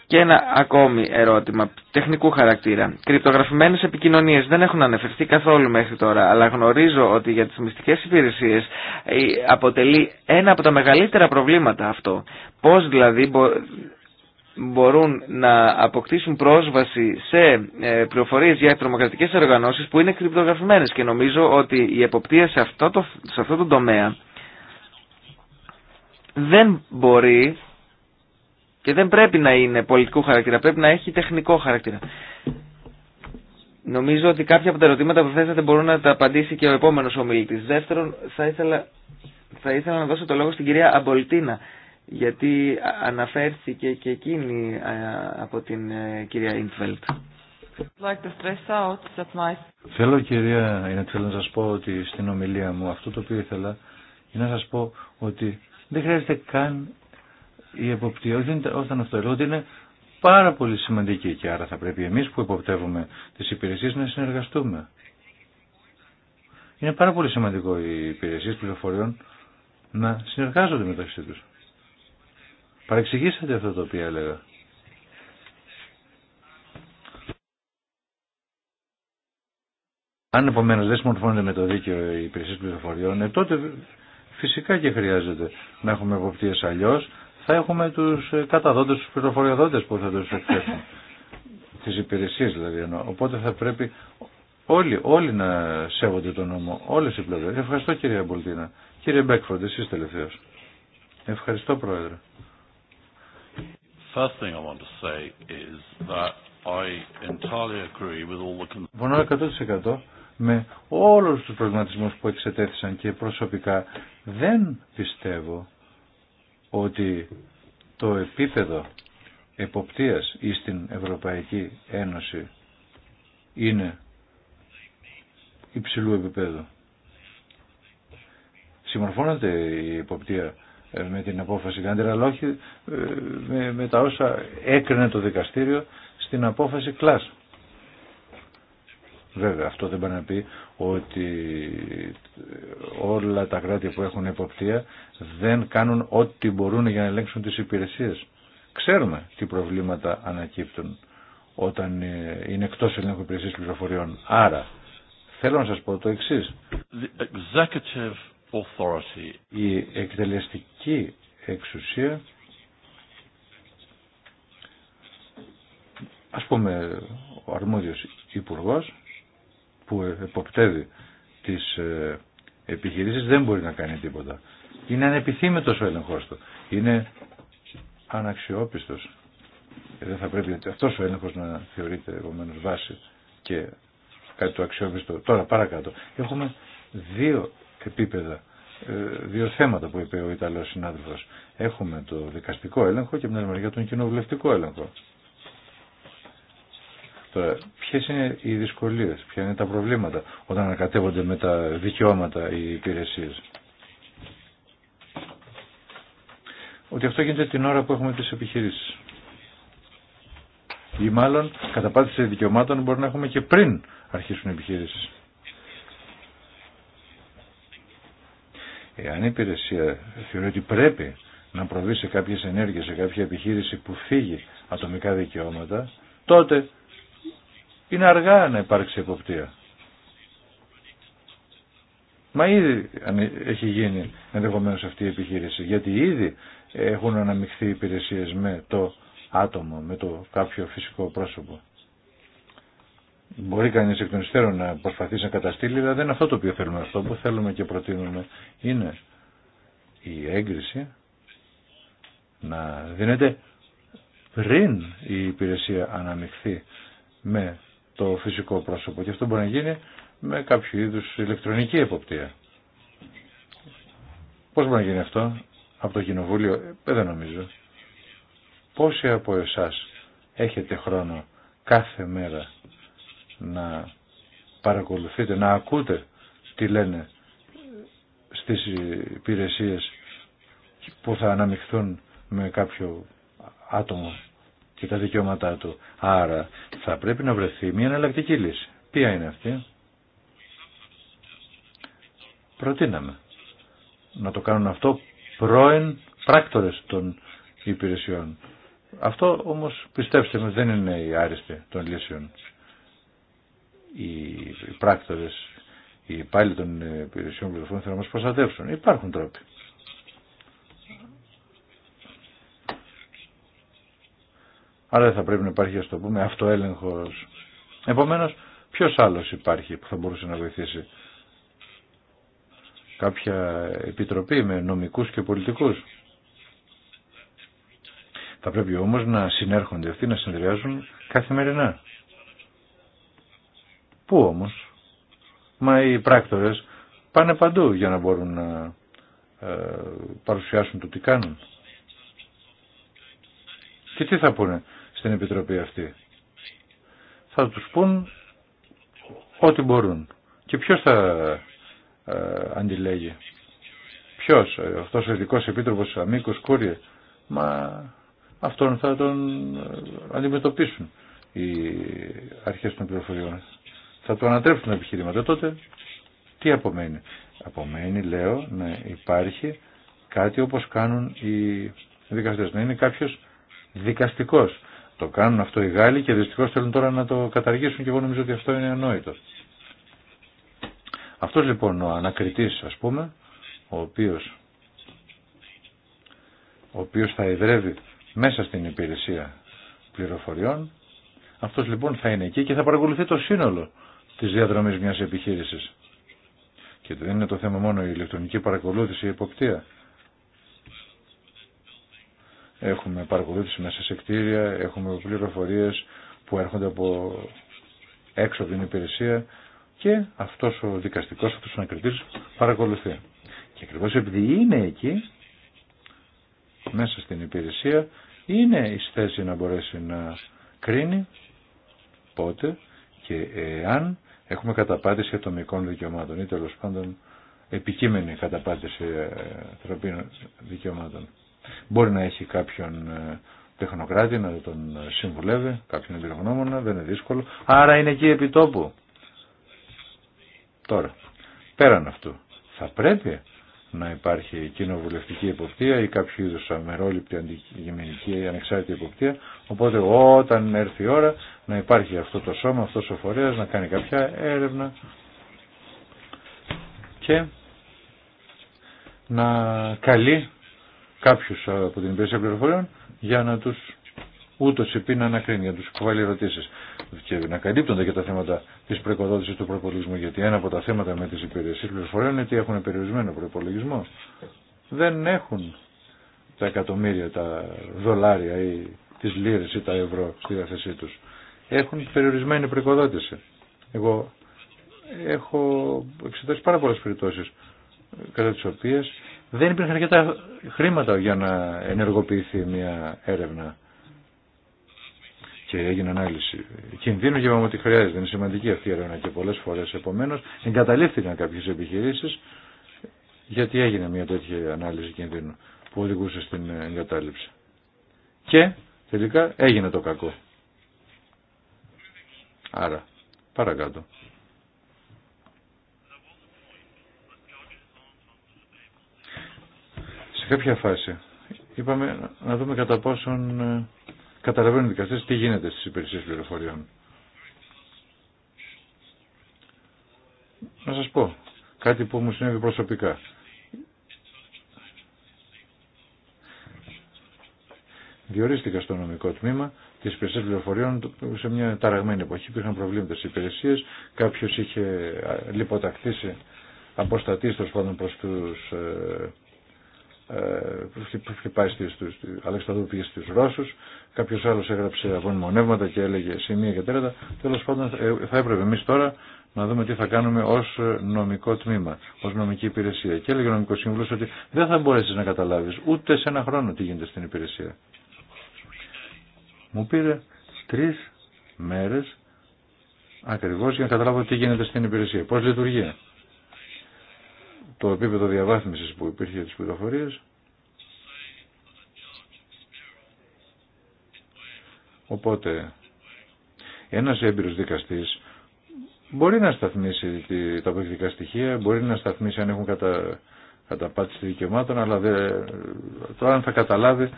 Και ένα ακόμη ερώτημα τεχνικού χαρακτήρα. Κρυπτογραφημένες επικοινωνίες δεν έχουν ανεφερθεί καθόλου μέχρι τώρα, αλλά γνωρίζω ότι για τις μυστικές υπηρεσίες ε, αποτελεί ένα από τα μεγαλύτερα προβλήματα αυτό. Πώς δηλαδή μπορούν να αποκτήσουν πρόσβαση σε ε, πληροφορίε για τρομοκρατικέ οργανώσει που είναι κρυπτογραφημένε και νομίζω ότι η εποπτεία σε αυτό το, σε αυτό το τομέα δεν μπορεί και δεν πρέπει να είναι πολιτικού χαρακτήρα, πρέπει να έχει τεχνικό χαρακτήρα. Νομίζω ότι κάποια από τα ερωτήματα που θέσατε μπορούν να τα απαντήσει και ο επόμενος ομιλητής. Δεύτερον, θα ήθελα, θα ήθελα να δώσω το λόγο στην κυρία Αμπολτίνα γιατί αναφέρθηκε και εκείνη από την ε, κυρία Ίντφελτ. Θέλω κυρία είναι, να σας πω ότι στην ομιλία μου αυτό το οποίο ήθελα είναι να σας πω ότι δεν χρειάζεται καν η εποπτεία, όταν αυτό, λέω ότι είναι πάρα πολύ σημαντική και άρα θα πρέπει εμείς που εποπτεύουμε τις υπηρεσίες να συνεργαστούμε. Είναι πάρα πολύ σημαντικό οι υπηρεσίες πληροφοριών να συνεργάζονται μεταξύ τους. Παρεξηγήσατε αυτό το οποίο έλεγα. Αν επομένω δεν συμμορφώνεται με το δίκαιο οι υπηρεσίε πληροφοριών, ε, τότε φυσικά και χρειάζεται να έχουμε εποπτείε. Αλλιώ θα έχουμε του ε, καταδότε, του πληροφοριοδότε που θα του εκθέσουν. Τι υπηρεσίε δηλαδή εννοώ. Οπότε θα πρέπει όλοι, όλοι να σέβονται τον νόμο. Όλε οι πλευρέ. Ευχαριστώ κυρία Μπολτίνα. Κύριε Μπέκφορντ, εσεί τελευταίο. Ευχαριστώ πρόεδρε. First thing 100% με όλους τους προβληματισμούς που εξετέθησαν και προσωπικά δεν πιστεύω ότι το επίπεδο εποπτείας ή στην Ευρωπαϊκή Ένωση είναι υψηλού επίπεδου. Συμμορφώνεται η εποπτεία ε, με την απόφαση Γκάντερα αλλά όχι ε, με, με τα όσα έκρινε το δικαστήριο στην απόφαση Κλάς. Βέβαια, αυτό δεν πάει να πει ότι όλα τα κράτη που έχουν υποπτία δεν κάνουν ό,τι μπορούν για να ελέγξουν τις υπηρεσίες. Ξέρουμε τι προβλήματα ανακύπτουν όταν ε, είναι εκτός ελέγχου υπηρεσίες πληροφοριών. Άρα, θέλω να σας πω το εξής. executive authority. Η εκτελεστική εξουσία ας πούμε ο αρμόδιος υπουργός που εποπτεύει τις ε, επιχειρήσεις δεν μπορεί να κάνει τίποτα. Είναι ανεπιθύμητος ο έλεγχός του. Είναι αναξιόπιστος. Ε, δεν θα πρέπει αυτός ο έλεγχος να θεωρείται επομένω βάση και κάτι το αξιόπιστο. Τώρα παρακάτω. Έχουμε δύο επίπεδα. Ε, δύο θέματα που είπε ο Ιταλός συνάδελφος. Έχουμε το δικαστικό έλεγχο και από την μεριά τον κοινοβουλευτικό έλεγχο. Τώρα, ποιες είναι οι δυσκολίες, ποια είναι τα προβλήματα όταν ανακατεύονται με τα δικαιώματα οι υπηρεσίες. Ότι αυτό γίνεται την ώρα που έχουμε τις επιχειρήσεις. Ή μάλλον καταπάτηση δικαιωμάτων μπορεί να έχουμε και πριν αρχίσουν οι επιχειρήσεις. Εάν η υπηρεσία θεωρεί ότι πρέπει να προβεί σε κάποιες ενέργειες, σε κάποια επιχείρηση που φύγει ατομικά δικαιώματα, τότε είναι αργά να υπάρξει εποπτεία. Μα ήδη έχει γίνει ενδεχομένω αυτή η επιχείρηση, γιατί ήδη έχουν αναμειχθεί υπηρεσίες με το άτομο, με το κάποιο φυσικό πρόσωπο. Μπορεί κανεί εκ των υστέρων να προσπαθήσει να καταστήλει, αλλά δεν είναι αυτό το οποίο θέλουμε. Αυτό που θέλουμε και προτείνουμε είναι η έγκριση να δίνεται πριν η υπηρεσία αναμειχθεί με το φυσικό πρόσωπο. Και αυτό μπορεί να γίνει με κάποιο είδου ηλεκτρονική εποπτεία. Πώ μπορεί να γίνει αυτό από το κοινοβούλιο, ε, δεν νομίζω. Πόσοι από εσά έχετε χρόνο κάθε μέρα να παρακολουθείτε, να ακούτε τι λένε στις υπηρεσίες που θα αναμειχθούν με κάποιο άτομο και τα δικαιώματά του. Άρα θα πρέπει να βρεθεί μια εναλλακτική λύση. Ποια είναι αυτή. Προτείναμε να το κάνουν αυτό πρώην πράκτορες των υπηρεσιών. Αυτό όμως πιστέψτε με δεν είναι η άριστη των λύσεων οι πράκτορες, οι υπάλληλοι των υπηρεσιών πληροφορίων θέλουν να μας προστατεύσουν. Υπάρχουν τρόποι. Άρα θα πρέπει να υπάρχει, ας το πούμε, αυτοέλεγχος. Επομένως, ποιος άλλος υπάρχει που θα μπορούσε να βοηθήσει κάποια επιτροπή με νομικούς και πολιτικούς. Θα πρέπει όμως να συνέρχονται αυτοί, να συνδυάζουν καθημερινά. Πού όμως, μα οι πράκτορες πάνε παντού για να μπορούν να ε, παρουσιάσουν το τι κάνουν. Και τι θα πούνε στην Επιτροπή αυτή. Θα τους πούν ό,τι μπορούν. Και ποιος θα ε, αντιλέγει. Ποιος, ε, αυτός ο ειδικός επίτροπος Αμίκος Κούριε. Μα αυτόν θα τον ε, αντιμετωπίσουν οι αρχές των πληροφοριών θα το ανατρέψουν επιχειρήματα. Τότε τι απομένει. Απομένει, λέω, να υπάρχει κάτι όπως κάνουν οι δικαστές. Να είναι κάποιος δικαστικός. Το κάνουν αυτό οι Γάλλοι και δυστυχώς θέλουν τώρα να το καταργήσουν και εγώ νομίζω ότι αυτό είναι ανόητο. Αυτός λοιπόν ο ανακριτής ας πούμε, ο οποίος, ο οποίος θα εδρεύει μέσα στην υπηρεσία πληροφοριών, αυτός λοιπόν θα είναι εκεί και θα παρακολουθεί το σύνολο της διαδρομής μιας επιχείρησης. Και δεν είναι το θέμα μόνο η ηλεκτρονική παρακολούθηση, η εποπτεία. Έχουμε παρακολούθηση μέσα σε κτίρια, έχουμε πληροφορίες που έρχονται από έξω από την υπηρεσία και αυτό ο δικαστικός, αυτός ο ανακριτής παρακολουθεί. Και ακριβώς επειδή είναι εκεί, μέσα στην υπηρεσία, είναι η θέση να μπορέσει να κρίνει πότε και εάν Έχουμε καταπάτηση ατομικών δικαιωμάτων ή τέλο πάντων επικείμενη καταπάτηση ε, ανθρωπίνων δικαιωμάτων. Μπορεί να έχει κάποιον ε, τεχνοκράτη να τον ε, συμβουλεύει, κάποιον εμπειρογνώμονα, δεν είναι δύσκολο. Άρα είναι εκεί επιτόπου. Τώρα, πέραν αυτού, θα πρέπει να υπάρχει κοινοβουλευτική εποπτεία ή κάποιο είδου αμερόληπτη αντικειμενική ή ανεξάρτητη εποπτεία. Οπότε όταν έρθει η ώρα να υπάρχει αυτό το σώμα, αυτό ο φορέα να κάνει κάποια έρευνα και να καλεί κάποιους από την υπηρεσία πληροφοριών για να τους ούτω επί να ανακρίνει για να του υποβάλει ερωτήσει και να καλύπτονται και τα θέματα τη προποδότηση του προπολογισμού. Γιατί ένα από τα θέματα με τι υπηρεσίε πληροφοριών είναι ότι έχουν περιορισμένο προπολογισμό. Δεν έχουν τα εκατομμύρια, τα δολάρια ή τι λίρε ή τα ευρώ στη διάθεσή του. Έχουν περιορισμένη προποδότηση. Εγώ έχω εξετάσει πάρα πολλέ περιπτώσει κατά τι οποίε δεν υπήρχαν αρκετά χρήματα για να ενεργοποιηθεί μια έρευνα και έγινε ανάλυση κινδύνου και είπαμε ότι χρειάζεται. Είναι σημαντική αυτή η έρευνα και πολλέ φορέ επομένω εγκαταλείφθηκαν κάποιε επιχειρήσει γιατί έγινε μια τέτοια ανάλυση κινδύνου που οδηγούσε στην εγκατάλειψη. Και τελικά έγινε το κακό. Άρα, παρακάτω. Σε κάποια φάση είπαμε να δούμε κατά πόσον ε, καταλαβαίνουν οι δικαστέ τι γίνεται στις υπηρεσίες πληροφοριών. Να σας πω κάτι που μου συνέβη προσωπικά. Διορίστηκα στο νομικό τμήμα τη υπηρεσία πληροφοριών σε μια ταραγμένη εποχή. Υπήρχαν προβλήματα στις υπηρεσίες. Κάποιο είχε λιποτακτήσει απόστατη τέλο πάντων προς τους ε, που πάει στους, στους, Αλέξανδρου πήγε στους Ρώσους, κάποιος άλλος έγραψε μονεύματα και έλεγε σημεία και τέρατα. Τέλος πάντων ε, θα έπρεπε εμείς τώρα να δούμε τι θα κάνουμε ως νομικό τμήμα, ως νομική υπηρεσία. Και έλεγε ο νομικός σύμβουλος ότι δεν θα μπορέσεις να καταλάβεις ούτε σε ένα χρόνο τι γίνεται στην υπηρεσία. Μου πήρε τρεις μέρες ακριβώς για να καταλάβω τι γίνεται στην υπηρεσία, πώς λειτουργεί το επίπεδο διαβάθμισης που υπήρχε για τις πληροφορίες. Οπότε, ένας έμπειρος δικαστής μπορεί να σταθμίσει τα αποδεικτικά στοιχεία, μπορεί να σταθμίσει αν έχουν κατα, καταπάτηση δικαιωμάτων, αλλά δε, αν θα καταλάβει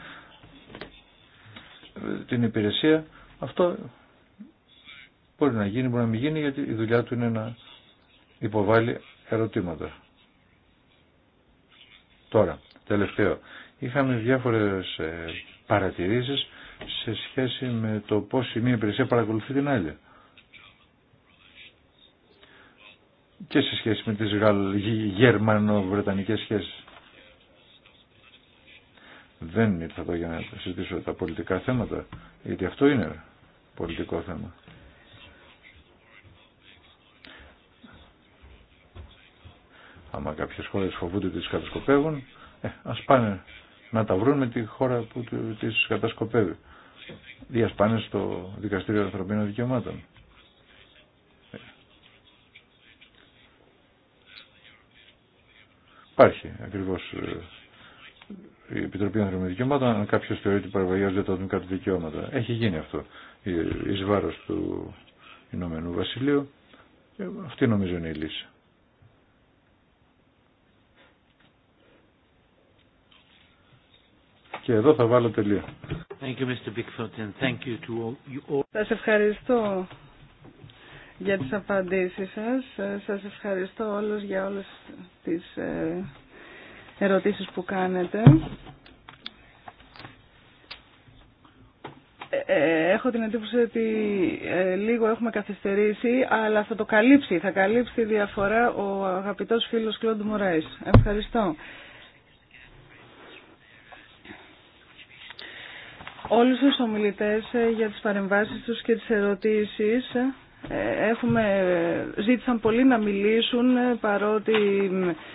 την υπηρεσία, αυτό μπορεί να γίνει, μπορεί να μην γίνει, γιατί η δουλειά του είναι να υποβάλει ερωτήματα. Τώρα, τελευταίο, είχαμε διάφορες ε, παρατηρήσεις σε σχέση με το πώς η μία υπηρεσία παρακολουθεί την άλλη. Και σε σχέση με τις γερμανο-βρετανικές σχέσεις. Δεν ήρθα εδώ για να συζητήσω τα πολιτικά θέματα, γιατί αυτό είναι πολιτικό θέμα. Άμα κάποιες χώρες φοβούνται ότι τις κατασκοπεύουν, ε, ας πάνε να τα βρουν με τη χώρα που τις κατασκοπεύει. Ή ας πάνε στο Δικαστήριο Ανθρωπίνων Δικαιωμάτων. Υπάρχει ακριβώς ε, Διασπάνε θεωρεί ότι παραβιάζονται τα ατομικά του δικαιώματα. Έχει γίνει αυτό ει βάρο του Ηνωμένου Βασιλείου. Ε, αυτή νομίζω είναι η επιτροπη ανθρωπινων δικαιωματων αν καποιο θεωρει οτι δεν τα ατομικα δικαιωματα εχει γινει αυτο εις βάρος του ηνωμενου βασιλειου αυτη νομιζω ειναι η λυση Και εδώ θα βάλω τελεία. Thank Σας ευχαριστώ για τις απαντήσεις σας. Σας ευχαριστώ όλους για όλες τις ε, ερωτήσεις που κάνετε. Ε, ε, έχω την εντύπωση ότι λίγο έχουμε καθυστερήσει, αλλά θα το καλύψει, θα καλύψει τη διαφορά ο αγαπητός φίλος Κλόντ Μωράης. Ευχαριστώ. όλους τους ομιλητές ε, για τις παρεμβάσεις τους και τις ερωτήσεις. Ε, έχουμε, ε, ζήτησαν πολύ να μιλήσουν παρότι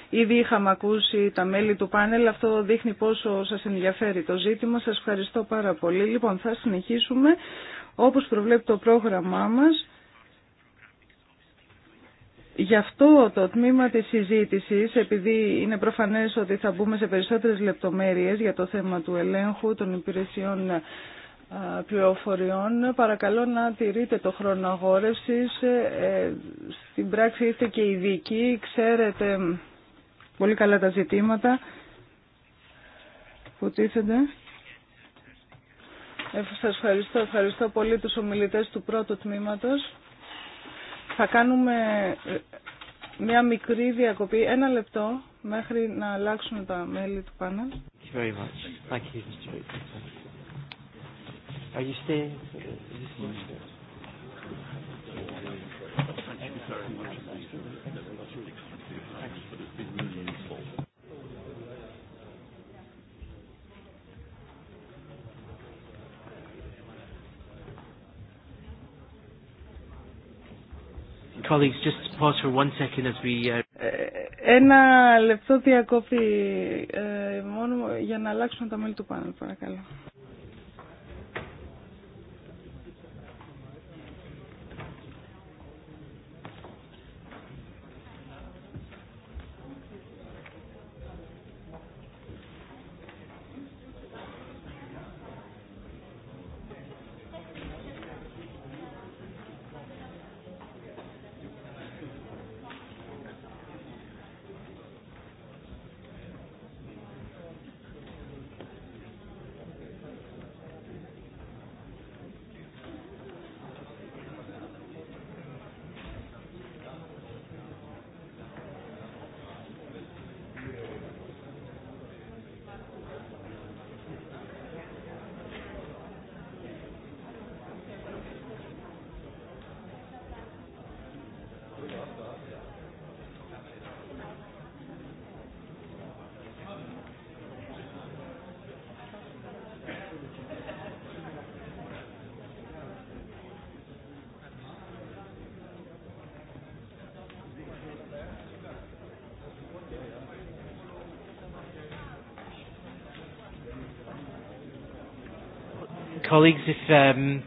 ήδη είχαμε ακούσει τα μέλη του πάνελ. Αυτό δείχνει πόσο σας ενδιαφέρει το ζήτημα. Σας ευχαριστώ πάρα πολύ. Λοιπόν, θα συνεχίσουμε όπως προβλέπει το πρόγραμμά μας. Γι' αυτό το τμήμα της συζήτησης, επειδή είναι προφανές ότι θα μπούμε σε περισσότερες λεπτομέρειες για το θέμα του ελέγχου των υπηρεσιών πληροφοριών, παρακαλώ να τηρείτε το χρόνο αγόρευσης. Ε, στην πράξη είστε και ειδικοί, ξέρετε πολύ καλά τα ζητήματα που τίθενται. Ε, σας ευχαριστώ, ευχαριστώ πολύ τους ομιλητές του πρώτου τμήματος. Θα κάνουμε ε, μια μικρή διακοπή, ένα λεπτό, μέχρι να αλλάξουν τα μέλη του πάνελ. Ένα λεπτό διακόπη ε, μόνο για να αλλάξουν τα μέλη του πάνελ, παρακαλώ. Colleagues, if, um,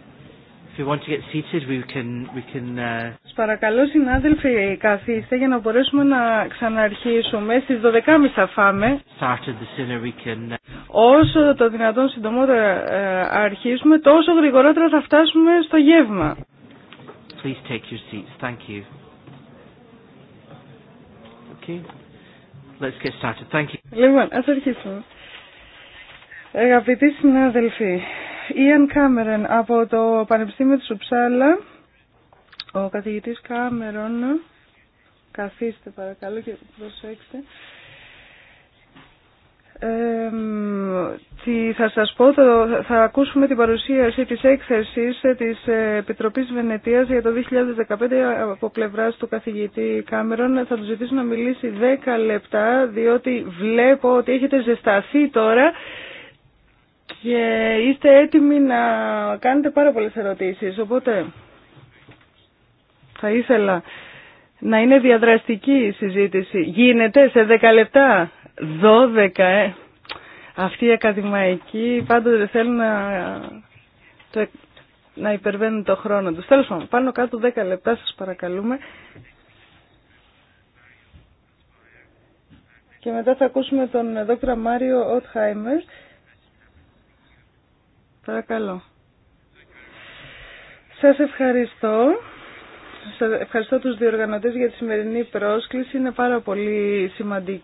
if we want to get seated, we can, we can, uh... Παρακαλώ συνάδελφοι καθίστε για να μπορέσουμε να ξαναρχίσουμε. Στις 12.30 θα φάμε. The sooner we can... Uh, Όσο το δυνατόν συντομότερα ε, αρχίσουμε, τόσο γρηγορότερα θα φτάσουμε στο γεύμα. Please take your seats. Thank you. Okay. Let's get started. Thank you. Λοιπόν, ας αρχίσουμε. Αγαπητοί συνάδελφοι, Ιαν Κάμερεν από το Πανεπιστήμιο της Ουψάλα, ο καθηγητής Κάμερον, καθίστε παρακαλώ και προσέξτε, θα σας πω, θα ακούσουμε την παρουσίαση της έκθεσης της Επιτροπής Βενετίας για το 2015 από πλευράς του καθηγητή Κάμερον. Θα του ζητήσω να μιλήσει 10 λεπτά, διότι βλέπω ότι έχετε ζεσταθεί τώρα και είστε έτοιμοι να κάνετε πάρα πολλές ερωτήσεις. Οπότε θα ήθελα να είναι διαδραστική η συζήτηση. Γίνεται σε 10 λεπτά, 12 ε. Αυτοί οι ακαδημαϊκοί πάντοτε θέλουν να, να υπερβαίνουν το χρόνο τους. Τέλος πάντων, πάνω κάτω 10 λεπτά σας παρακαλούμε. Και μετά θα ακούσουμε τον Δόκτρα Μάριο Οτχάιμερ. Παρακαλώ. Σας ευχαριστώ. Σας ευχαριστώ τους διοργανωτές για τη σημερινή πρόσκληση. Είναι πάρα πολύ σημαντική.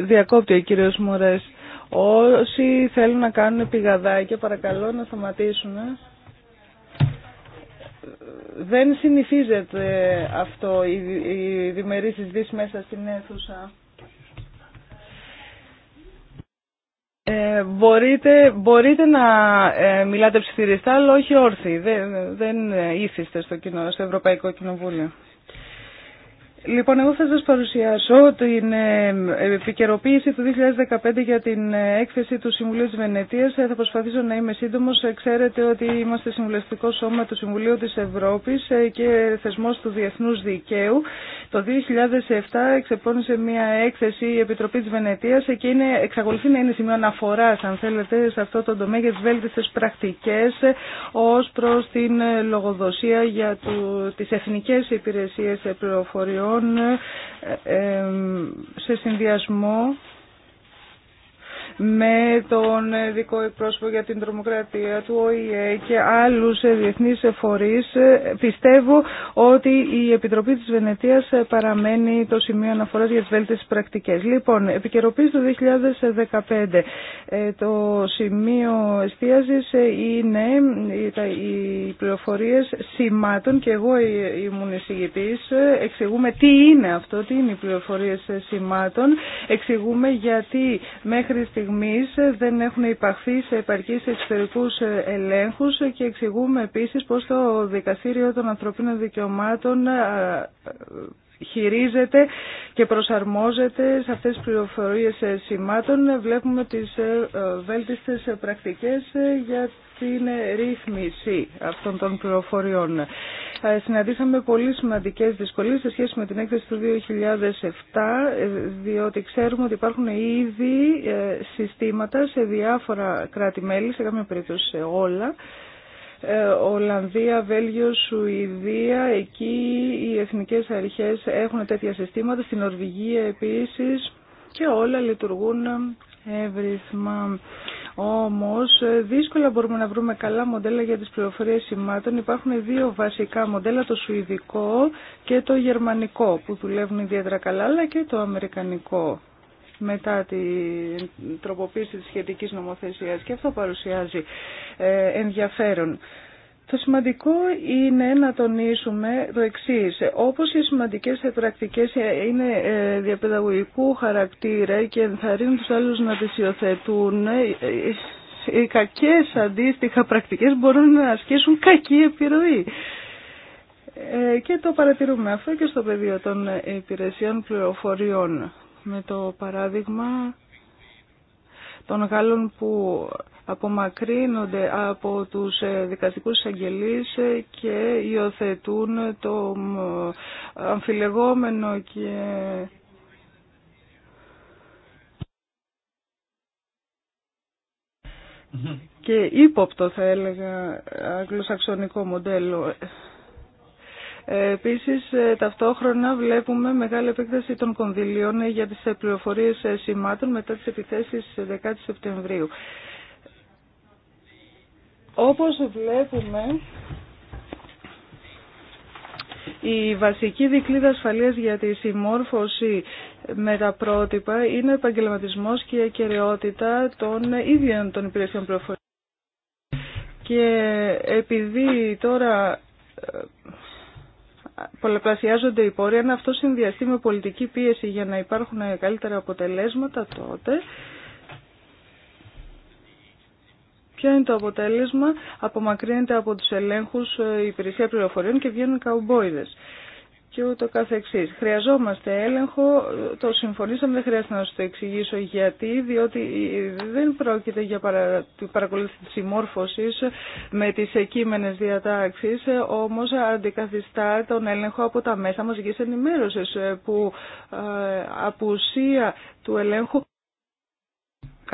Διακόπτει ο κύριος Μωρές. Όσοι θέλουν να κάνουν πηγαδάκια, παρακαλώ να σταματήσουν. Δεν συνηθίζεται αυτό η διμερή συζήτηση μέσα στην αίθουσα. Ε, μπορείτε, μπορείτε να ε, μιλάτε ψιθυριστά, αλλά όχι όρθιοι. Δεν, δεν ε, ήθιστε στο, στο Ευρωπαϊκό Κοινοβούλιο. Λοιπόν, εγώ θα σας παρουσιάσω την ε, επικαιροποίηση του 2015 για την έκθεση του Συμβουλίου της Βενετίας. Θα προσπαθήσω να είμαι σύντομος. Ξέρετε ότι είμαστε συμβουλευτικό σώμα του Συμβουλίου της Ευρώπης και θεσμός του Διεθνούς Δικαίου το 2007 εξεπώνησε μια έκθεση η Επιτροπή της Βενετίας και εξακολουθεί να είναι σημείο αναφορά, αν θέλετε, σε αυτό το τομέα για τις βέλτιστες πρακτικές ως προς την λογοδοσία για του, τις εθνικές υπηρεσίες πληροφοριών ε, ε, σε συνδυασμό με τον δικό εκπρόσωπο για την τρομοκρατία του ΟΗΕ και άλλους διεθνείς φορείς. Ε, πιστεύω ότι η Επιτροπή της Βενετίας ε, παραμένει το σημείο αναφοράς για τις βέλτιες πρακτικές. Λοιπόν, επικαιροποίηση το 2015. Ε, το σημείο εστίαζης είναι οι πληροφορίες σημάτων και εγώ ήμουν εισηγητής. Εξηγούμε τι είναι αυτό, τι είναι οι πληροφορίες σημάτων. Εξηγούμε γιατί μέχρι στιγμή δεν έχουν υπαχθεί σε επαρκείς εξωτερικούς ελέγχους και εξηγούμε επίσης πως το Δικαστήριο των Ανθρωπίνων Δικαιωμάτων χειρίζεται και προσαρμόζεται σε αυτές τις πληροφορίες σημάτων. Βλέπουμε τις ε, ε, βέλτιστες πρακτικές για στην ρύθμιση αυτών των πληροφοριών. Ε, συναντήσαμε πολύ σημαντικές δυσκολίες σε σχέση με την έκθεση του 2007, ε, διότι ξέρουμε ότι υπάρχουν ήδη ε, συστήματα σε διάφορα κράτη-μέλη, σε κάποια περίπτωση σε όλα, Ολλανδία, Βέλγιο, Σουηδία, εκεί οι εθνικές αρχές έχουν τέτοια συστήματα, στην Νορβηγία επίσης και όλα λειτουργούν εύρυθμα. Όμως ε, δύσκολα μπορούμε να βρούμε καλά μοντέλα για τις πληροφορίες σημάτων. Υπάρχουν δύο βασικά μοντέλα, το σουηδικό και το γερμανικό που δουλεύουν ιδιαίτερα καλά, αλλά και το αμερικανικό μετά την τροποποίηση της σχετικής νομοθεσίας και αυτό παρουσιάζει ε, ενδιαφέρον. Το σημαντικό είναι να τονίσουμε το εξή. Όπως οι σημαντικές πρακτικές είναι ε, διαπαιδαγωγικού χαρακτήρα και ενθαρρύνουν τους άλλους να τις υιοθετούν, ε, ε, οι κακές αντίστοιχα πρακτικές μπορούν να ασκήσουν κακή επιρροή. Και το παρατηρούμε αυτό και στο πεδίο των υπηρεσιών πληροφοριών. Με το παράδειγμα των Γάλλων που απομακρύνονται από τους ε, δικαστικούς εισαγγελείς ε, και υιοθετούν το αμφιλεγόμενο και και ύποπτο θα έλεγα αγγλοσαξονικό μοντέλο. Ε, επίσης, ταυτόχρονα βλέπουμε μεγάλη επέκταση των κονδυλίων για τις πληροφορίες σημάτων μετά τις επιθέσεις 10 Σεπτεμβρίου. Όπως βλέπουμε, η βασική δικλίδα ασφαλείας για τη συμμόρφωση με τα πρότυπα είναι ο επαγγελματισμός και η ακαιρεότητα των ίδιων των υπηρεσιών πληροφορίας. Και επειδή τώρα ε, πολλαπλασιάζονται οι πόροι, αν αυτό συνδυαστεί με πολιτική πίεση για να υπάρχουν καλύτερα αποτελέσματα τότε, Ποιο είναι το αποτέλεσμα, απομακρύνεται από τους ελέγχους ε, η υπηρεσία πληροφοριών και βγαίνουν καουμπόιδες και ούτω καθεξής. Χρειαζόμαστε έλεγχο, το συμφωνήσαμε, δεν χρειάζεται να σου το εξηγήσω γιατί, διότι ε, δεν πρόκειται για παρα... παρακολούθηση της συμμόρφωσης ε, με τις εκείμενες διατάξεις, όμως αντικαθιστά τον έλεγχο από τα μέσα μαζικής ενημέρωσης, που απουσία του ελέγχου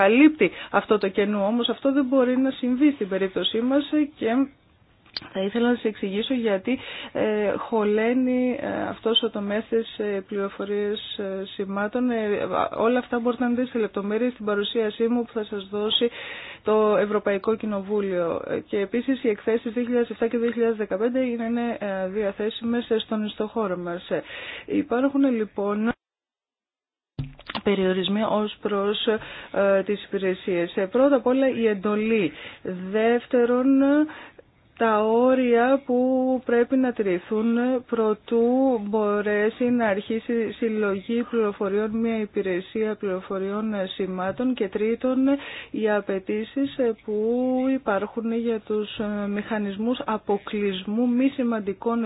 καλύπτει αυτό το κενό. Όμως αυτό δεν μπορεί να συμβεί στην περίπτωσή μας και θα ήθελα να σας εξηγήσω γιατί ε, χωλαίνει ε, αυτός ο τομέας της ε, ε σημάτων. Ε, όλα αυτά μπορείτε να δείτε σε λεπτομέρειες στην παρουσίασή μου που θα σας δώσει το Ευρωπαϊκό Κοινοβούλιο. Και επίσης οι εκθέσεις 2007 και 2015 είναι διαθέσιμες στον ιστοχώρο μας. Υπάρχουν λοιπόν περιορισμοί ως προς ε, τις υπηρεσίες. Ε, πρώτα απ' όλα η εντολή. Δεύτερον, τα όρια που πρέπει να τηρηθούν προτού μπορέσει να αρχίσει συλλογή πληροφοριών, μια υπηρεσία πληροφοριών σημάτων και τρίτον οι απαιτήσει που υπάρχουν για τους μηχανισμούς αποκλεισμού μη, σημαντικών,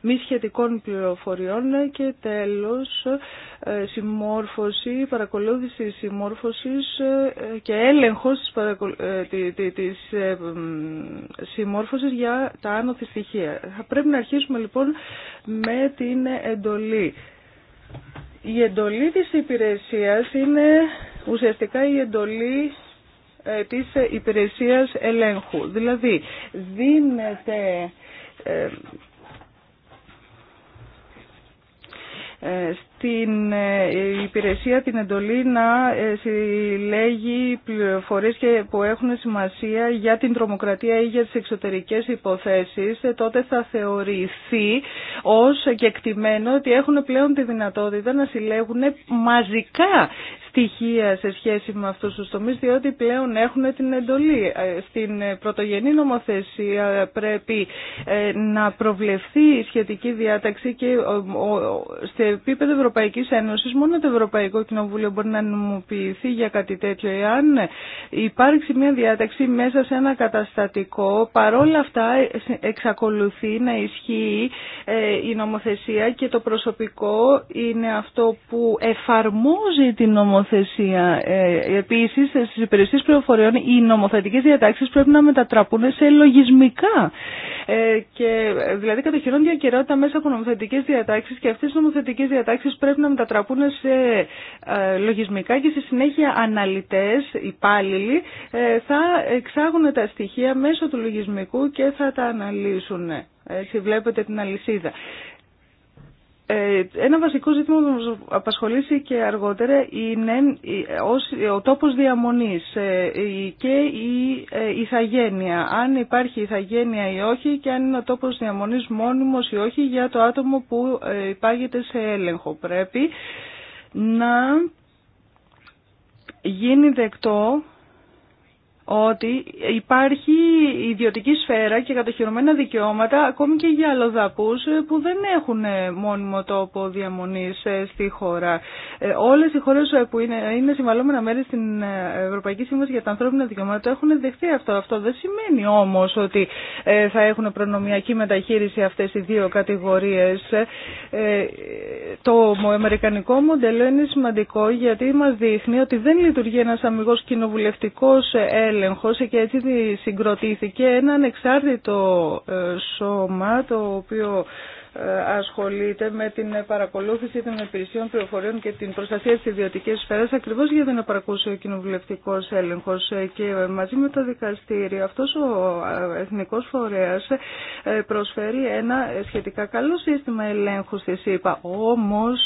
μη σχετικών πληροφοριών και τέλος συμμόρφωση, παρακολούθηση συμμόρφωσης και έλεγχος της ε, ε, συμμόρφωσης για τα άνωθη στοιχεία. Θα πρέπει να αρχίσουμε λοιπόν με την εντολή. Η εντολή της υπηρεσίας είναι ουσιαστικά η εντολή ε, της υπηρεσίας ελέγχου. Δηλαδή, δίνεται ε, ε, την ε, υπηρεσία την εντολή να ε, συλλέγει πληροφορίες που έχουν σημασία για την τρομοκρατία ή για τις εξωτερικές υποθέσεις, ε, τότε θα θεωρηθεί ως κεκτημένο ότι έχουν πλέον τη δυνατότητα να συλλέγουν μαζικά στοιχεία σε σχέση με αυτούς τους τομείς, διότι πλέον έχουν την εντολή. Ε, στην πρωτογενή νομοθεσία πρέπει ε, να προβλεφθεί η σχετική διάταξη και ε, σε επίπεδο Ευρωπαϊκής Ένωσης μόνο το Ευρωπαϊκό Κοινοβούλιο μπορεί να νομοποιηθεί για κάτι τέτοιο. Εάν υπάρξει μια διάταξη μέσα σε ένα καταστατικό, παρόλα αυτά εξακολουθεί να ισχύει η νομοθεσία και το προσωπικό είναι αυτό που εφαρμόζει την νομοθεσία νομοθεσία. Ε, Επίση, στι υπηρεσίε πληροφοριών οι νομοθετικέ διατάξει πρέπει να μετατραπούν σε λογισμικά. Ε, και, δηλαδή, κατοχυρώνουν διακαιρότητα μέσα από νομοθετικέ διατάξει και αυτέ οι νομοθετικέ διατάξει πρέπει να μετατραπούν σε ε, λογισμικά και στη συνέχεια αναλυτέ, υπάλληλοι, ε, θα εξάγουν τα στοιχεία μέσω του λογισμικού και θα τα αναλύσουν. Έτσι βλέπετε την αλυσίδα. Ε, ένα βασικό ζήτημα που μας απασχολήσει και αργότερα είναι ο τόπος διαμονής ε, και ε, η ηθαγένεια. Αν υπάρχει ηθαγένεια ή όχι και αν είναι ο τόπος διαμονής μόνιμος ή όχι για το άτομο που υπάγεται σε έλεγχο. Πρέπει να γίνει δεκτό ότι υπάρχει ιδιωτική σφαίρα και κατοχυρωμένα δικαιώματα ακόμη και για αλλοδαπούς ε, που δεν έχουν ε, μόνιμο τόπο διαμονής ε, στη χώρα. Όλες οι χώρες που είναι, είναι συμβαλόμενα μέρη στην Ευρωπαϊκή Σύμβαση για τα Ανθρώπινα Δικαιώματα έχουν δεχθεί αυτό. Αυτό δεν σημαίνει όμως ότι θα έχουν προνομιακή μεταχείριση αυτές οι δύο κατηγορίες. Το αμερικανικό μοντέλο είναι σημαντικό γιατί μας δείχνει ότι δεν λειτουργεί ένας αμυγός κοινοβουλευτικός έλεγχος και έτσι συγκροτήθηκε ένα ανεξάρτητο ε, σώμα το οποίο ε, ασχολείται με την παρακολούθηση των υπηρεσιών πληροφοριών και την προστασία της ιδιωτικής σφαίρας ακριβώς για να παρακούσει ο κοινοβουλευτικός έλεγχος ε, και μαζί με το δικαστήριο αυτός ο εθνικός φορέας προσφέρει ένα σχετικά καλό σύστημα ελέγχου στη ΣΥΠΑ. Όμως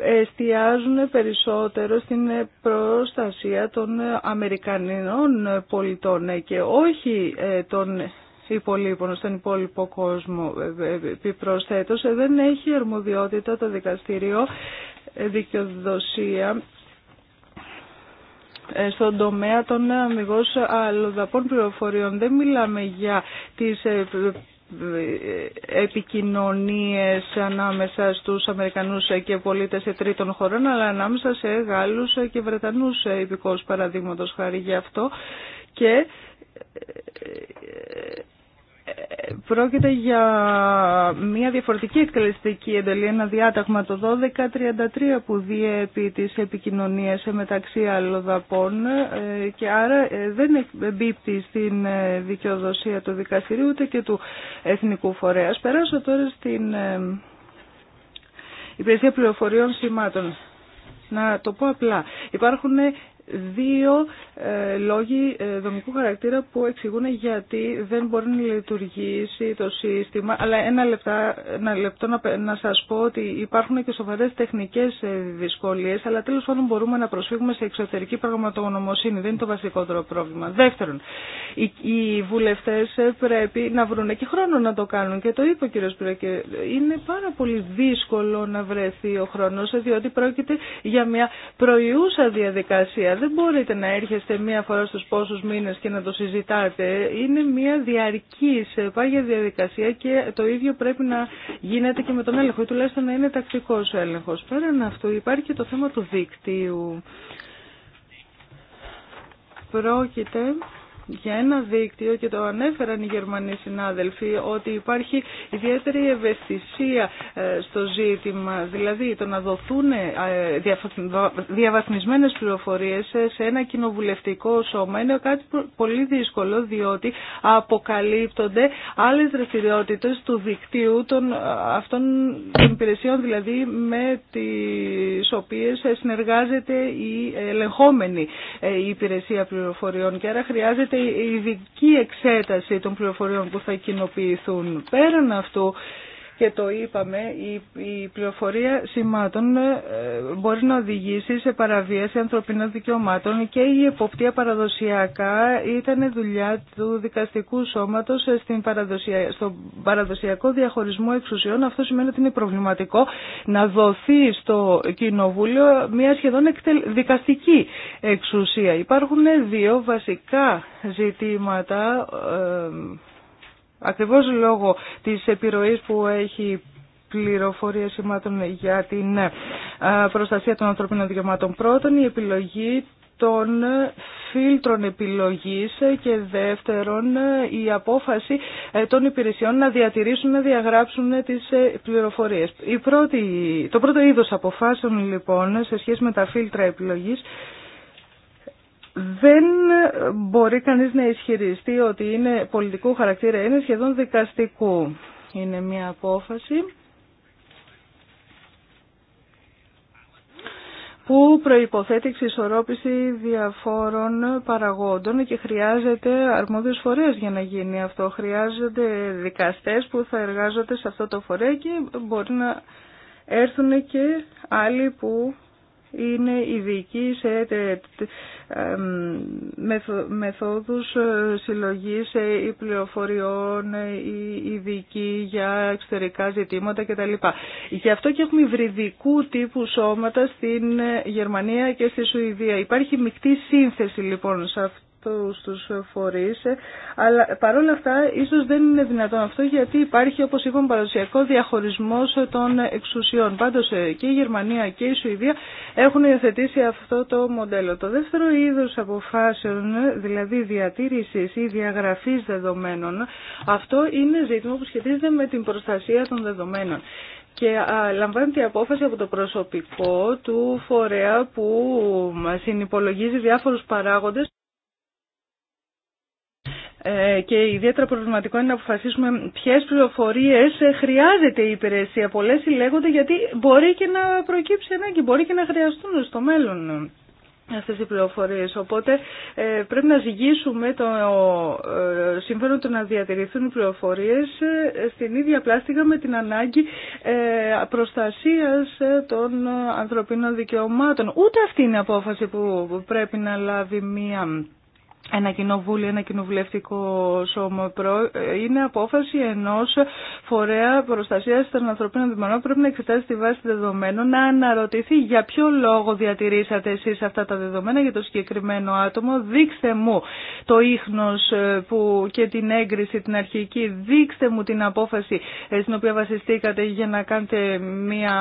εστιάζουν περισσότερο στην προστασία των Αμερικανινών πολιτών και όχι ε, των υπολείπων στον υπόλοιπο κόσμο. Επιπροσθέτως ε, δεν έχει αρμοδιότητα το δικαστήριο ε, δικαιοδοσία στον τομέα των αμυγός αλλοδαπών πληροφοριών. Δεν μιλάμε για τις επικοινωνίες ανάμεσα στους Αμερικανούς και πολίτες σε τρίτων χωρών, αλλά ανάμεσα σε Γάλλους και Βρετανούς υπηκόους παραδείγματος χάρη γι' αυτό. Και ε, πρόκειται για μια διαφορετική εκτελεστική εντολή, ένα διάταγμα το 1233 που διέπει τις επικοινωνίες μεταξύ αλλοδαπών ε, και άρα ε, δεν εμπίπτει στην ε, δικαιοδοσία του δικαστηρίου ούτε και του εθνικού φορέα. Περάσω τώρα στην υπηρεσία πληροφοριών σημάτων. Να το πω απλά. Υπάρχουν δύο ε, λόγοι ε, δομικού χαρακτήρα που εξηγούν γιατί δεν μπορεί να λειτουργήσει το σύστημα. Αλλά ένα, λεπτά, ένα λεπτό να, να σας πω ότι υπάρχουν και σοβαρές τεχνικές ε, δυσκολίες, αλλά τέλος πάντων μπορούμε να προσφύγουμε σε εξωτερική πραγματογνωμοσύνη. Δεν είναι το βασικότερο πρόβλημα. Δεύτερον, οι, οι βουλευτές πρέπει να βρουν και χρόνο να το κάνουν και το είπε ο κ. Σπυρακέ. Είναι πάρα πολύ δύσκολο να βρεθεί ο χρόνος, διότι πρόκειται για μια προϊούσα διαδικασία. Δεν μπορείτε να έρχεστε μία φορά στους πόσους μήνες και να το συζητάτε. Είναι μία διαρκής ε, πάγια διαδικασία και το ίδιο πρέπει να γίνεται και με τον έλεγχο ή τουλάχιστον να είναι τακτικός ο έλεγχος. Πέραν αυτού υπάρχει και το θέμα του δίκτυου. Πρόκειται για ένα δίκτυο και το ανέφεραν οι Γερμανοί συνάδελφοι ότι υπάρχει ιδιαίτερη ευαισθησία ε, στο ζήτημα, δηλαδή το να δοθούν ε, διαβαθμισμένες πληροφορίες σε ένα κοινοβουλευτικό σώμα είναι κάτι πολύ δύσκολο διότι αποκαλύπτονται άλλες δραστηριότητες του δικτύου των ε, αυτών των υπηρεσιών δηλαδή με τις οποίες συνεργάζεται η ελεγχόμενη υπηρεσία πληροφοριών και άρα χρειάζεται ειδική εξέταση των πληροφοριών που θα κοινοποιηθούν. Πέραν αυτού, και το είπαμε, η, πληροφορία σημάτων ε, μπορεί να οδηγήσει σε παραβίαση ανθρωπίνων δικαιωμάτων και η εποπτεία παραδοσιακά ήταν δουλειά του δικαστικού σώματος στην παραδοσια... στον παραδοσιακό διαχωρισμό εξουσιών. Αυτό σημαίνει ότι είναι προβληματικό να δοθεί στο Κοινοβούλιο μια σχεδόν δικαστική εξουσία. Υπάρχουν δύο βασικά ζητήματα ε, ακριβώς λόγω της επιρροής που έχει πληροφορία σημάτων για την ε, προστασία των ανθρωπίνων δικαιωμάτων. Πρώτον, η επιλογή των φίλτρων επιλογής και δεύτερον η απόφαση ε, των υπηρεσιών να διατηρήσουν, να διαγράψουν τις ε, πληροφορίες. Η πρώτη, το πρώτο είδος αποφάσεων λοιπόν σε σχέση με τα φίλτρα επιλογής δεν μπορεί κανείς να ισχυριστεί ότι είναι πολιτικού χαρακτήρα, είναι σχεδόν δικαστικού. Είναι μια απόφαση που προϋποθέτει εξισορρόπηση διαφόρων παραγόντων και χρειάζεται αρμόδιες φορές για να γίνει αυτό. Χρειάζονται δικαστές που θα εργάζονται σε αυτό το φορέα και μπορεί να έρθουν και άλλοι που είναι ειδική σε μεθόδους ε, συλλογής ε, ή πληροφοριών ε, ή ειδικοί για εξωτερικά ζητήματα κτλ. Γι' αυτό και έχουμε υβριδικού τύπου σώματα στην Γερμανία και στη Σουηδία. Υπάρχει μεικτή σύνθεση λοιπόν σε αυτό στους φορείς, ε, αλλά παρόλα αυτά ίσως δεν είναι δυνατόν αυτό γιατί υπάρχει όπως είπαμε παραδοσιακό διαχωρισμός των εξουσιών. Πάντως ε, και η Γερμανία και η Σουηδία έχουν υιοθετήσει αυτό το μοντέλο. Το δεύτερο είδος αποφάσεων, ε, δηλαδή διατήρησης ή διαγραφής δεδομένων, αυτό είναι ζήτημα που σχετίζεται με την προστασία των δεδομένων και λαμβάνεται η απόφαση από το προσωπικό του φορέα που συνυπολογίζει διάφορους παράγοντε. Ε, και ιδιαίτερα προβληματικό είναι να αποφασίσουμε ποιε πληροφορίε ε, χρειάζεται η υπηρεσία. Πολλέ συλλέγονται γιατί μπορεί και να προκύψει ανάγκη, μπορεί και να χρειαστούν στο μέλλον αυτές οι πληροφορίες. Οπότε ε, πρέπει να ζυγίσουμε το συμφέρον του να διατηρηθούν οι πληροφορίες στην ίδια πλάστηγα με την ανάγκη προστασίας των ανθρωπίνων δικαιωμάτων. Ούτε αυτή είναι η απόφαση που πρέπει να λάβει μία ένα κοινοβούλιο, ένα κοινοβουλευτικό σώμα ε, είναι απόφαση ενός φορέα προστασίας των ανθρωπίνων δημονών. Πρέπει να εξετάσει τη βάση δεδομένων, να αναρωτηθεί για ποιο λόγο διατηρήσατε εσείς αυτά τα δεδομένα για το συγκεκριμένο άτομο. Δείξτε μου το ίχνος ε, που και την έγκριση, την αρχική. Δείξτε μου την απόφαση ε, στην οποία βασιστήκατε για να κάνετε μια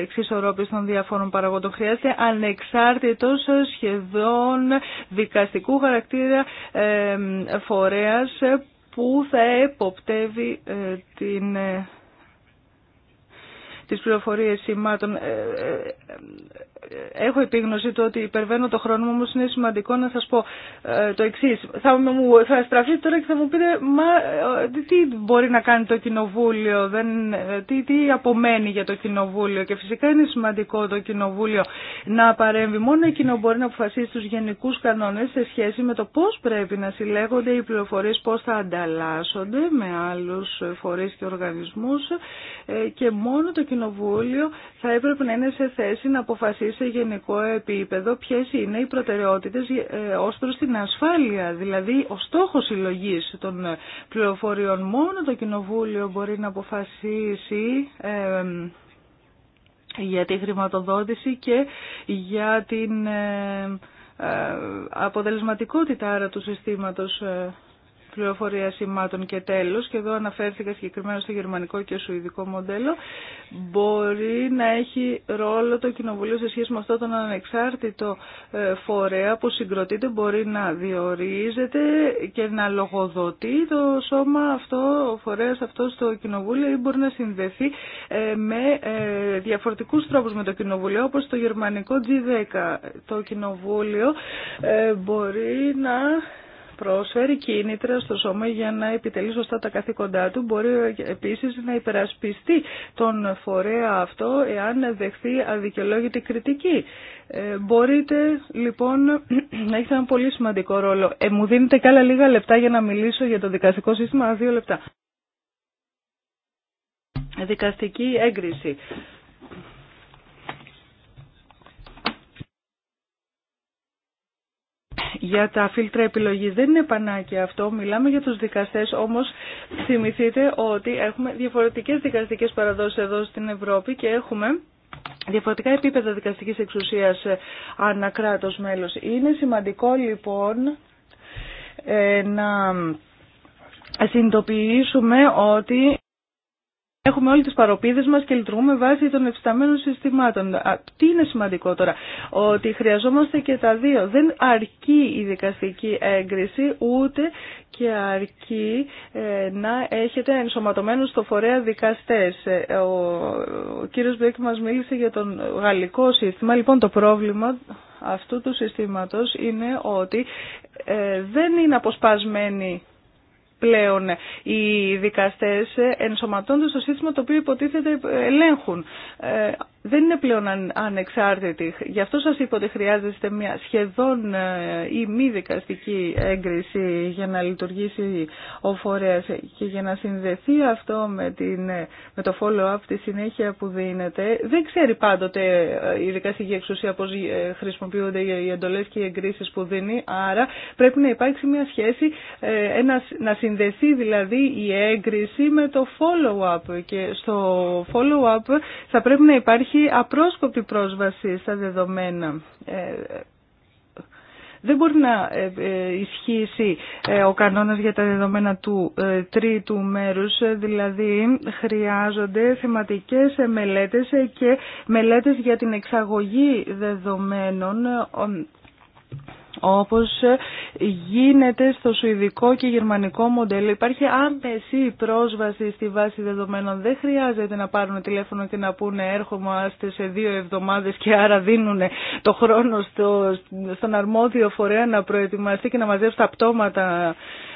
εξισορρόπηση των διαφόρων παραγόντων. Χρειάζεται ανεξάρτητος σχεδόν δικαστικού χαρακτήρα φορέας που θα εποπτεύει ε, την ε, τις πληροφορίες σημάτων. Ε, έχω επίγνωση του ότι υπερβαίνω το χρόνο μου, όμως είναι σημαντικό να σας πω ε, το εξή. Θα, μου, θα στραφείτε τώρα και θα μου πείτε, μα ε, τι μπορεί να κάνει το κοινοβούλιο, δεν, ε, τι, τι απομένει για το κοινοβούλιο και φυσικά είναι σημαντικό το κοινοβούλιο να παρέμβει. Μόνο εκείνο μπορεί να αποφασίσει τους γενικούς κανόνες σε σχέση με το πώς πρέπει να συλλέγονται οι πληροφορίες, πώς θα ανταλλάσσονται με άλλους φορείς και οργανισμούς και μόνο το κοινοβούλιο θα έπρεπε να είναι σε θέση να αποφασίσει σε γενικό επίπεδο ποιες είναι οι προτεραιότητες ε, ω στην την ασφάλεια. Δηλαδή ο στόχος συλλογή των ε, πληροφοριών μόνο το Κοινοβούλιο μπορεί να αποφασίσει για τη χρηματοδότηση και για την ε, αποτελεσματικότητα άρα του συστήματος πληροφορία σημάτων και τέλος, και εδώ αναφέρθηκα συγκεκριμένα στο γερμανικό και σουηδικό μοντέλο, μπορεί να έχει ρόλο το Κοινοβουλίο σε σχέση με αυτό τον ανεξάρτητο ε, φορέα που συγκροτείται, μπορεί να διορίζεται και να λογοδοτεί το σώμα αυτό, ο φορέας αυτό στο Κοινοβούλιο ή μπορεί να συνδεθεί ε, με ε, διαφορετικούς τρόπους με το Κοινοβούλιο, όπως το γερμανικό G10. Το Κοινοβούλιο μπορεί να προσφέρει κίνητρα στο σώμα για να επιτελεί σωστά τα καθήκοντά του. Μπορεί επίσης να υπερασπιστεί τον φορέα αυτό εάν δεχθεί αδικαιολόγητη κριτική. Ε, μπορείτε λοιπόν να έχετε ένα πολύ σημαντικό ρόλο. Ε, μου δίνετε κι άλλα λίγα λεπτά για να μιλήσω για το δικαστικό σύστημα, δύο λεπτά. Δικαστική έγκριση. για τα φίλτρα επιλογή. Δεν είναι πανάκι αυτό, μιλάμε για τους δικαστές, όμως θυμηθείτε ότι έχουμε διαφορετικές δικαστικές παραδόσεις εδώ στην Ευρώπη και έχουμε διαφορετικά επίπεδα δικαστικής εξουσίας ε, ανά κράτος μέλος. Είναι σημαντικό λοιπόν ε, να συνειδητοποιήσουμε ότι Έχουμε όλοι τις παροπίδες μας και λειτουργούμε βάσει των εφισταμένων συστημάτων. Τι είναι σημαντικό τώρα, ότι χρειαζόμαστε και τα δύο. Δεν αρκεί η δικαστική έγκριση, ούτε και αρκεί ε, να έχετε ενσωματωμένους στο φορέα δικαστές. Ε, ο κύριος Μπέκ μας μίλησε για τον γαλλικό σύστημα. Λοιπόν, το πρόβλημα αυτού του συστήματος είναι ότι ε, δεν είναι αποσπασμένοι πλέον οι δικαστές ενσωματώνται στο σύστημα το οποίο υποτίθεται ελέγχουν. Ε, δεν είναι πλέον ανεξάρτητη. Γι' αυτό σας είπα ότι χρειάζεστε μια σχεδόν ε, ή μη δικαστική έγκριση για να λειτουργήσει ο φορέας και για να συνδεθεί αυτό με, την, ε, με το follow-up τη συνέχεια που δίνεται. Δεν ξέρει πάντοτε ε, η δικαστική εξουσία πώς χρησιμοποιούνται οι εντολές και οι εγκρίσεις που δίνει, άρα πρέπει να υπάρξει μια σχέση, να συνδεθεί δηλαδή η έγκριση με το follow-up και στο follow-up θα πρέπει να υπάρχει έχει απρόσκοπτη πρόσβαση στα δεδομένα. Ε, δεν μπορεί να ε, ε, ισχύσει ο κανόνας για τα δεδομένα του τρίτου μέρους, δηλαδή χρειάζονται θεματικές μελέτες και μελέτες για την εξαγωγή δεδομένων όπως γίνεται στο σουηδικό και γερμανικό μοντέλο. Υπάρχει άμεση πρόσβαση στη βάση δεδομένων. Δεν χρειάζεται να πάρουν τηλέφωνο και να πούνε έρχομαστε σε δύο εβδομάδες και άρα δίνουν το χρόνο στο, στον αρμόδιο φορέα να προετοιμαστεί και να μαζέψει τα πτώματα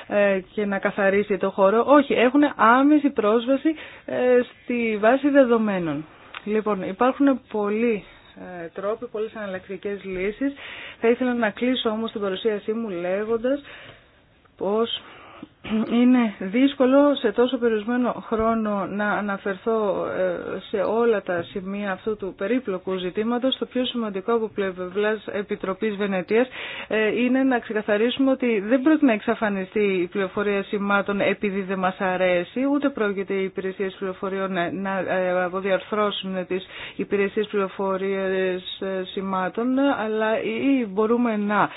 ε, και να καθαρίσει το χώρο. Όχι, έχουν άμεση πρόσβαση ε, στη βάση δεδομένων. Λοιπόν, υπάρχουν πολλοί ε, τρόποι, πολλές αναλλακτικές λύσεις. Θα ήθελα να κλείσω όμως την παρουσίασή μου λέγοντας πως είναι δύσκολο σε τόσο περιορισμένο χρόνο να αναφερθώ ε, σε όλα τα σημεία αυτού του περίπλοκου ζητήματος. Το πιο σημαντικό από πλευρά Επιτροπής Βενετίας ε, είναι να ξεκαθαρίσουμε ότι δεν πρέπει να εξαφανιστεί η πληροφορία σημάτων επειδή δεν μας αρέσει, ούτε πρόκειται οι υπηρεσίες πληροφοριών ε, να αποδιαρθρώσουν τις υπηρεσίες πληροφορίες σημάτων, αλλά ή μπορούμε να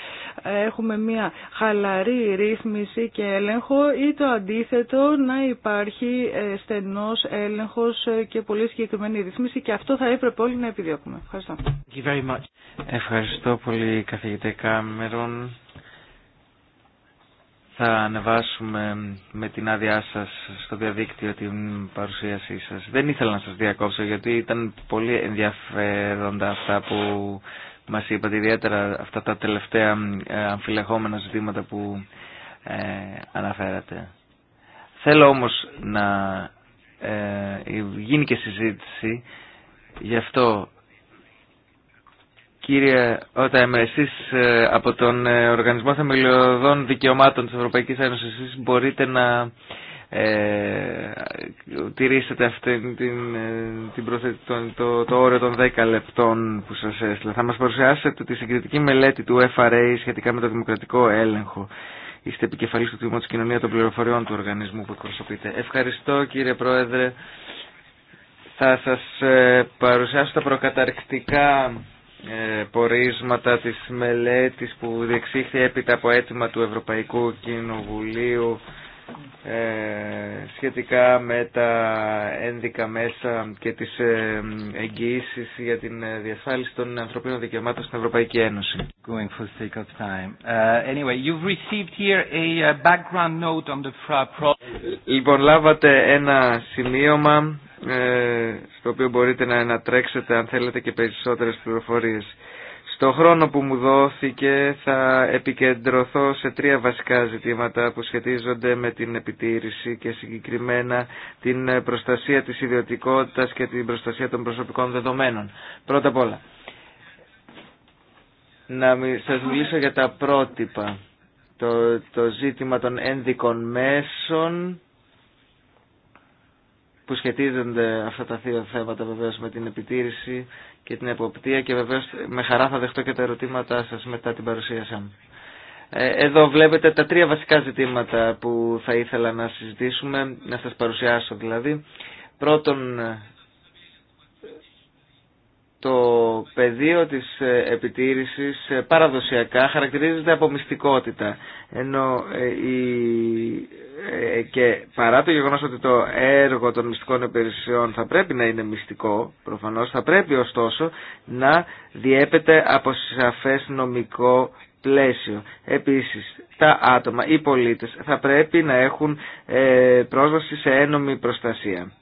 έχουμε μια χαλαρή ρύθμιση και έλεγχο ή το αντίθετο να υπάρχει ε, στενός έλεγχος ε, και πολύ συγκεκριμένη ρυθμίση και αυτό θα έπρεπε όλοι να επιδιώκουμε. Ευχαριστώ. Ευχαριστώ πολύ καθηγητέ Κάμερον. Θα ανεβάσουμε με την άδειά σας στο διαδίκτυο την παρουσίασή σας. Δεν ήθελα να σας διακόψω γιατί ήταν πολύ ενδιαφέροντα αυτά που μας είπατε, ιδιαίτερα αυτά τα τελευταία ε, αμφιλεγόμενα ζητήματα που ε, αναφέρατε. Θέλω όμως να ε, γίνει και συζήτηση γι' αυτό κύριε όταν εσείς ε, από τον Οργανισμό Θεμελιωδών Δικαιωμάτων της Ευρωπαϊκής Ένωσης εσείς μπορείτε να ε, τηρήσετε αυτή την, την το, το, όριο των 10 λεπτών που σας έστειλα. Θα μας παρουσιάσετε τη συγκριτική μελέτη του FRA σχετικά με το δημοκρατικό έλεγχο είστε επικεφαλή του Τμήματος Κοινωνία των Πληροφοριών του οργανισμού που εκπροσωπείτε. Ευχαριστώ κύριε Πρόεδρε. Θα σας ε, παρουσιάσω τα προκαταρκτικά ε, πορίσματα της μελέτης που διεξήχθη έπειτα από αίτημα του Ευρωπαϊκού Κοινοβουλίου ε, σχετικά με τα ένδικα μέσα και τις ε, εγγύησει για την ε, διασφάλιση των ανθρωπίνων δικαιωμάτων στην Ευρωπαϊκή Ένωση. Going for sake of time. Uh, anyway, you've received here a uh, background note on the Λοιπόν, λάβατε ένα σημείωμα στο οποίο μπορείτε να ανατρέξετε αν θέλετε και περισσότερες πληροφορίες. Το χρόνο που μου δόθηκε θα επικεντρωθώ σε τρία βασικά ζητήματα που σχετίζονται με την επιτήρηση και συγκεκριμένα την προστασία της ιδιωτικότητας και την προστασία των προσωπικών δεδομένων. Πρώτα απ' όλα, να σας μιλήσω για τα πρότυπα. Το, το ζήτημα των ένδικων μέσων που σχετίζονται αυτά τα δύο θέματα βεβαίως με την επιτήρηση και την εποπτεία και βεβαίως με χαρά θα δεχτώ και τα ερωτήματά σας μετά την παρουσίασή ε, Εδώ βλέπετε τα τρία βασικά ζητήματα που θα ήθελα να συζητήσουμε, να σας παρουσιάσω δηλαδή. Πρώτον, το πεδίο της ε, επιτήρησης ε, παραδοσιακά χαρακτηρίζεται από μυστικότητα ενώ ε, και παρά το γεγονός ότι το έργο των μυστικών υπηρεσιών θα πρέπει να είναι μυστικό προφανώς θα πρέπει ωστόσο να διέπεται από σαφές νομικό πλαίσιο. Επίσης, τα άτομα, οι πολίτες θα πρέπει να έχουν πρόσβαση σε ένομη προστασία.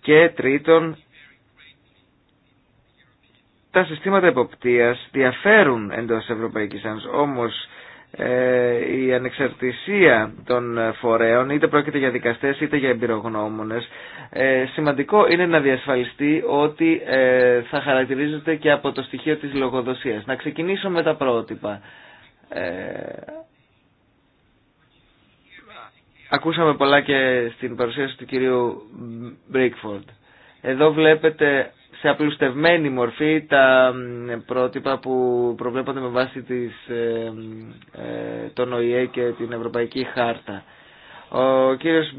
Και τρίτον, τα συστήματα εποπτείας διαφέρουν εντός Ευρωπαϊκής Ένωσης, όμως ε, η ανεξαρτησία των φορέων, είτε πρόκειται για δικαστές είτε για εμπειρογνώμονες, ε, σημαντικό είναι να διασφαλιστεί ότι ε, θα χαρακτηρίζεται και από το στοιχείο της λογοδοσίας. Να ξεκινήσω με τα πρότυπα. Ακούσαμε πολλά και στην παρουσίαση του κυρίου Μπρίκφορντ. Εδώ βλέπετε σε απλουστευμένη μορφή τα πρότυπα που προβλέπονται με βάση της, ε, ε, τον ΟΗΕ και την Ευρωπαϊκή Χάρτα. Ο κύριος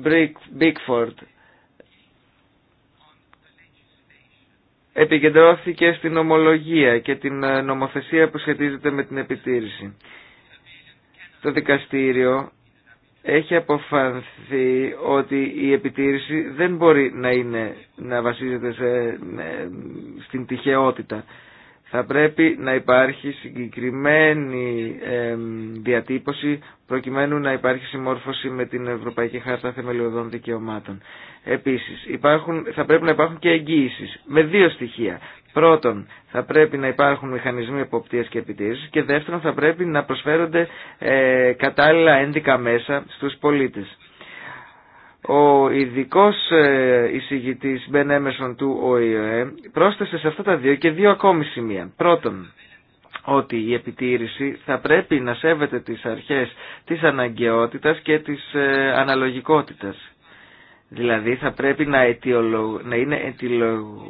Μπίκφορντ επικεντρώθηκε στην ομολογία και την ε, νομοθεσία που σχετίζεται με την επιτήρηση. Το δικαστήριο έχει αποφανθεί ότι η επιτήρηση δεν μπορεί να, είναι, να βασίζεται σε, ε, στην τυχαιότητα. Θα πρέπει να υπάρχει συγκεκριμένη ε, διατύπωση προκειμένου να υπάρχει συμμόρφωση με την Ευρωπαϊκή Χάρτα Θεμελιωδών Δικαιωμάτων. Επίσης, υπάρχουν, θα πρέπει να υπάρχουν και εγγύησει με δύο στοιχεία. Πρώτον, θα πρέπει να υπάρχουν μηχανισμοί εποπτείας και επιτήρησης και δεύτερον, θα πρέπει να προσφέρονται ε, κατάλληλα ένδικα μέσα στους πολίτες. Ο ειδικό ε, εισηγητής Μπεν Έμεσον του ΟΗΕ πρόσθεσε σε αυτά τα δύο και δύο ακόμη σημεία. Πρώτον, ότι η επιτήρηση θα πρέπει να σέβεται τις αρχές της αναγκαιότητας και της ε, αναλογικότητας. Δηλαδή θα πρέπει να, αιτιολογ, να, είναι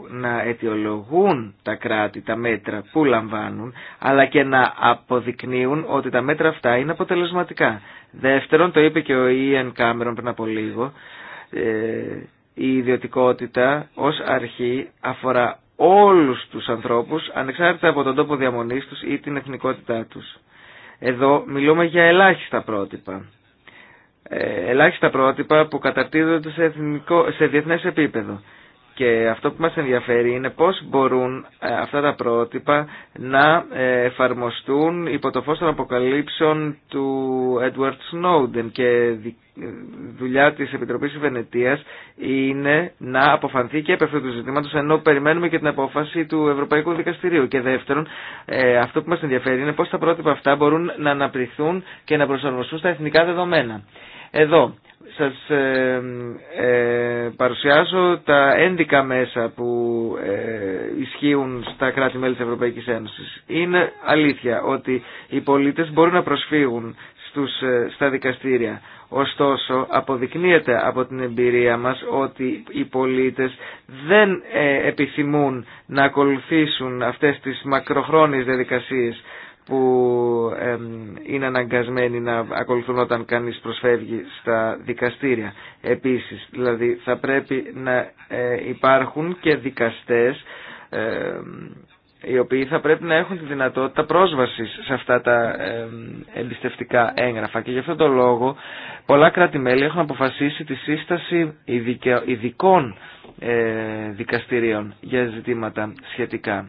να αιτιολογούν τα κράτη τα μέτρα που λαμβάνουν, αλλά και να αποδεικνύουν ότι τα μέτρα αυτά είναι αποτελεσματικά. Δεύτερον, το είπε και ο Ίεν Κάμερον πριν από λίγο, ε, η ιδιωτικότητα ως αρχή αφορά όλους τους ανθρώπους, ανεξάρτητα από τον τόπο διαμονής τους ή την εθνικότητά τους. Εδώ μιλούμε για ελάχιστα πρότυπα. Ε, ελάχιστα πρότυπα που καταρτίζονται σε, εθνικό, σε διεθνές επίπεδο. Και αυτό που μας ενδιαφέρει είναι πώς μπορούν ε, αυτά τα πρότυπα να ε, εφαρμοστούν υπό το φως των αποκαλύψεων του Edward Snowden και δουλειά της Επιτροπής Βενετίας είναι να αποφανθεί και επ' αυτού του ζητήματος ενώ περιμένουμε και την απόφαση του Ευρωπαϊκού Δικαστηρίου. Και δεύτερον, αυτό που μας ενδιαφέρει είναι πώς τα πρότυπα αυτά μπορούν να αναπτυχθούν και να προσαρμοστούν στα εθνικά δεδομένα. Εδώ σας ε, ε, παρουσιάζω τα ένδικα μέσα που ε, ισχύουν στα κράτη-μέλη της Ευρωπαϊκής Ένωσης. Είναι αλήθεια ότι οι πολίτες μπορούν να προσφύγουν στους, ε, στα δικαστήρια. Ωστόσο, αποδεικνύεται από την εμπειρία μας ότι οι πολίτες δεν επιθυμούν να ακολουθήσουν αυτές τις μακροχρόνιες διαδικασίες που είναι αναγκασμένοι να ακολουθούν όταν κανείς προσφεύγει στα δικαστήρια. Επίσης, δηλαδή θα πρέπει να ε, υπάρχουν και δικαστές οι οποίοι θα πρέπει να έχουν τη δυνατότητα πρόσβασης σε αυτά τα εμπιστευτικά έγγραφα και γι' αυτόν τον λόγο πολλά κράτη-μέλη έχουν αποφασίσει τη σύσταση ειδικών ε, δικαστηρίων για ζητήματα σχετικά.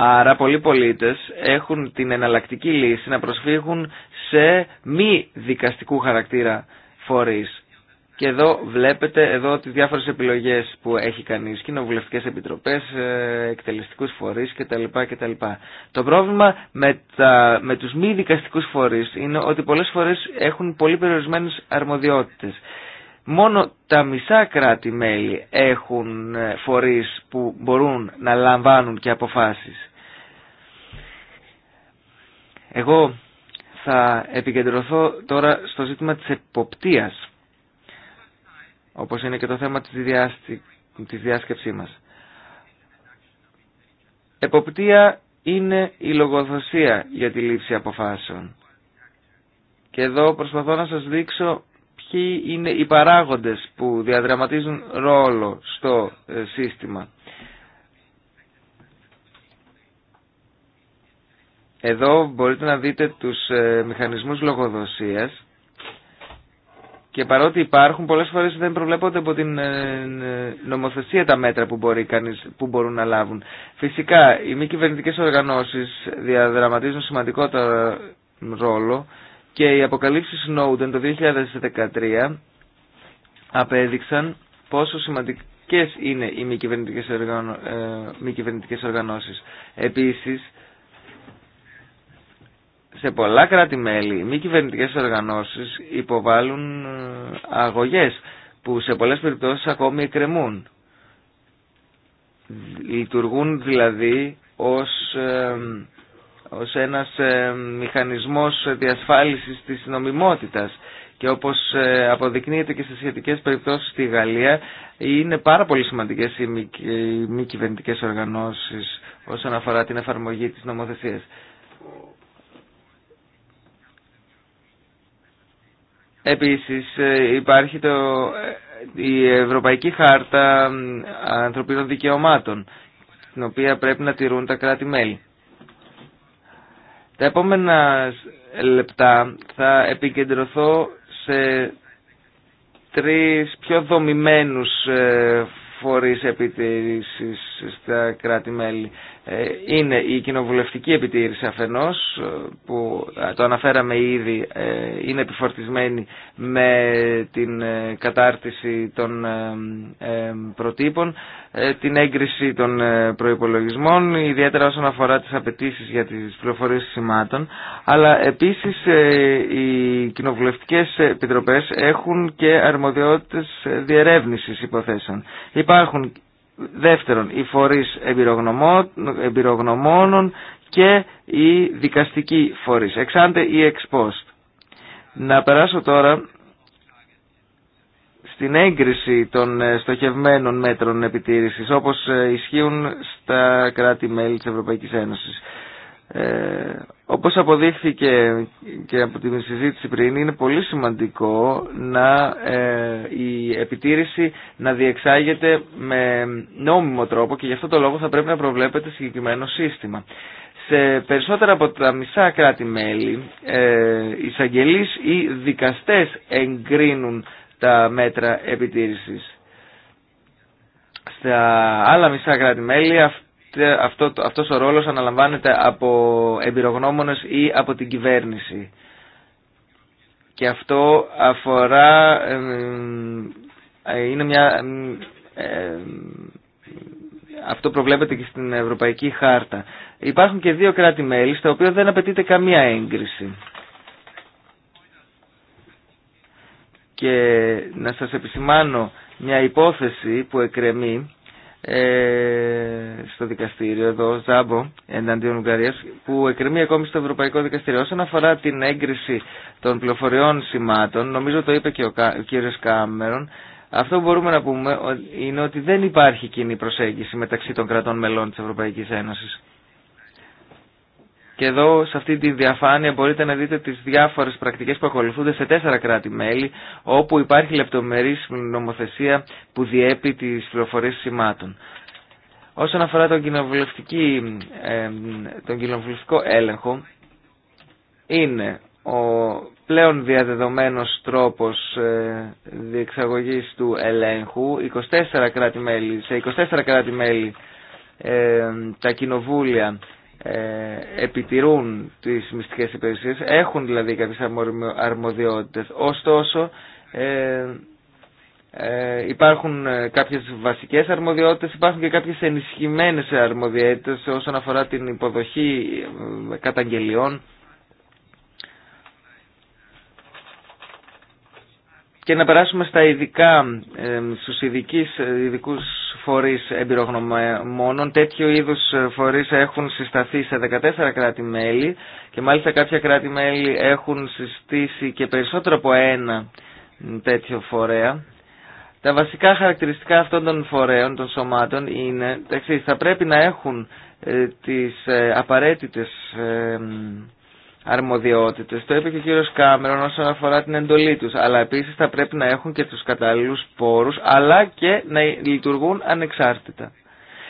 Άρα πολλοί πολίτες έχουν την εναλλακτική λύση να προσφύγουν σε μη δικαστικού χαρακτήρα φορείς. Και εδώ βλέπετε εδώ τις διάφορες επιλογές που έχει κανείς, κοινοβουλευτικές επιτροπές, ε, εκτελεστικούς φορείς κτλ. κτλ. Το πρόβλημα με, τα, με τους μη δικαστικούς φορείς είναι ότι πολλές φορές έχουν πολύ περιορισμένες αρμοδιότητες μόνο τα μισά κράτη-μέλη έχουν ε, φορείς που μπορούν να λαμβάνουν και αποφάσεις. Εγώ θα επικεντρωθώ τώρα στο ζήτημα της εποπτείας, όπως είναι και το θέμα της, διάστη, της διάσκεψής μας. Εποπτεία είναι η λογοδοσία για τη λήψη αποφάσεων. Και εδώ προσπαθώ να σας δείξω ποιοι είναι οι παράγοντες που διαδραματίζουν ρόλο στο ε, σύστημα. Εδώ μπορείτε να δείτε τους ε, μηχανισμούς λογοδοσίας και παρότι υπάρχουν πολλές φορές δεν προβλέπονται από την ε, νομοθεσία τα μέτρα που, μπορεί που μπορούν να λάβουν. Φυσικά οι μη κυβερνητικές οργανώσεις διαδραματίζουν σημαντικότερο ρόλο και οι αποκαλύψεις Snowden το 2013 απέδειξαν πόσο σημαντικές είναι οι μη κυβερνητικές, οργανω... Ε, οργανώσεις. Επίσης, σε πολλά κράτη-μέλη οι μη κυβερνητικέ οργανώσεις υποβάλλουν ε, αγωγές που σε πολλές περιπτώσεις ακόμη εκκρεμούν. Λειτουργούν δηλαδή ως ε, ως ένας ε, μηχανισμός διασφάλισης της νομιμότητας και όπως ε, αποδεικνύεται και σε σχετικές περιπτώσεις στη Γαλλία είναι πάρα πολύ σημαντικές οι μη, ε, κυβερνητικέ οργανώσεις όσον αφορά την εφαρμογή της νομοθεσίας. Επίσης υπάρχει το, η Ευρωπαϊκή Χάρτα Ανθρωπίνων Δικαιωμάτων την οποία πρέπει να τηρούν τα κράτη-μέλη. Τα επόμενα λεπτά θα επικεντρωθώ σε τρεις πιο δομημένους ε, φορείς επιτήρησης στα κράτη-μέλη. Ε, είναι η κοινοβουλευτική επιτήρηση αφενός ε, που ε, το αναφέραμε ήδη είναι επιφορτισμένη με την κατάρτιση των προτύπων την έγκριση των προϋπολογισμών ιδιαίτερα όσον αφορά τις απαιτήσει για τις πληροφορίες σημάτων αλλά επίσης οι κοινοβουλευτικές επιτροπές έχουν και αρμοδιότητες διερεύνησης υποθέσεων υπάρχουν Δεύτερον, οι φορείς εμπειρογνωμόνων και οι δικαστικοί φορείς, εξάντε ή εξπόστ. Να περάσω τώρα στην έγκριση των ε, στοχευμένων μέτρων επιτήρησης, όπως ε, ισχύουν στα κράτη-μέλη της Ευρωπαϊκής Ένωσης. Ε, όπως αποδείχθηκε και από την συζήτηση πριν, είναι πολύ σημαντικό να ε, η επιτήρηση να διεξάγεται με νόμιμο τρόπο και γι' αυτό το λόγο θα πρέπει να προβλέπεται συγκεκριμένο σύστημα. Σε περισσότερα από τα μισά κράτη-μέλη, ε, εισαγγελείς ή δικαστές εγκρίνουν τα μέτρα επιτήρησης. Στα άλλα μισά κράτη-μέλη αυτό, αυτός ο ρόλος αναλαμβάνεται από εμπειρογνώμονες ή από την κυβέρνηση. Και αυτό αφορά, ε, είναι μια, ε, αυτό προβλέπεται και στην Ευρωπαϊκή Χάρτα. Υπάρχουν και δύο κράτη-μέλη στα οποία δεν απαιτείται καμία έγκριση. Και να σας επισημάνω μια υπόθεση που εκρεμεί ε, στο δικαστήριο εδώ, Ζάμπο, εναντίον Ουγγαρία, που εκκρεμεί ακόμη στο Ευρωπαϊκό Δικαστήριο. Όσον αφορά την έγκριση των πληροφοριών σημάτων, νομίζω το είπε και ο, ο κύριος Κάμερον, αυτό που μπορούμε να πούμε είναι ότι δεν υπάρχει κοινή προσέγγιση μεταξύ των κρατών μελών της Ευρωπαϊκής Ένωσης. Και εδώ σε αυτή τη διαφάνεια μπορείτε να δείτε τις διάφορες πρακτικές που ακολουθούνται σε τέσσερα κράτη-μέλη όπου υπάρχει λεπτομερής νομοθεσία που διέπει τις πληροφορίες σημάτων. Όσον αφορά τον, τον κοινοβουλευτικό έλεγχο, είναι ο πλέον διαδεδομένος τρόπος ε, διεξαγωγής του ελέγχου. 24 κράτη-μέλη, σε 24 κράτη-μέλη τα κοινοβούλια ε, επιτηρούν τις μυστικές υπηρεσίες, έχουν δηλαδή κάποιες αρμοδιότητες. Ωστόσο, ε, ε υπάρχουν ε, κάποιες βασικές αρμοδιότητες, υπάρχουν και κάποιες ενισχυμένες αρμοδιότητες όσον αφορά την υποδοχή καταγγελιών και να περάσουμε στα ειδικά, στους ειδικούς, ε, ειδικούς φορείς εμπειρογνωμόνων. Τέτοιου είδους ε, φορείς έχουν συσταθεί σε 14 κράτη-μέλη και μάλιστα κάποια κράτη-μέλη έχουν συστήσει και περισσότερο από ένα τέτοιο φορέα. Τα βασικά χαρακτηριστικά αυτών των φορέων, των σωμάτων, είναι θα πρέπει να έχουν ε, τις απαραίτητες το είπε και ο κύριο Κάμερον όσον αφορά την εντολή του. Αλλά επίσης θα πρέπει να έχουν και τους κατάλληλους πόρους αλλά και να λειτουργούν ανεξάρτητα.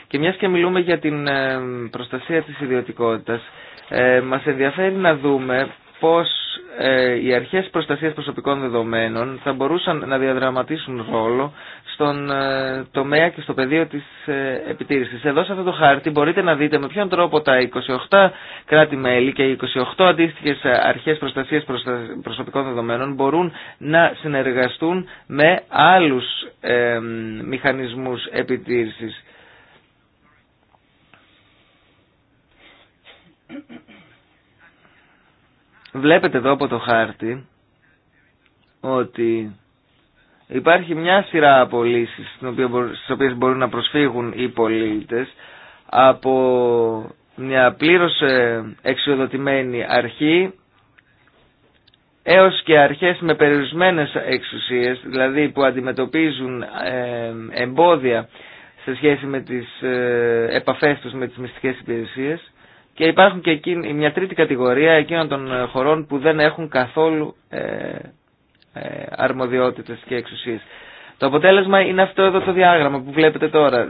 Και μία και μιλούμε για την ε, προστασία της ε, μας ενδιαφέρει να δούμε πώς ε, οι αρχές προστασίας προσωπικών δεδομένων θα μπορούσαν να διαδραματίσουν ρόλο στον ε, τομέα και στο πεδίο της ε, επιτήρησης. Εδώ σε αυτό το χάρτη μπορείτε να δείτε με ποιον τρόπο τα 28 κράτη-μέλη και οι 28 αντίστοιχες αρχές προστασίας προσωπικών δεδομένων μπορούν να συνεργαστούν με άλλους μηχανισμούς επιτήρησης. Βλέπετε εδώ από το χάρτη ότι υπάρχει μια σειρά από λύσεις στις οποίες μπορούν να προσφύγουν οι πολίτες από μια πλήρως ε, εξοδοτημένη αρχή έως και αρχές με περιορισμένες εξουσίες, δηλαδή που αντιμετωπίζουν ε, εμπόδια σε σχέση με τις ε, επαφές τους με τις μυστικές υπηρεσίες και υπάρχουν και μια τρίτη κατηγορία εκείνων των ε, χωρών που δεν έχουν καθόλου ε, ε, αρμοδιότητες και εξουσίες. Το αποτέλεσμα είναι αυτό εδώ το διάγραμμα που βλέπετε τώρα,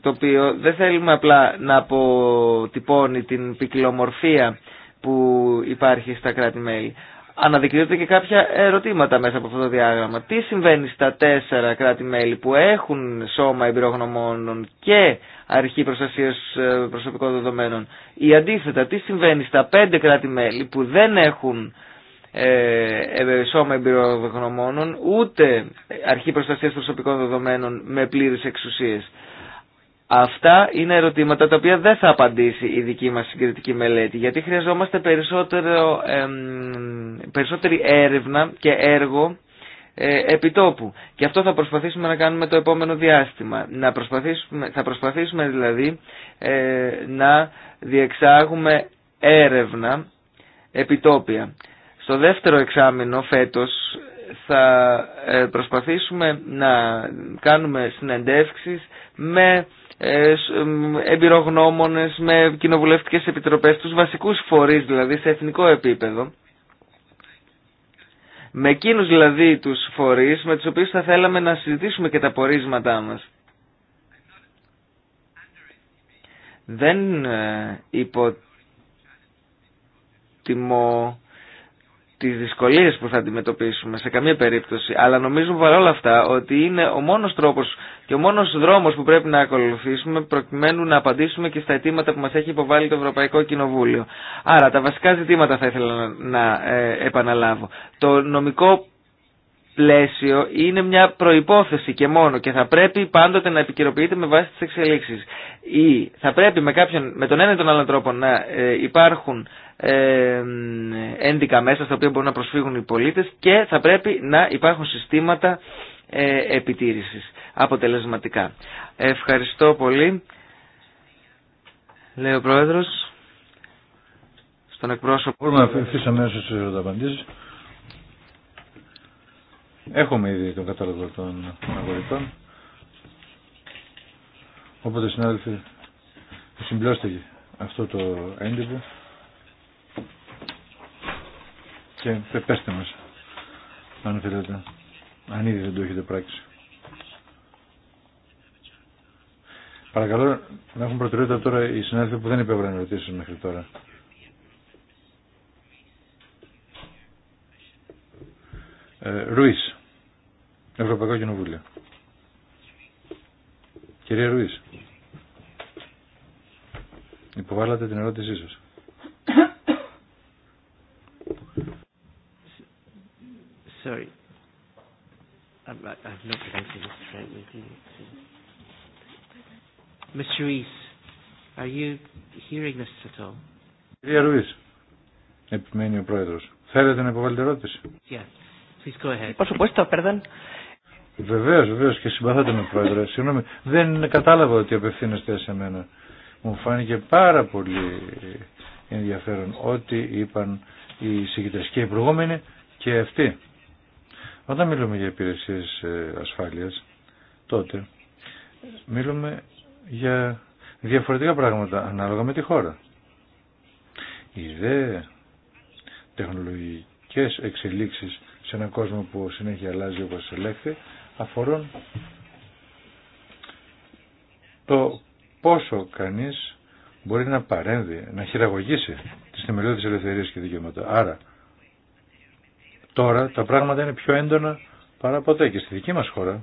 το οποίο δεν θέλουμε απλά να αποτυπώνει την ποικιλομορφία που υπάρχει στα κράτη-μέλη, αναδεικνύονται και κάποια ερωτήματα μέσα από αυτό το διάγραμμα. Τι συμβαίνει στα τέσσερα κράτη-μέλη που έχουν σώμα εμπειρογνωμόνων και αρχή προστασία ε, προσωπικών δεδομένων ή αντίθετα τι συμβαίνει στα πέντε κράτη-μέλη που δεν έχουν ε, ε σώμα εμπειρογνωμόνων ούτε αρχή προστασία προσωπικών δεδομένων με πλήρε εξουσίες. Αυτά είναι ερωτήματα τα οποία δεν θα απαντήσει η δική μας συγκριτική μελέτη γιατί χρειαζόμαστε περισσότερο, περισσότερη έρευνα και έργο ε, επιτόπου. Και αυτό θα προσπαθήσουμε να κάνουμε το επόμενο διάστημα. Να προσπαθήσουμε, θα προσπαθήσουμε δηλαδή ε, να διεξάγουμε έρευνα επιτόπια. Στο δεύτερο εξάμεινο φέτος θα ε, προσπαθήσουμε να κάνουμε συνεντεύξεις με ε, εμπειρογνώμονες, με κοινοβουλευτικές επιτροπές, τους βασικούς φορείς δηλαδή σε εθνικό επίπεδο. Με εκείνου δηλαδή τους φορείς με τους οποίους θα θέλαμε να συζητήσουμε και τα πορίσματά μας. Δεν ε, υποτιμώ τις δυσκολίες που θα αντιμετωπίσουμε σε καμία περίπτωση, αλλά νομίζω παρόλα αυτά ότι είναι ο μόνος τρόπος και ο μόνος δρόμος που πρέπει να ακολουθήσουμε προκειμένου να απαντήσουμε και στα αιτήματα που μας έχει υποβάλει το Ευρωπαϊκό Κοινοβούλιο. Άρα τα βασικά ζητήματα θα ήθελα να, ε, επαναλάβω. Το νομικό πλαίσιο είναι μια προϋπόθεση και μόνο και θα πρέπει πάντοτε να επικαιροποιείται με βάση τις εξελίξεις. Ή θα πρέπει με, κάποιον, με τον ένα ή τον άλλο τρόπο να ε, υπάρχουν ε, ένδικα μέσα στα οποία μπορούν να προσφύγουν οι πολίτες και θα πρέπει να υπάρχουν συστήματα ε, επιτήρησης αποτελεσματικά. Ευχαριστώ πολύ. Λέει ο Πρόεδρος στον εκπρόσωπο. Μπορούμε να αφήσουμε αμέσως στις ερωταπαντήσεις. Έχουμε ήδη τον κατάλογο των αγορητών. Οπότε συνάδελφοι, συμπλώστε αυτό το έντυπο και πέστε μας αν θέλετε, αν ήδη δεν το έχετε πράξει. Παρακαλώ να έχουν προτεραιότητα τώρα οι συνάδελφοι που δεν υπέβαλαν ερωτήσεις μέχρι τώρα. Ε, Ρουίς, Ευρωπαϊκό Κοινοβούλιο. Κυρία Ρουίς, υποβάλλατε την ερώτησή σας. Sorry. I'm, I, I'm not to this straight with you? Mr. Ruiz, are you hearing this at all? Κυρία Ρουίς, επιμένει ο Πρόεδρος. Θέλετε να υποβάλλετε ερώτηση. Yeah. Please go ahead. Por supuesto, perdón. Βεβαίω, βεβαίω και συμπαθάτε με πρόεδρε. Συγγνώμη, δεν κατάλαβα ότι απευθύνεστε σε μένα. Μου φάνηκε πάρα πολύ ενδιαφέρον ό,τι είπαν οι συγκητέ και οι προηγούμενοι και αυτοί. Όταν μιλούμε για υπηρεσίες ε, ασφάλειας, τότε μιλούμε για διαφορετικά πράγματα ανάλογα με τη χώρα. Οι δε τεχνολογικές εξελίξεις σε έναν κόσμο που συνέχεια αλλάζει όπως ελέγχθη αφορούν το πόσο κανείς μπορεί να παρέμβει, να χειραγωγήσει τις θεμελιώδεις ελευθερίες και δικαιώματα. Άρα Τώρα τα πράγματα είναι πιο έντονα παρά ποτέ και στη δική μας χώρα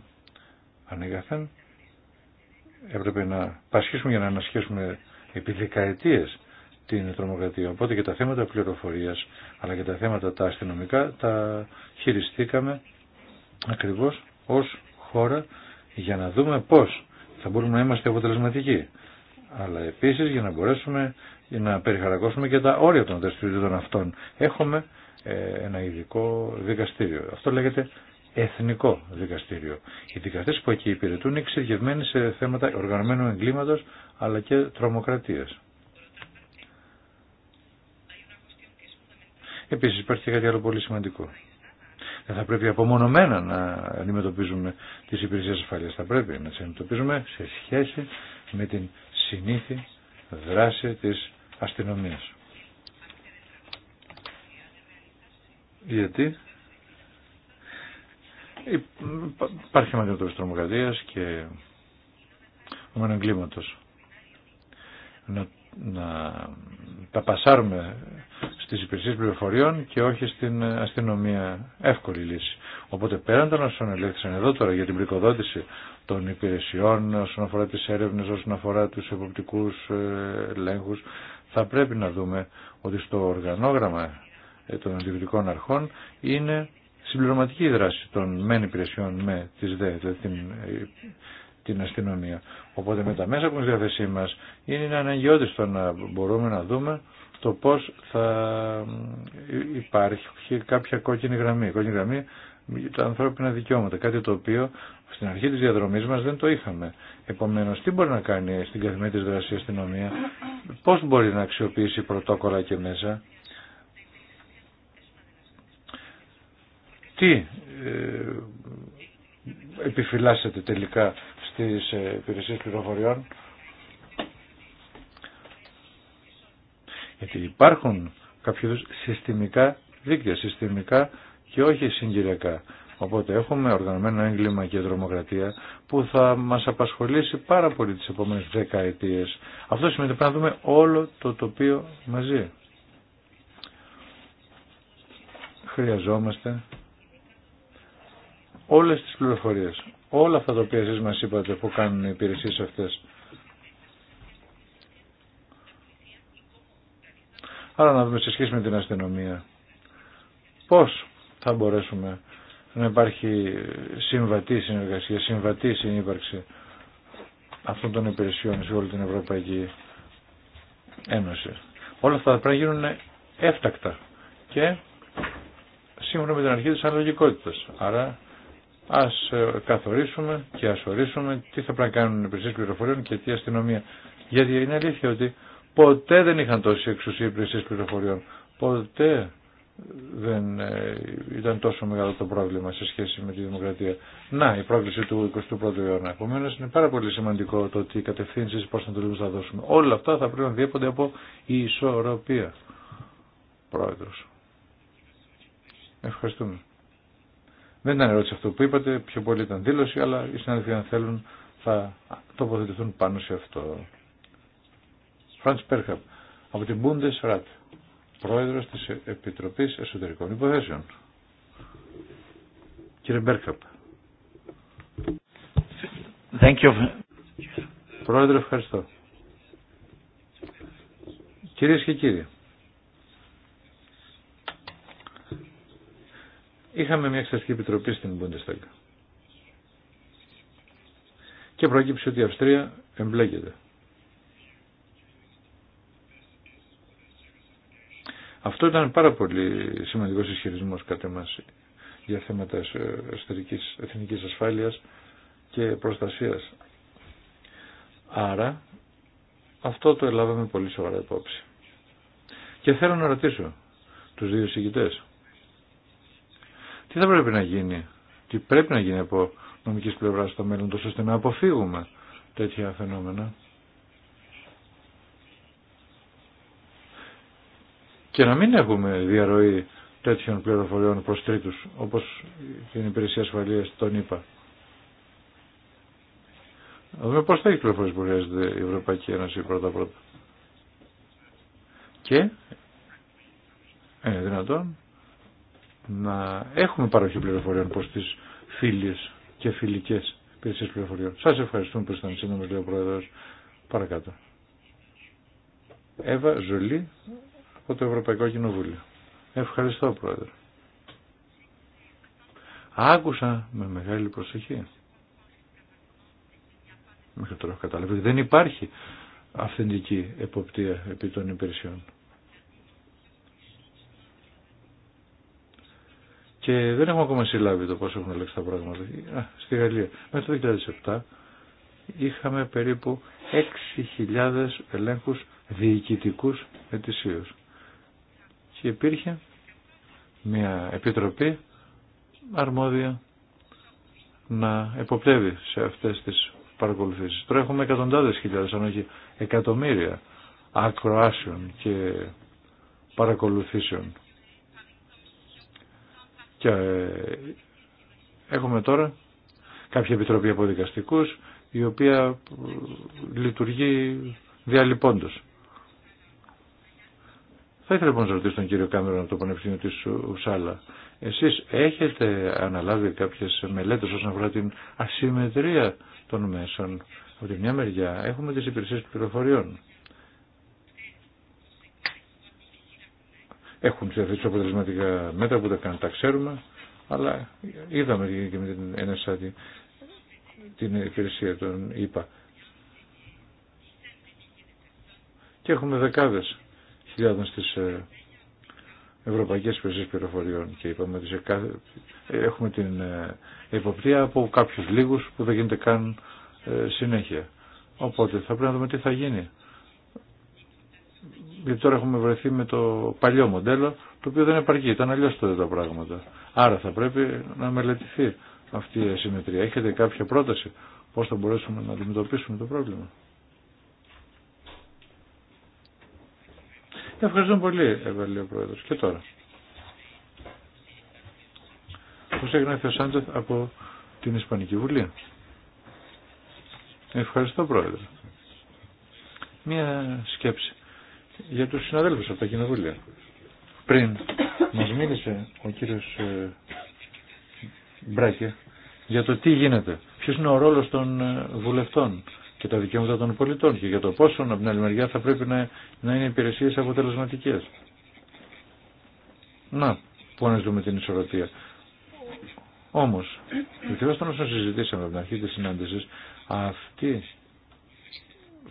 ανήκαθεν έπρεπε να πασχίσουμε για να ανασχέσουμε επί δεκαετίες την τρομοκρατία. Οπότε και τα θέματα πληροφορίας αλλά και τα θέματα τα αστυνομικά τα χειριστήκαμε ακριβώς ως χώρα για να δούμε πώς θα μπορούμε να είμαστε αποτελεσματικοί. Αλλά επίσης για να μπορέσουμε να περιχαρακώσουμε και τα όρια των δραστηριοτήτων αυτών. Έχουμε ένα ειδικό δικαστήριο. Αυτό λέγεται εθνικό δικαστήριο. Οι δικαστές που εκεί υπηρετούν είναι εξειδικευμένοι σε θέματα οργανωμένου εγκλήματο αλλά και τρομοκρατίας. Επίσης υπάρχει και κάτι άλλο πολύ σημαντικό. Δεν θα πρέπει απομονωμένα να αντιμετωπίζουμε τις υπηρεσίες ασφαλείας. Θα πρέπει να τι αντιμετωπίζουμε σε σχέση με την συνήθι δράση της αστυνομίας. Γιατί υπάρχει τη τρομοκρατία και ο εγκλήματο. Να, να τα πασάρουμε στις υπηρεσίες πληροφοριών και όχι στην αστυνομία εύκολη λύση. Οπότε πέραν των όσων ελέγχθησαν εδώ τώρα για την πρικοδότηση των υπηρεσιών όσον αφορά τις έρευνες, όσον αφορά τους εποπτικού ε, ελέγχους, θα πρέπει να δούμε ότι στο οργανόγραμμα ε, των αντιβιωτικών αρχών είναι συμπληρωματική δράση των μεν υπηρεσιών με τις δε, την, ε, την αστυνομία. Οπότε με τα μέσα που είναι διάθεσή μας είναι αναγκαιότητα στο να μπορούμε να δούμε το πώς θα υπάρχει κάποια κόκκινη γραμμή. Κόκκινη γραμμή για τα ανθρώπινα δικαιώματα, κάτι το οποίο στην αρχή της διαδρομής μας δεν το είχαμε. Επομένως, τι μπορεί να κάνει στην καθημερινή της δράση η αστυνομία, πώς μπορεί να αξιοποιήσει πρωτόκολλα και μέσα, τι ε, επιφυλάσσεται τελικά στις ε, υπηρεσίες πληροφοριών. Γιατί υπάρχουν κάποιοι συστημικά δίκτυα, συστημικά και όχι συγκυριακά. Οπότε έχουμε οργανωμένο έγκλημα και δρομοκρατία που θα μας απασχολήσει πάρα πολύ τις επόμενες δεκαετίες. Αυτό σημαίνει ότι πρέπει να δούμε όλο το τοπίο μαζί. Χρειαζόμαστε όλες τις πληροφορίες, όλα αυτά τα οποία εσείς μας είπατε που κάνουν οι υπηρεσίες αυτές. Άρα να δούμε σε σχέση με την αστυνομία. Πώς θα μπορέσουμε να υπάρχει συμβατή συνεργασία, συμβατή συνύπαρξη αυτών των υπηρεσιών σε όλη την Ευρωπαϊκή Ένωση. Όλα αυτά πρέπει να γίνουν έφτακτα και σύμφωνα με την αρχή της αναλογικότητας. Άρα Ας ε, καθορίσουμε και ας ορίσουμε τι θα πρέπει να κάνουν οι υπηρεσίες πληροφοριών και τι αστυνομία. Γιατί είναι αλήθεια ότι ποτέ δεν είχαν τόση εξουσία υπηρεσίες πληροφοριών. Ποτέ δεν ε, ήταν τόσο μεγάλο το πρόβλημα σε σχέση με τη δημοκρατία. Να, η πρόκληση του 21ου αιώνα. Επομένω, είναι πάρα πολύ σημαντικό το ότι οι κατευθύνσει πώ θα το θα δώσουμε. Όλα αυτά θα πρέπει να διέπονται από η ισορροπία. Πρόεδρο. Ευχαριστούμε. Δεν ήταν ερώτηση αυτό που είπατε, πιο πολύ ήταν δήλωση, αλλά οι συνάδελφοι αν θέλουν θα τοποθετηθούν πάνω σε αυτό. Φραντς Πέρχαπ, από την Bundesrat, πρόεδρος της Επιτροπής Εσωτερικών Υποθέσεων. Κύριε Μπέρχαπ. Thank you. Πρόεδρε, ευχαριστώ. Κυρίες και κύριοι, είχαμε μια εξεταστική επιτροπή στην Bundestag. Και προκύψει ότι η Αυστρία εμπλέκεται. Αυτό ήταν πάρα πολύ σημαντικός ισχυρισμός κατά μας για θέματα εσωτερικής εθνικής ασφάλειας και προστασίας. Άρα αυτό το ελάβαμε πολύ σοβαρά υπόψη. Και θέλω να ρωτήσω τους δύο συγκητές τι θα πρέπει να γίνει, τι πρέπει να γίνει από νομικής πλευράς στο μέλλον, τόσο ώστε να αποφύγουμε τέτοια φαινόμενα. Και να μην έχουμε διαρροή τέτοιων πληροφοριών προς τρίτους, όπως την υπηρεσία ασφαλείας τον είπα. Να δούμε πώς θα έχει πληροφορίες που χρειάζεται η Ευρωπαϊκή Ένωση πρώτα-πρώτα. Και είναι δυνατόν να έχουμε παροχή πληροφοριών προς τις φίλες και φιλικές υπηρεσίες πληροφοριών. Σας ευχαριστούμε που ήσασταν σύντομος, λέει ο Πρόεδρος. Παρακάτω. Εύα Ζολή από το Ευρωπαϊκό Κοινοβούλιο. Ευχαριστώ, Πρόεδρε. Άκουσα με μεγάλη προσοχή. Μέχρι τώρα έχω δεν υπάρχει αυθεντική εποπτεία επί των υπηρεσιών. Και δεν έχουμε ακόμα συλλάβει το πώς έχουν αλλάξει τα πράγματα. στη Γαλλία, μέχρι το 2007 είχαμε περίπου 6.000 ελέγχους διοικητικούς ετησίως. Και υπήρχε μια επιτροπή αρμόδια να εποπτεύει σε αυτές τις παρακολουθήσεις. Τώρα έχουμε εκατοντάδες χιλιάδες, αν όχι εκατομμύρια ακροάσεων και παρακολουθήσεων. Και ε, έχουμε τώρα κάποια επιτροπή από δικαστικούς η οποία ε, λειτουργεί διαλυπώντος. Θα ήθελα λοιπόν να ρωτήσω τον κύριο Κάμερον από το Πανεπιστήμιο της Ουσάλα. Εσείς έχετε αναλάβει κάποιες μελέτες όσον αφορά την ασυμμετρία των μέσων. Από τη μια μεριά έχουμε τις υπηρεσίες πληροφοριών έχουν ψηφίσει αποτελεσματικά μέτρα που τα κάνουν, τα ξέρουμε, αλλά είδαμε και με την ΕΝΕΣΑ την υπηρεσία των ΙΠΑ. Και έχουμε δεκάδες χιλιάδες στις ε, ευρωπαϊκές υπηρεσίες πληροφοριών και είπαμε ότι ε, έχουμε την υποπτία ε, από κάποιους λίγους που δεν γίνεται καν συνέχεια. Οπότε θα πρέπει να δούμε τι θα γίνει γιατί τώρα έχουμε βρεθεί με το παλιό μοντέλο, το οποίο δεν επαρκεί, ήταν αλλιώ τότε τα πράγματα. Άρα θα πρέπει να μελετηθεί αυτή η ασυμμετρία. Έχετε κάποια πρόταση πώς θα μπορέσουμε να αντιμετωπίσουμε το πρόβλημα. Ευχαριστώ πολύ, Ευαλία Πρόεδρος. Και τώρα. Πώς έγινε ο Σάντζεθ από την Ισπανική Βουλή. Ευχαριστώ, Πρόεδρε. Μία σκέψη για τους συναδέλφους από τα κοινοβούλια. Πριν μας μίλησε ο κύριος ε, Μπράκε για το τι γίνεται, ποιος είναι ο ρόλος των ε, βουλευτών και τα δικαιώματα των πολιτών και για το πόσο από την άλλη μεριά θα πρέπει να, να είναι υπηρεσίε αποτελεσματικέ. Να, που δούμε την ισορροπία. Όμω, ακριβώ όσο συζητήσαμε από την αρχή τη συνάντηση, αυτή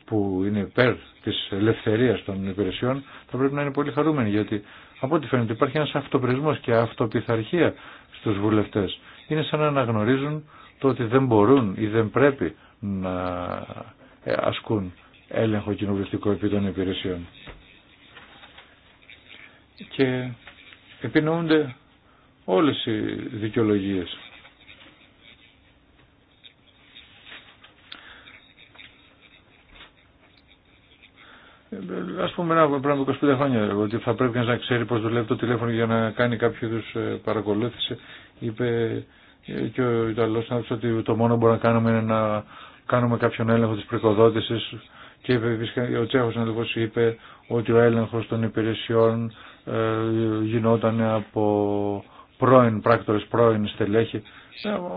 που είναι υπέρ της ελευθερίας των υπηρεσιών θα πρέπει να είναι πολύ χαρούμενοι γιατί από ό,τι φαίνεται υπάρχει ένας αυτοπρισμός και αυτοπιθαρχία στους βουλευτές. Είναι σαν να αναγνωρίζουν το ότι δεν μπορούν ή δεν πρέπει να ε, ασκούν έλεγχο κοινοβουλευτικό επί των υπηρεσιών. Και επινοούνται όλες οι δικαιολογίες. ας πούμε να πριν από 25 χρόνια ότι θα πρέπει να ξέρει πώς δουλεύει το τηλέφωνο για να κάνει κάποιο είδους ε, παρακολούθηση είπε ε, και ο Ιταλός ότι το μόνο που μπορούμε να κάνουμε είναι να κάνουμε κάποιον έλεγχο της προκοδότησης. και είπε, ο Τσέχος συνάδελφος είπε ότι ο έλεγχος των υπηρεσιών ε, γινόταν από πρώην πράκτορες, πρώην στελέχη.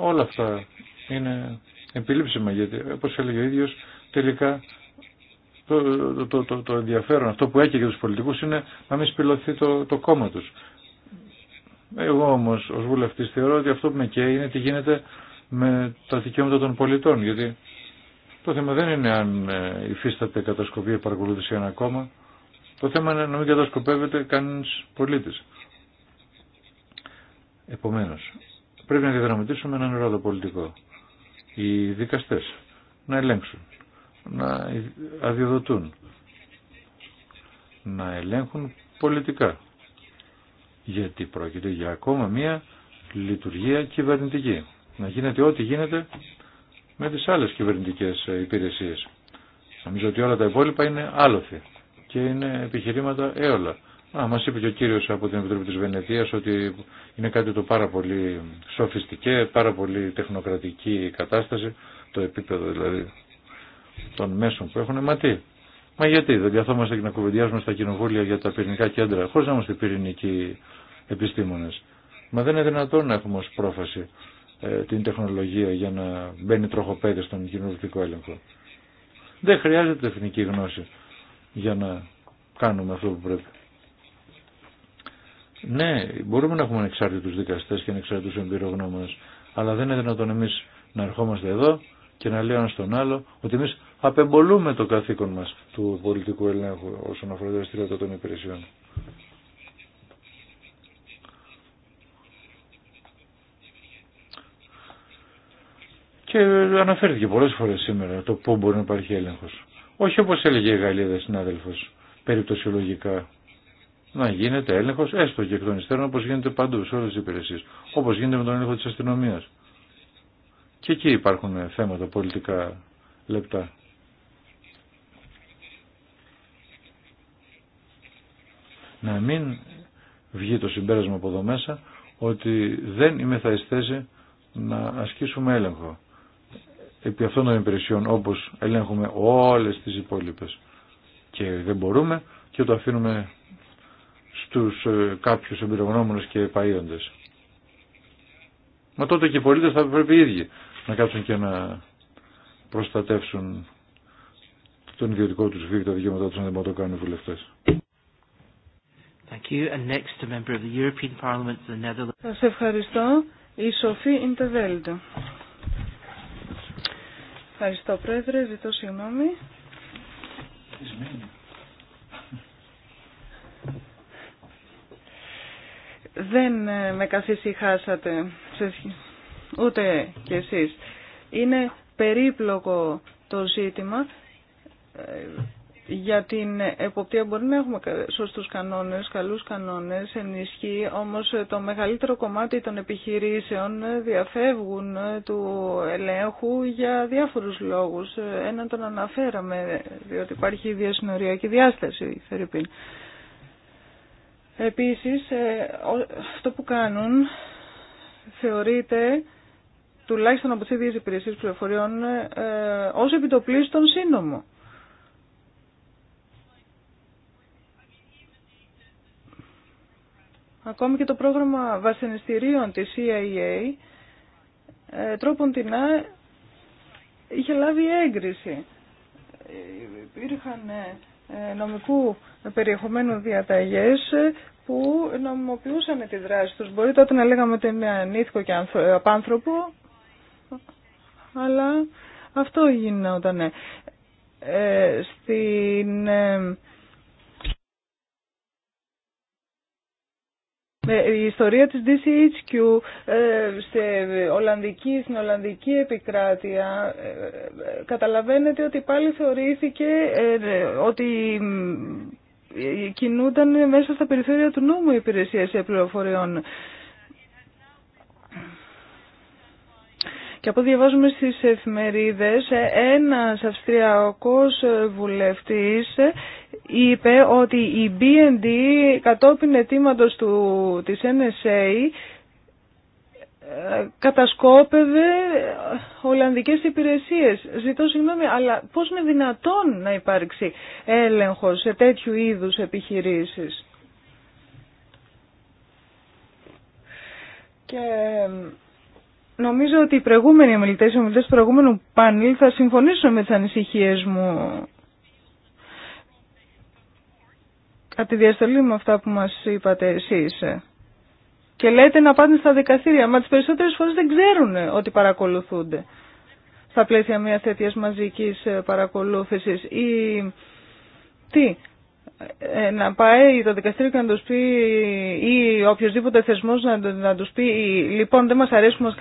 όλα αυτά είναι επιλήψιμα γιατί όπως έλεγε ο ίδιος τελικά το, το, το, το, ενδιαφέρον, αυτό που έχει για τους πολιτικούς είναι να μην σπηλωθεί το, το κόμμα τους. Εγώ όμως ως βουλευτής θεωρώ ότι αυτό που με καίει είναι τι γίνεται με τα δικαιώματα των πολιτών, γιατί το θέμα δεν είναι αν ε, υφίσταται κατασκοπή ή παρακολούθηση ένα κόμμα, το θέμα είναι να μην κατασκοπεύεται κανείς πολίτης. Επομένως, πρέπει να διαδραματίσουμε έναν ρόλο πολιτικό. Οι δικαστές να ελέγξουν να αδειοδοτούν, να ελέγχουν πολιτικά. Γιατί πρόκειται για ακόμα μία λειτουργία κυβερνητική. Να γίνεται ό,τι γίνεται με τις άλλες κυβερνητικές υπηρεσίες. Νομίζω ότι όλα τα υπόλοιπα είναι άλοθη και είναι επιχειρήματα έολα. Α, μας είπε και ο κύριος από την Επιτροπή της Βενετίας ότι είναι κάτι το πάρα πολύ σοφιστικέ, πάρα πολύ τεχνοκρατική κατάσταση, το επίπεδο δηλαδή των μέσων που έχουν, μα τι. Μα γιατί δεν καθόμαστε και να κουβεντιάζουμε στα κοινοβούλια για τα πυρηνικά κέντρα, χωρί να είμαστε πυρηνικοί επιστήμονε. Μα δεν είναι δυνατόν να έχουμε ω πρόφαση ε, την τεχνολογία για να μπαίνει τροχοπέδι στον κοινοβουλευτικό έλεγχο. Δεν χρειάζεται τεχνική γνώση για να κάνουμε αυτό που πρέπει. Ναι, μπορούμε να έχουμε ανεξάρτητου δικαστέ και ανεξάρτητου εμπειρογνώμονε, αλλά δεν είναι δυνατόν εμεί να ερχόμαστε εδώ και να λέω ένα στον άλλο ότι εμεί απεμπολούμε το καθήκον μας του πολιτικού ελέγχου όσον αφορά τη δραστηριότητα των υπηρεσιών. Και αναφέρθηκε πολλές φορές σήμερα το πού μπορεί να υπάρχει έλεγχος. Όχι όπως έλεγε η Γαλλίδα συνάδελφος, περιπτωσιολογικά. Να γίνεται έλεγχος έστω και εκ των υστέρων όπως γίνεται παντού σε όλες τις υπηρεσίες. Όπως γίνεται με τον έλεγχο της αστυνομίας. Και εκεί υπάρχουν θέματα πολιτικά λεπτά. να μην βγει το συμπέρασμα από εδώ μέσα ότι δεν είμαι θα θέση να ασκήσουμε έλεγχο επί αυτών των υπηρεσιών όπως ελέγχουμε όλες τις υπόλοιπες και δεν μπορούμε και το αφήνουμε στους ε, κάποιους εμπειρογνώμονες και παίοντες. Μα τότε και οι πολίτες θα πρέπει οι ίδιοι να κάτσουν και να προστατεύσουν τον ιδιωτικό τους τα δικαιώματά τους να δεν το κάνουν οι βουλευτές. Thank Σας ευχαριστώ. Η Σοφή Ιντεβέλντα. Ευχαριστώ, Πρόεδρε. Ζητώ συγγνώμη. Δεν ε, με καθησυχάσατε, ούτε κι εσείς. Είναι περίπλοκο το ζήτημα ε, για την εποπτεία μπορεί να έχουμε σωστούς κανόνες, καλούς κανόνες, ενισχύει, όμως το μεγαλύτερο κομμάτι των επιχειρήσεων διαφεύγουν του ελέγχου για διάφορους λόγους. Έναν τον αναφέραμε, διότι υπάρχει διασυνοριακή διάσταση, Φερρυπίν. Επίσης, ε, αυτό που κάνουν θεωρείται τουλάχιστον από τις ίδιες υπηρεσίες πληροφοριών, ε, ως επιτοπλίστων σύνομο. Ακόμη και το πρόγραμμα βασανιστήριων της CIA ε, τρόπον την είχε λάβει έγκριση. Υπήρχαν ε, ε, νομικού περιεχομένου διαταγές που νομιμοποιούσαν τη δράση τους. Μπορεί τότε να λέγαμε ότι είναι ανήθικο και απάνθρωπο, αλλά αυτό γινόταν. Ε, στην η ιστορία της DCHQ ε, σε Ολλανδική, στην Ολλανδική επικράτεια ε, ε, καταλαβαίνετε ότι πάλι θεωρήθηκε ότι κινούνταν μέσα στα περιφέρεια του νόμου υπηρεσίας πληροφοριών. Και από διαβάζουμε στις εφημερίδες, ένας Αυστριακός βουλευτής είπε ότι η BND κατόπιν αιτήματος του, της NSA ε, κατασκόπευε Ολλανδικές υπηρεσίες. Ζητώ συγγνώμη, αλλά πώς είναι δυνατόν να υπάρξει έλεγχος σε τέτοιου είδους επιχειρήσεις. Και ε, νομίζω ότι οι προηγούμενοι ομιλητές, οι ομιλητές του προηγούμενου πάνελ θα συμφωνήσουν με τις ανησυχίες μου από τη διαστολή με αυτά που μας είπατε εσείς. Και λέτε να πάνε στα δικαστήρια, μα τις περισσότερες φορές δεν ξέρουν ότι παρακολουθούνται στα πλαίσια μιας τέτοιας μαζικής ε, παρακολούθησης. Ή τι, ε, να πάει το δικαστήριο και να τους πει ή οποιοδήποτε θεσμός να, να τους πει λοιπόν δεν μας αρέσει που μας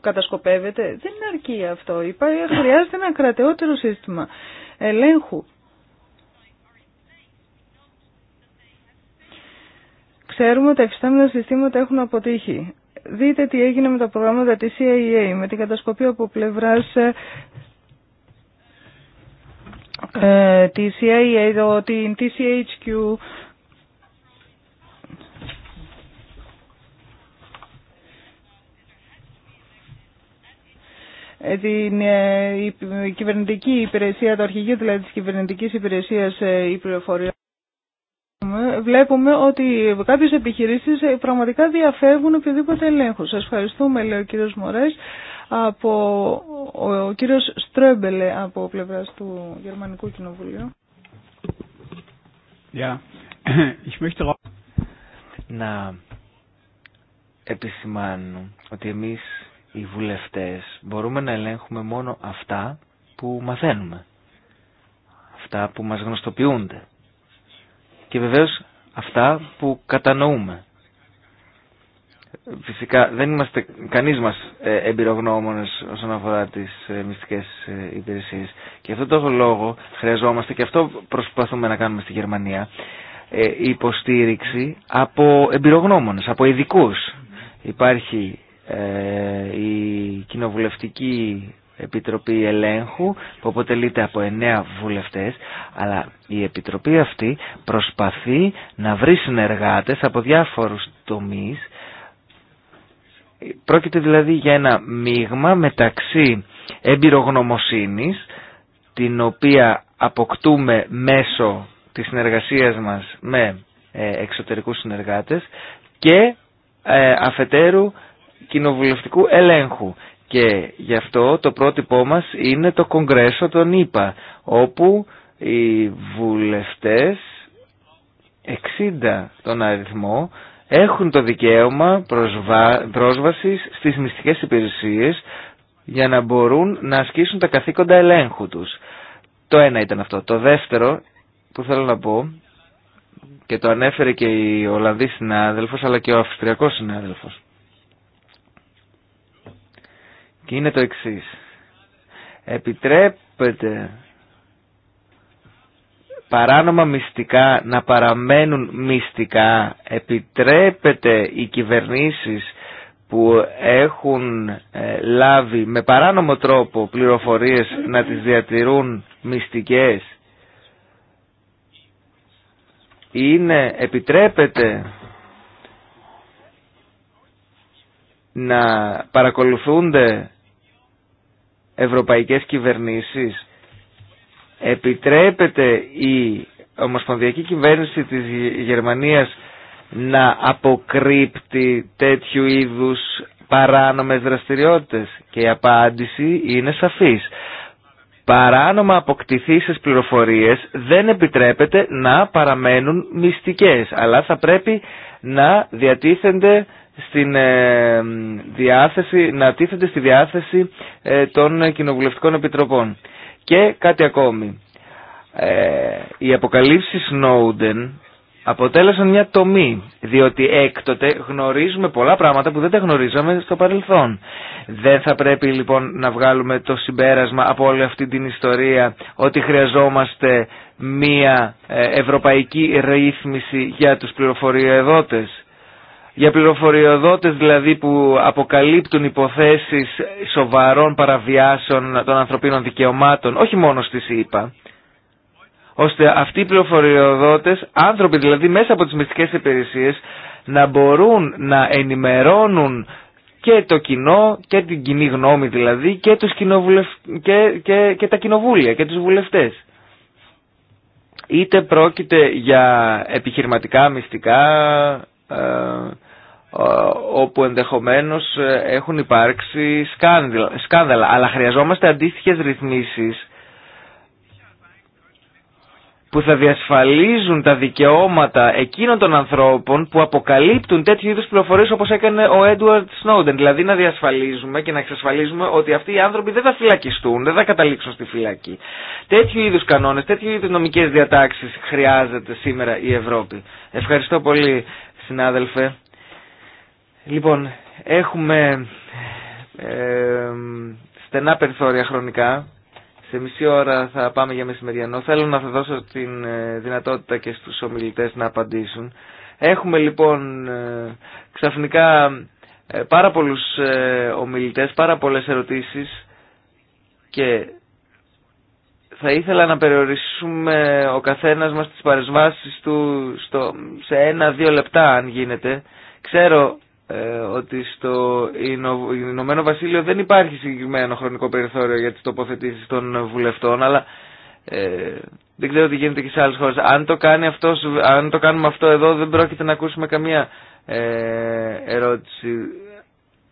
κατασκοπεύετε. Δεν αρκεί αυτό. Υπάρχει, χρειάζεται ένα κρατεότερο σύστημα ελέγχου Ξέρουμε ότι τα εφιστάμινα συστήματα έχουν αποτύχει. Δείτε τι έγινε με τα προγράμματα της CIA, με την κατασκοπία από πλευράς ε, ε τη CIA, το, την TCHQ, ε, την ε, η κυβερνητική υπηρεσία, το αρχηγείο δηλαδή της κυβερνητικής υπηρεσίας ε, πληροφορία. Βλέπουμε ότι κάποιε επιχειρήσει ε, πραγματικά διαφεύγουν οποιοδήποτε ελέγχου. Σα ευχαριστούμε, λέει ο κύριο Μωρέ, ο κύριο Στρέμπελε από πλευρά του Γερμανικού Κοινοβουλίου. Yeah. Ich Να επισημάνω ότι εμεί οι βουλευτές μπορούμε να ελέγχουμε μόνο αυτά που μαθαίνουμε, αυτά που μα γνωστοποιούνται και βεβαίως αυτά που κατανοούμε. Φυσικά δεν είμαστε κανείς μας ε, εμπειρογνώμονες όσον αφορά τις ε, μυστικές ε, υπηρεσίες. Και αυτό το λόγο χρειαζόμαστε και αυτό προσπαθούμε να κάνουμε στη Γερμανία υποστήριξη από εμπειρογνώμονες, από ειδικού. Υπάρχει η κοινοβουλευτική Επιτροπή Ελέγχου που αποτελείται από εννέα βουλευτές αλλά η Επιτροπή αυτή προσπαθεί να βρει συνεργάτες από διάφορους τομείς πρόκειται δηλαδή για ένα μείγμα μεταξύ εμπειρογνωμοσύνης την οποία αποκτούμε μέσω της συνεργασίας μας με ε, εξωτερικούς συνεργάτες και ε, αφετέρου κοινοβουλευτικού ελέγχου και γι' αυτό το πρότυπό μας είναι το Κογκρέσο των ΗΠΑ, όπου οι βουλευτές, 60 τον αριθμό, έχουν το δικαίωμα προσβά... πρόσβασης στις μυστικές υπηρεσίες για να μπορούν να ασκήσουν τα καθήκοντα ελέγχου τους. Το ένα ήταν αυτό. Το δεύτερο που θέλω να πω και το ανέφερε και η Ολλανδή συνάδελφος αλλά και ο Αυστριακός συνάδελφος και είναι το εξής. Επιτρέπεται παράνομα μυστικά να παραμένουν μυστικά. Επιτρέπεται οι κυβερνήσεις που έχουν ε, λάβει με παράνομο τρόπο πληροφορίες να τις διατηρούν μυστικές. Είναι, επιτρέπεται να παρακολουθούνται ευρωπαϊκές κυβερνήσεις επιτρέπεται η ομοσπονδιακή κυβέρνηση της Γερμανίας να αποκρύπτει τέτοιου είδους παράνομες δραστηριότητες και η απάντηση είναι σαφής. Παράνομα αποκτηθήσεις πληροφορίες δεν επιτρέπεται να παραμένουν μυστικές αλλά θα πρέπει να διατίθενται στην ε, διάθεση, να τίθενται στη διάθεση ε, των κοινοβουλευτικών επιτροπών. Και κάτι ακόμη. Ε, οι αποκαλύψεις Snowden αποτέλεσαν μια τομή, διότι έκτοτε γνωρίζουμε πολλά πράγματα που δεν τα γνωρίζαμε στο παρελθόν. Δεν θα πρέπει λοιπόν να βγάλουμε το συμπέρασμα από όλη αυτή την ιστορία ότι χρειαζόμαστε μια ε, ευρωπαϊκή ρύθμιση για τους πληροφοριοδότες. Για πληροφοριοδότες δηλαδή που αποκαλύπτουν υποθέσεις σοβαρών παραβιάσεων των ανθρωπίνων δικαιωμάτων, όχι μόνο στη ΣΥΠΑ, ώστε αυτοί οι πληροφοριοδότες, άνθρωποι δηλαδή μέσα από τις μυστικές υπηρεσίες, να μπορούν να ενημερώνουν και το κοινό και την κοινή γνώμη δηλαδή και, τους και, τα κοινοβούλια και τους βουλευτές είτε πρόκειται για επιχειρηματικά μυστικά ε, ε, όπου ενδεχομένως έχουν υπάρξει σκάνδαλα. Αλλά χρειαζόμαστε αντίστοιχες ρυθμίσεις που θα διασφαλίζουν τα δικαιώματα εκείνων των ανθρώπων που αποκαλύπτουν τέτοιου είδους πληροφορίες όπως έκανε ο Έντουαρτ Σνόντεν. Δηλαδή να διασφαλίζουμε και να εξασφαλίζουμε ότι αυτοί οι άνθρωποι δεν θα φυλακιστούν, δεν θα καταλήξουν στη φυλακή. Τέτοιου είδους κανόνες, τέτοιου είδους νομικές διατάξεις χρειάζεται σήμερα η Ευρώπη. Ευχαριστώ πολύ συνάδελφε. Λοιπόν, έχουμε ε, στενά περιθώρια χρονικά σε μισή ώρα θα πάμε για μεσημεριανό. Θέλω να θα δώσω την ε, δυνατότητα και στους ομιλητές να απαντήσουν. Έχουμε λοιπόν ε, ξαφνικά ε, πάρα πολλούς ομιλητές, πάρα πολλές ερωτήσεις και θα ήθελα να περιορίσουμε ο καθένας μας τις παρεσβάσεις του στο, σε ένα-δύο λεπτά αν γίνεται. Ξέρω ε, ότι στο Ηνωμένο Βασίλειο δεν υπάρχει συγκεκριμένο χρονικό περιθώριο για τις τοποθετήσεις των βουλευτών, αλλά ε, δεν ξέρω τι γίνεται και σε άλλες χώρες. Αν το, κάνει αυτός, αν το κάνουμε αυτό εδώ δεν πρόκειται να ακούσουμε καμία ε, ερώτηση.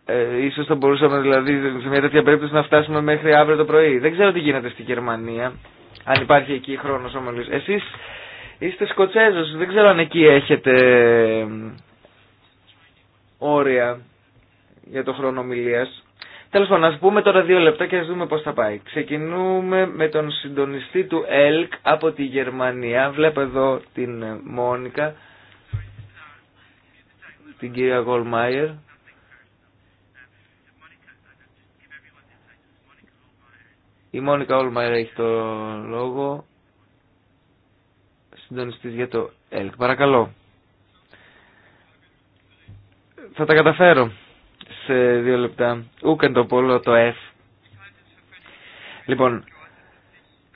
Ε, ίσως θα μπορούσαμε δηλαδή σε μια τέτοια περίπτωση να φτάσουμε μέχρι αύριο το πρωί. Δεν ξέρω τι γίνεται στη Γερμανία, αν υπάρχει εκεί χρόνος όμως. Εσείς είστε Σκοτσέζος, δεν ξέρω αν εκεί έχετε όρια για το χρόνο ομιλίας. Τέλος πάντων, ας πούμε τώρα δύο λεπτά και ας δούμε πώς θα πάει. Ξεκινούμε με τον συντονιστή του ΕΛΚ από τη Γερμανία. Βλέπω εδώ την ε, Μόνικα, την κυρία Γολμάιερ. Η Μόνικα Ολμαϊρ έχει το λόγο. Συντονιστής για το ΕΛΚ. Παρακαλώ. Θα τα καταφέρω σε δύο λεπτά. Ούκεν το πόλο το F. Λοιπόν,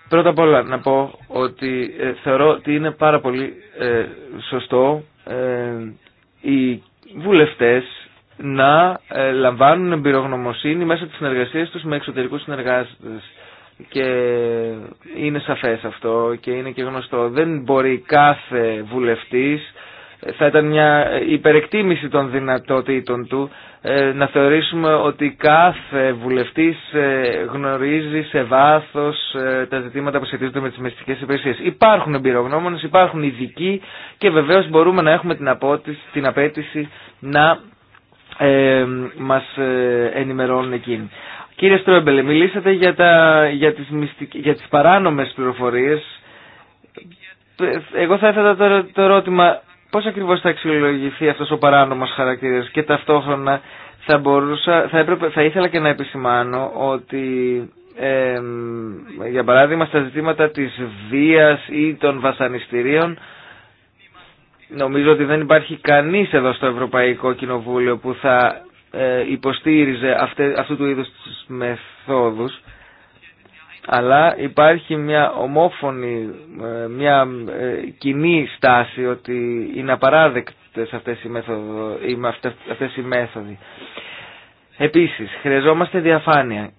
πρώτα απ' όλα να πω ότι ε, θεωρώ ότι είναι πάρα πολύ ε, σωστό ε, οι βουλευτές να λαμβάνουν εμπειρογνωμοσύνη μέσα της συνεργασίας τους με εξωτερικούς συνεργάτες. Και είναι σαφές αυτό και είναι και γνωστό. Δεν μπορεί κάθε βουλευτής θα ήταν μια υπερεκτίμηση των δυνατοτήτων του ε, να θεωρήσουμε ότι κάθε βουλευτής ε, γνωρίζει σε βάθος ε, τα ζητήματα που σχετίζονται με τις μυστικές υπηρεσίες. Υπάρχουν εμπειρογνώμονες, υπάρχουν ειδικοί και βεβαίως μπορούμε να έχουμε την, απότηση, την απέτηση να ε, μας ενημερώνουν εκείνοι. Κύριε Στρόμπελε, μιλήσατε για, τα, για, τις, μυστικές, για τις παράνομες πληροφορίες. Εγώ θα έθετα το ερώτημα πώς ακριβώς θα αξιολογηθεί αυτός ο παράνομος χαρακτήρας και ταυτόχρονα θα, μπορούσα, θα, έπρεπε, θα ήθελα και να επισημάνω ότι για παράδειγμα στα ζητήματα της βίας ή των βασανιστήριων νομίζω ότι δεν υπάρχει κανείς εδώ στο Ευρωπαϊκό Κοινοβούλιο που θα ε, υποστήριζε αυτού του είδους τις μεθόδους αλλά υπάρχει μια ομόφωνη, ε, μια ε, κοινή στάση ότι είναι απαράδεκτες αυτές οι, μέθοδο, αυτές οι μέθοδοι. Επίσης, χρειαζόμαστε διαφάνεια.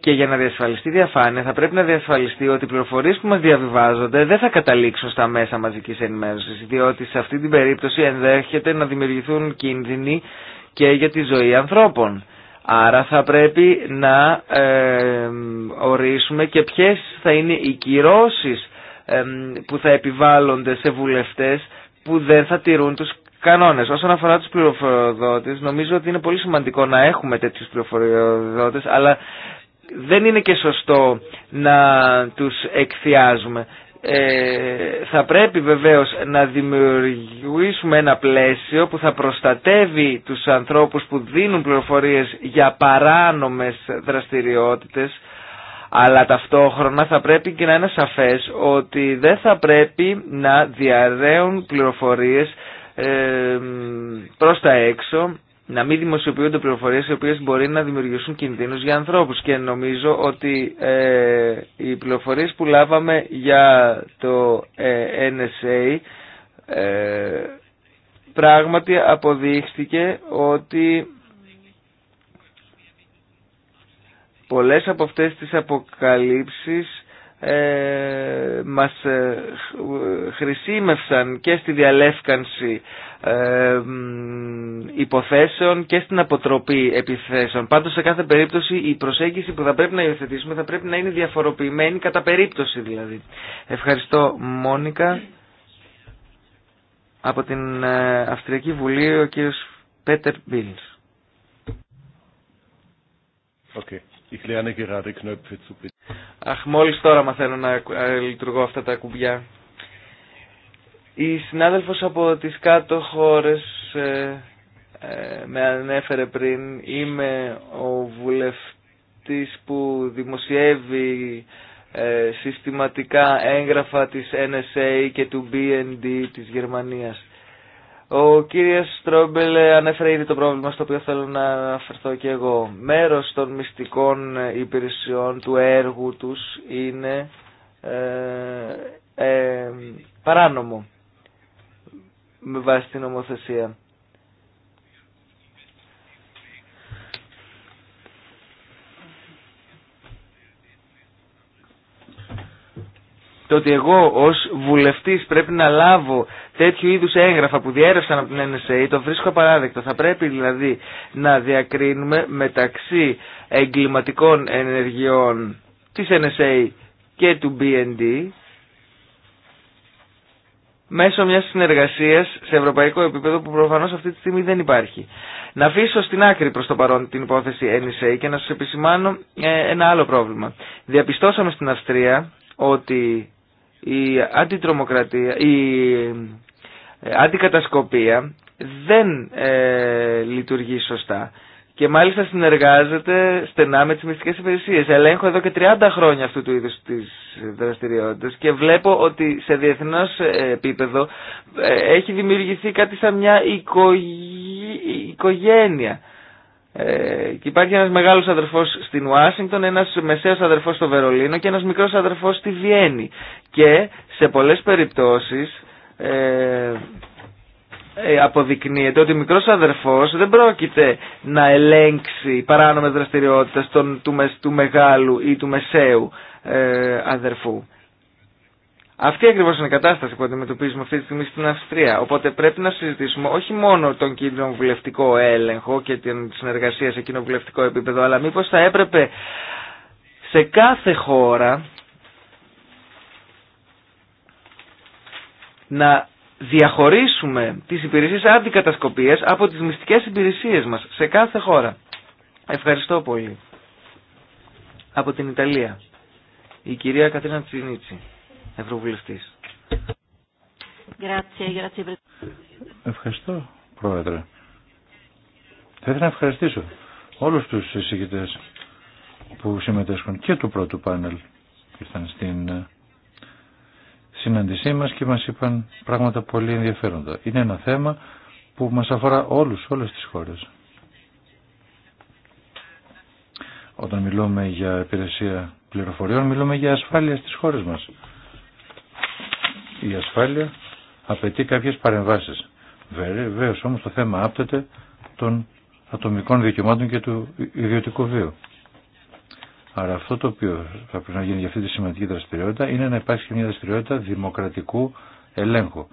Και για να διασφαλιστεί διαφάνεια θα πρέπει να διασφαλιστεί ότι οι πληροφορίες που μας διαβιβάζονται δεν θα καταλήξουν στα μέσα μαζικής ενημέρωσης, διότι σε αυτή την περίπτωση ενδέχεται να δημιουργηθούν κίνδυνοι και για τη ζωή ανθρώπων. Άρα θα πρέπει να ε, ορίσουμε και ποιες θα είναι οι κυρώσεις που θα επιβάλλονται σε βουλευτές που δεν θα τηρούν τους κανόνες. Όσον αφορά τους πληροφοριοδότες, νομίζω ότι είναι πολύ σημαντικό να έχουμε τέτοιους πληροφοριοδότες, αλλά δεν είναι και σωστό να τους εκθιάζουμε. Ε, θα πρέπει βεβαίως να δημιουργήσουμε ένα πλαίσιο που θα προστατεύει τους ανθρώπους που δίνουν πληροφορίες για παράνομες δραστηριότητες αλλά ταυτόχρονα θα πρέπει και να είναι σαφές ότι δεν θα πρέπει να διαρρέουν πληροφορίες ε, προς τα έξω να μην δημοσιοποιούνται πληροφορίες οι οποίες μπορεί να δημιουργήσουν κινδύνους για ανθρώπους και νομίζω ότι ε, οι πληροφορίες που λάβαμε για το ε, NSA ε, πράγματι αποδείχθηκε ότι πολλές από αυτές τις αποκαλύψεις ε, μας ε, χρησιμεύσαν και στη διαλεύκανση ε, υποθέσεων και στην αποτροπή επιθέσεων. Πάντως σε κάθε περίπτωση η προσέγγιση που θα πρέπει να υιοθετήσουμε θα πρέπει να είναι διαφοροποιημένη κατά περίπτωση δηλαδή. Ευχαριστώ Μόνικα. Από την ε, Αυστριακή Βουλή ο κύριος Πέτερ Μπίλς. Okay. Ich lerne gerade Knöpfe zu Αχ, μόλις τώρα μαθαίνω να ε, λειτουργώ αυτά τα κουμπιά. Η συνάδελφος από τις κάτω χώρες ε, ε, με ανέφερε πριν. Είμαι ο βουλευτής που δημοσιεύει συστηματικά έγγραφα της NSA και του BND της Γερμανίας. Ο κύριο Στρόμπελ ανέφερε ήδη το πρόβλημα στο οποίο θέλω να αναφερθώ και εγώ. Μέρος των μυστικών υπηρεσιών του έργου τους είναι ε, ε, παράνομο με βάση την νομοθεσία. Το ότι εγώ ως βουλευτής πρέπει να λάβω τέτοιου είδους έγγραφα που διέρευσαν από την NSA το βρίσκω απαράδεκτο. Θα πρέπει δηλαδή να διακρίνουμε μεταξύ εγκληματικών ενεργειών της NSA και του BND μέσω μιας συνεργασίας σε ευρωπαϊκό επίπεδο που προφανώς αυτή τη στιγμή δεν υπάρχει. Να αφήσω στην άκρη προς το παρόν την υπόθεση NSA και να σας επισημάνω ε, ένα άλλο πρόβλημα. Διαπιστώσαμε στην Αυστρία ότι η αντιτρομοκρατία, η ε, αντικατασκοπία δεν ε, λειτουργεί σωστά. Και μάλιστα συνεργάζεται στενά με τις μυστικές υπηρεσίες. Ελέγχω εδώ και 30 χρόνια αυτού του είδους της δραστηριότητας και βλέπω ότι σε διεθνώς ε, επίπεδο έχει δημιουργηθεί κάτι σαν μια οικογένεια. και υπάρχει ένας μεγάλος αδερφός στην Ουάσιγκτον, ένας μεσαίος αδερφός στο Βερολίνο και ένας μικρός αδερφός στη Βιέννη. Και σε πολλές περιπτώσεις ε, ε, αποδεικνύεται ότι ο μικρός αδερφός δεν πρόκειται να ελέγξει παράνομες δραστηριότητες των, του, του μεγάλου ή του μεσαίου ε, αδερφού. Αυτή ακριβώς είναι η του μεσαιου αδερφου αυτη ακριβως ειναι η κατασταση που αντιμετωπίζουμε αυτή τη στιγμή στην Αυστρία. Οπότε πρέπει να συζητήσουμε όχι μόνο τον κοινοβουλευτικό έλεγχο και την συνεργασία σε κοινοβουλευτικό επίπεδο, αλλά μήπως θα έπρεπε σε κάθε χώρα να διαχωρίσουμε τις υπηρεσίες αντικατασκοπίας από τις μυστικές υπηρεσίες μας σε κάθε χώρα. Ευχαριστώ πολύ. Από την Ιταλία, η κυρία Κατρίνα Τσινίτσι, Ευρωβουλευτής. Ευχαριστώ, Πρόεδρε. Θα ήθελα να ευχαριστήσω όλους τους συζητητές που συμμετέσχουν και του πρώτου πάνελ που ήρθαν στην ε, συνάντησή μας και μας είπαν πράγματα πολύ ενδιαφέροντα. Είναι ένα θέμα που μας αφορά όλους, όλες τις χώρες. Όταν μιλούμε για υπηρεσία πληροφοριών, μιλούμε για ασφάλεια στις χώρες μας. Η ασφάλεια απαιτεί κάποιες παρεμβάσεις. Βεβαίω όμως το θέμα άπτεται των ατομικών δικαιωμάτων και του ιδιωτικού βίου. Άρα αυτό το οποίο θα πρέπει να γίνει για αυτή τη σημαντική δραστηριότητα είναι να υπάρξει μια δραστηριότητα δημοκρατικού ελέγχου.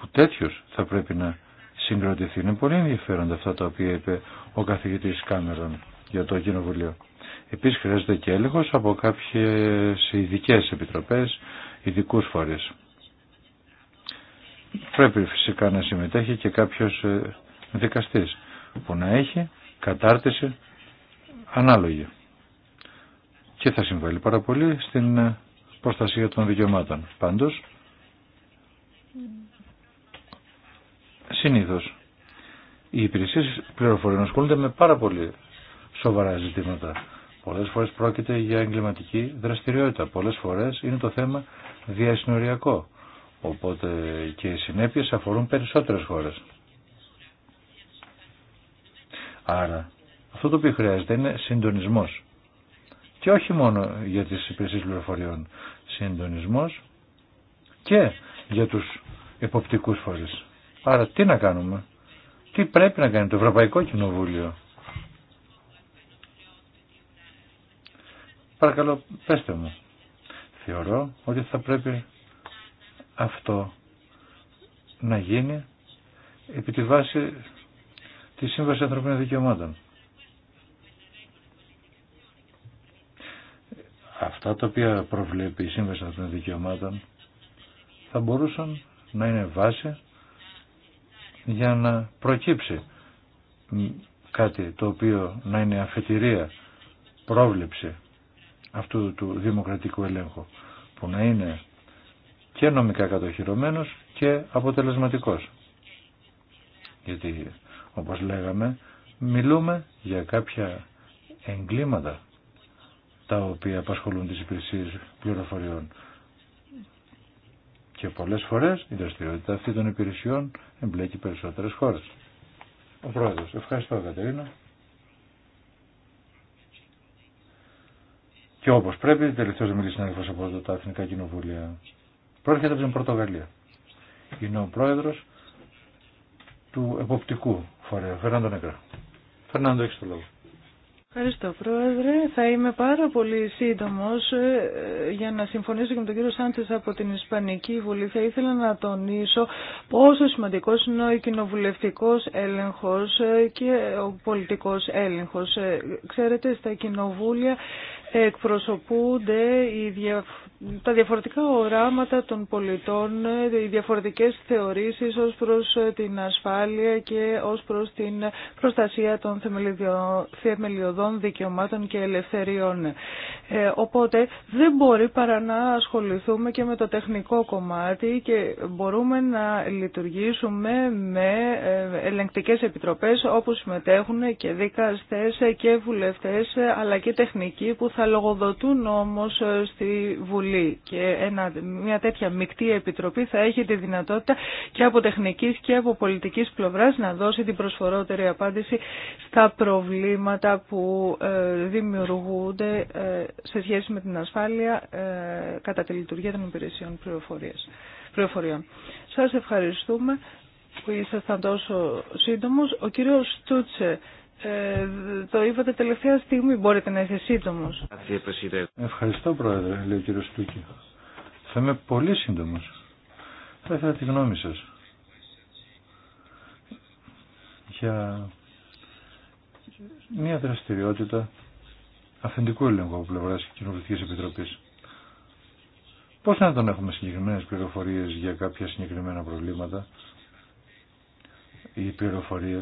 Που τέτοιο θα πρέπει να συγκροτηθεί. Είναι πολύ ενδιαφέροντα αυτά τα οποία είπε ο καθηγητή Κάμερον για το Κοινοβουλίο. Επίση χρειάζεται και έλεγχο από κάποιε ειδικέ επιτροπέ, ειδικού φορεί. Πρέπει φυσικά να συμμετέχει και κάποιο ε, δικαστή που να έχει κατάρτιση ανάλογη και θα συμβαίνει πάρα πολύ στην ε, προστασία των δικαιωμάτων. Πάντως, συνήθως οι υπηρεσίες πληροφοριών ασχολούνται με πάρα πολύ σοβαρά ζητήματα. Πολλές φορές πρόκειται για εγκληματική δραστηριότητα. Πολλές φορές είναι το θέμα διασυνοριακό. Οπότε και οι συνέπειες αφορούν περισσότερες χώρες. Άρα αυτό το οποίο χρειάζεται είναι συντονισμός και όχι μόνο για τις υπηρεσίες πληροφοριών συντονισμός και για τους εποπτικούς φορείς. Άρα τι να κάνουμε, τι πρέπει να κάνει το Ευρωπαϊκό Κοινοβούλιο. Παρακαλώ πέστε μου, θεωρώ ότι θα πρέπει αυτό να γίνει επί τη βάση της Σύμβασης Ανθρωπίνων Δικαιωμάτων. αυτά τα οποία προβλέπει η Σύμβαση των Δικαιωμάτων θα μπορούσαν να είναι βάση για να προκύψει κάτι το οποίο να είναι αφετηρία, πρόβλεψη αυτού του δημοκρατικού ελέγχου που να είναι και νομικά κατοχυρωμένος και αποτελεσματικός. Γιατί όπως λέγαμε μιλούμε για κάποια εγκλήματα τα οποία απασχολούν τις υπηρεσίες πληροφοριών. Και πολλές φορές η δραστηριότητα αυτή των υπηρεσιών εμπλέκει περισσότερες χώρες. Ο Πρόεδρος. Ευχαριστώ Κατερίνα. Και όπως πρέπει, να να συνάδελφος από τα Αθηνικά Κοινοβούλια. Πρόκειται από την Πορτογαλία. Είναι ο Πρόεδρος του Εποπτικού Φορέα, Φερνάντο Νεκρά. Φερνάντο, έχεις το λόγο. Ευχαριστώ, Πρόεδρε. Θα είμαι πάρα πολύ σύντομο ε, για να συμφωνήσω και με τον κύριο Σάντες από την Ισπανική Βουλή. Θα ήθελα να τονίσω πόσο σημαντικός είναι ο κοινοβουλευτικό έλεγχο ε, και ο πολιτικό έλεγχο. Ε, ξέρετε, στα κοινοβούλια εκπροσωπούνται τα διαφορετικά οράματα των πολιτών, οι διαφορετικές θεωρήσεις ως προς την ασφάλεια και ως προς την προστασία των θεμελιωδών δικαιωμάτων και ελευθεριών. Ε, οπότε δεν μπορεί παρά να ασχοληθούμε και με το τεχνικό κομμάτι και μπορούμε να λειτουργήσουμε με ε, ελεγκτικές επιτροπές όπου συμμετέχουν και δικαστές και βουλευτές αλλά και τεχνικοί που θα λογοδοτούν όμως ε, στη Βουλή και ένα, μια τέτοια μεικτή επιτροπή θα έχει τη δυνατότητα και από τεχνικής και από πολιτικής πλευράς να δώσει την προσφορότερη απάντηση στα προβλήματα που ε, δημιουργούνται ε, σε σχέση με την ασφάλεια κατά τη λειτουργία των υπηρεσιών πληροφοριών. Σας ευχαριστούμε που ήσασταν τόσο σύντομος. Ο κύριος Στούτσε ε, το είπατε τελευταία στιγμή, μπορείτε να είστε σύντομο. Ευχαριστώ Πρόεδρε, λέει ο κύριο Στούκη. Θα είμαι πολύ σύντομο. Θα ήθελα τη γνώμη σα για μια δραστηριότητα αφεντικού έλεγχου από πλευρά τη Κοινοβουλευτική Επιτροπή. Πώ να τον έχουμε συγκεκριμένε πληροφορίε για κάποια συγκεκριμένα προβλήματα ή πληροφορίε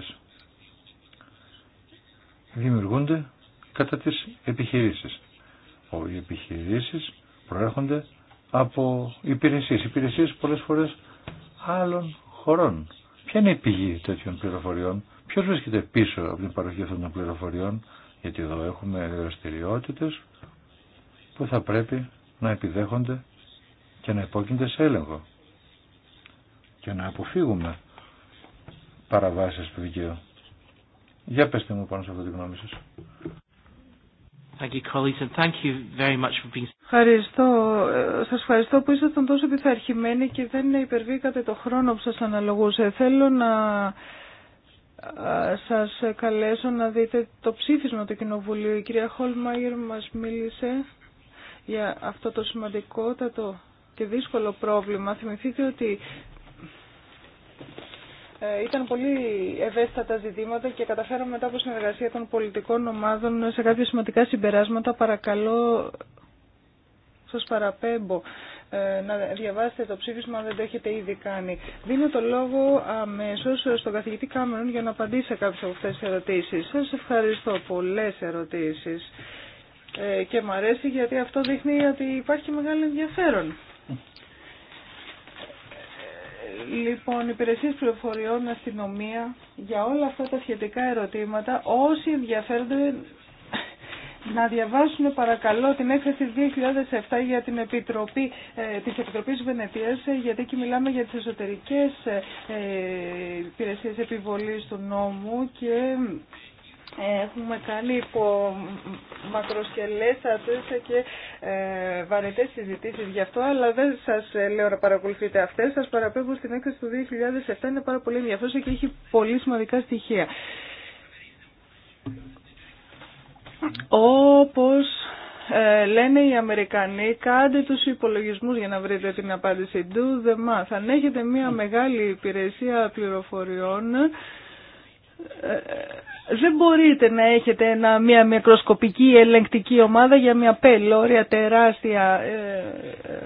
δημιουργούνται κατά τις επιχειρήσεις. Οι επιχειρήσεις προέρχονται από υπηρεσίες. Υπηρεσίες πολλές φορές άλλων χωρών. Ποια είναι η πηγή τέτοιων πληροφοριών, ποιος βρίσκεται πίσω από την παροχή αυτών των πληροφοριών, γιατί εδώ έχουμε δραστηριότητε που θα πρέπει να επιδέχονται και να υπόκεινται σε έλεγχο και να αποφύγουμε παραβάσεις του δικαίου. Για πέστε μου πάνω σε αυτή τη γνώμη σας. Thank Ευχαριστώ. Ε, σας ευχαριστώ που ήσασταν τόσο επιθαρχημένοι και δεν υπερβήκατε το χρόνο που σας αναλογούσε. Θέλω να ε, σας καλέσω να δείτε το ψήφισμα του Κοινοβουλίου. Η κυρία Χολμάγερ μας μίλησε για αυτό το σημαντικότατο και δύσκολο πρόβλημα. Θυμηθείτε ότι ε, ήταν πολύ ευαίσθητα τα ζητήματα και καταφέραμε μετά από συνεργασία των πολιτικών ομάδων σε κάποια σημαντικά συμπεράσματα. Παρακαλώ, σας παραπέμπω ε, να διαβάσετε το ψήφισμα αν δεν το έχετε ήδη κάνει. Δίνω το λόγο αμέσως στον καθηγητή Κάμερον για να απαντήσει σε κάποιες από αυτές τις ερωτήσεις. Σας ευχαριστώ. Πολλές ερωτήσεις. Ε, και μου αρέσει γιατί αυτό δείχνει ότι υπάρχει μεγάλο ενδιαφέρον λοιπόν, υπηρεσίες πληροφοριών, αστυνομία, για όλα αυτά τα σχετικά ερωτήματα, όσοι ενδιαφέρονται να διαβάσουν παρακαλώ την έκθεση 2007 για την Επιτροπή, ε, της Επιτροπής Βενετίας, ε, γιατί εκεί μιλάμε για τις εσωτερικές ε, ε υπηρεσίες επιβολής του νόμου και Έχουμε κάνει υπό μακροσκελέστατες και ε, βαρετές συζητήσεις γι' αυτό, αλλά δεν σας ε, λέω να παρακολουθείτε αυτές. Σας παραπέμπω στην έκθεση του 2007, είναι πάρα πολύ ενδιαφέρουσα και έχει πολύ σημαντικά στοιχεία. Όπως ε, λένε οι Αμερικανοί, κάντε τους υπολογισμούς για να βρείτε την απάντηση. Do the math. Αν έχετε μια μεγάλη υπηρεσία πληροφοριών, ε, δεν μπορείτε να έχετε μια μικροσκοπική ελεγκτική ομάδα για μια πελώρια τεράστια ε, ε, ε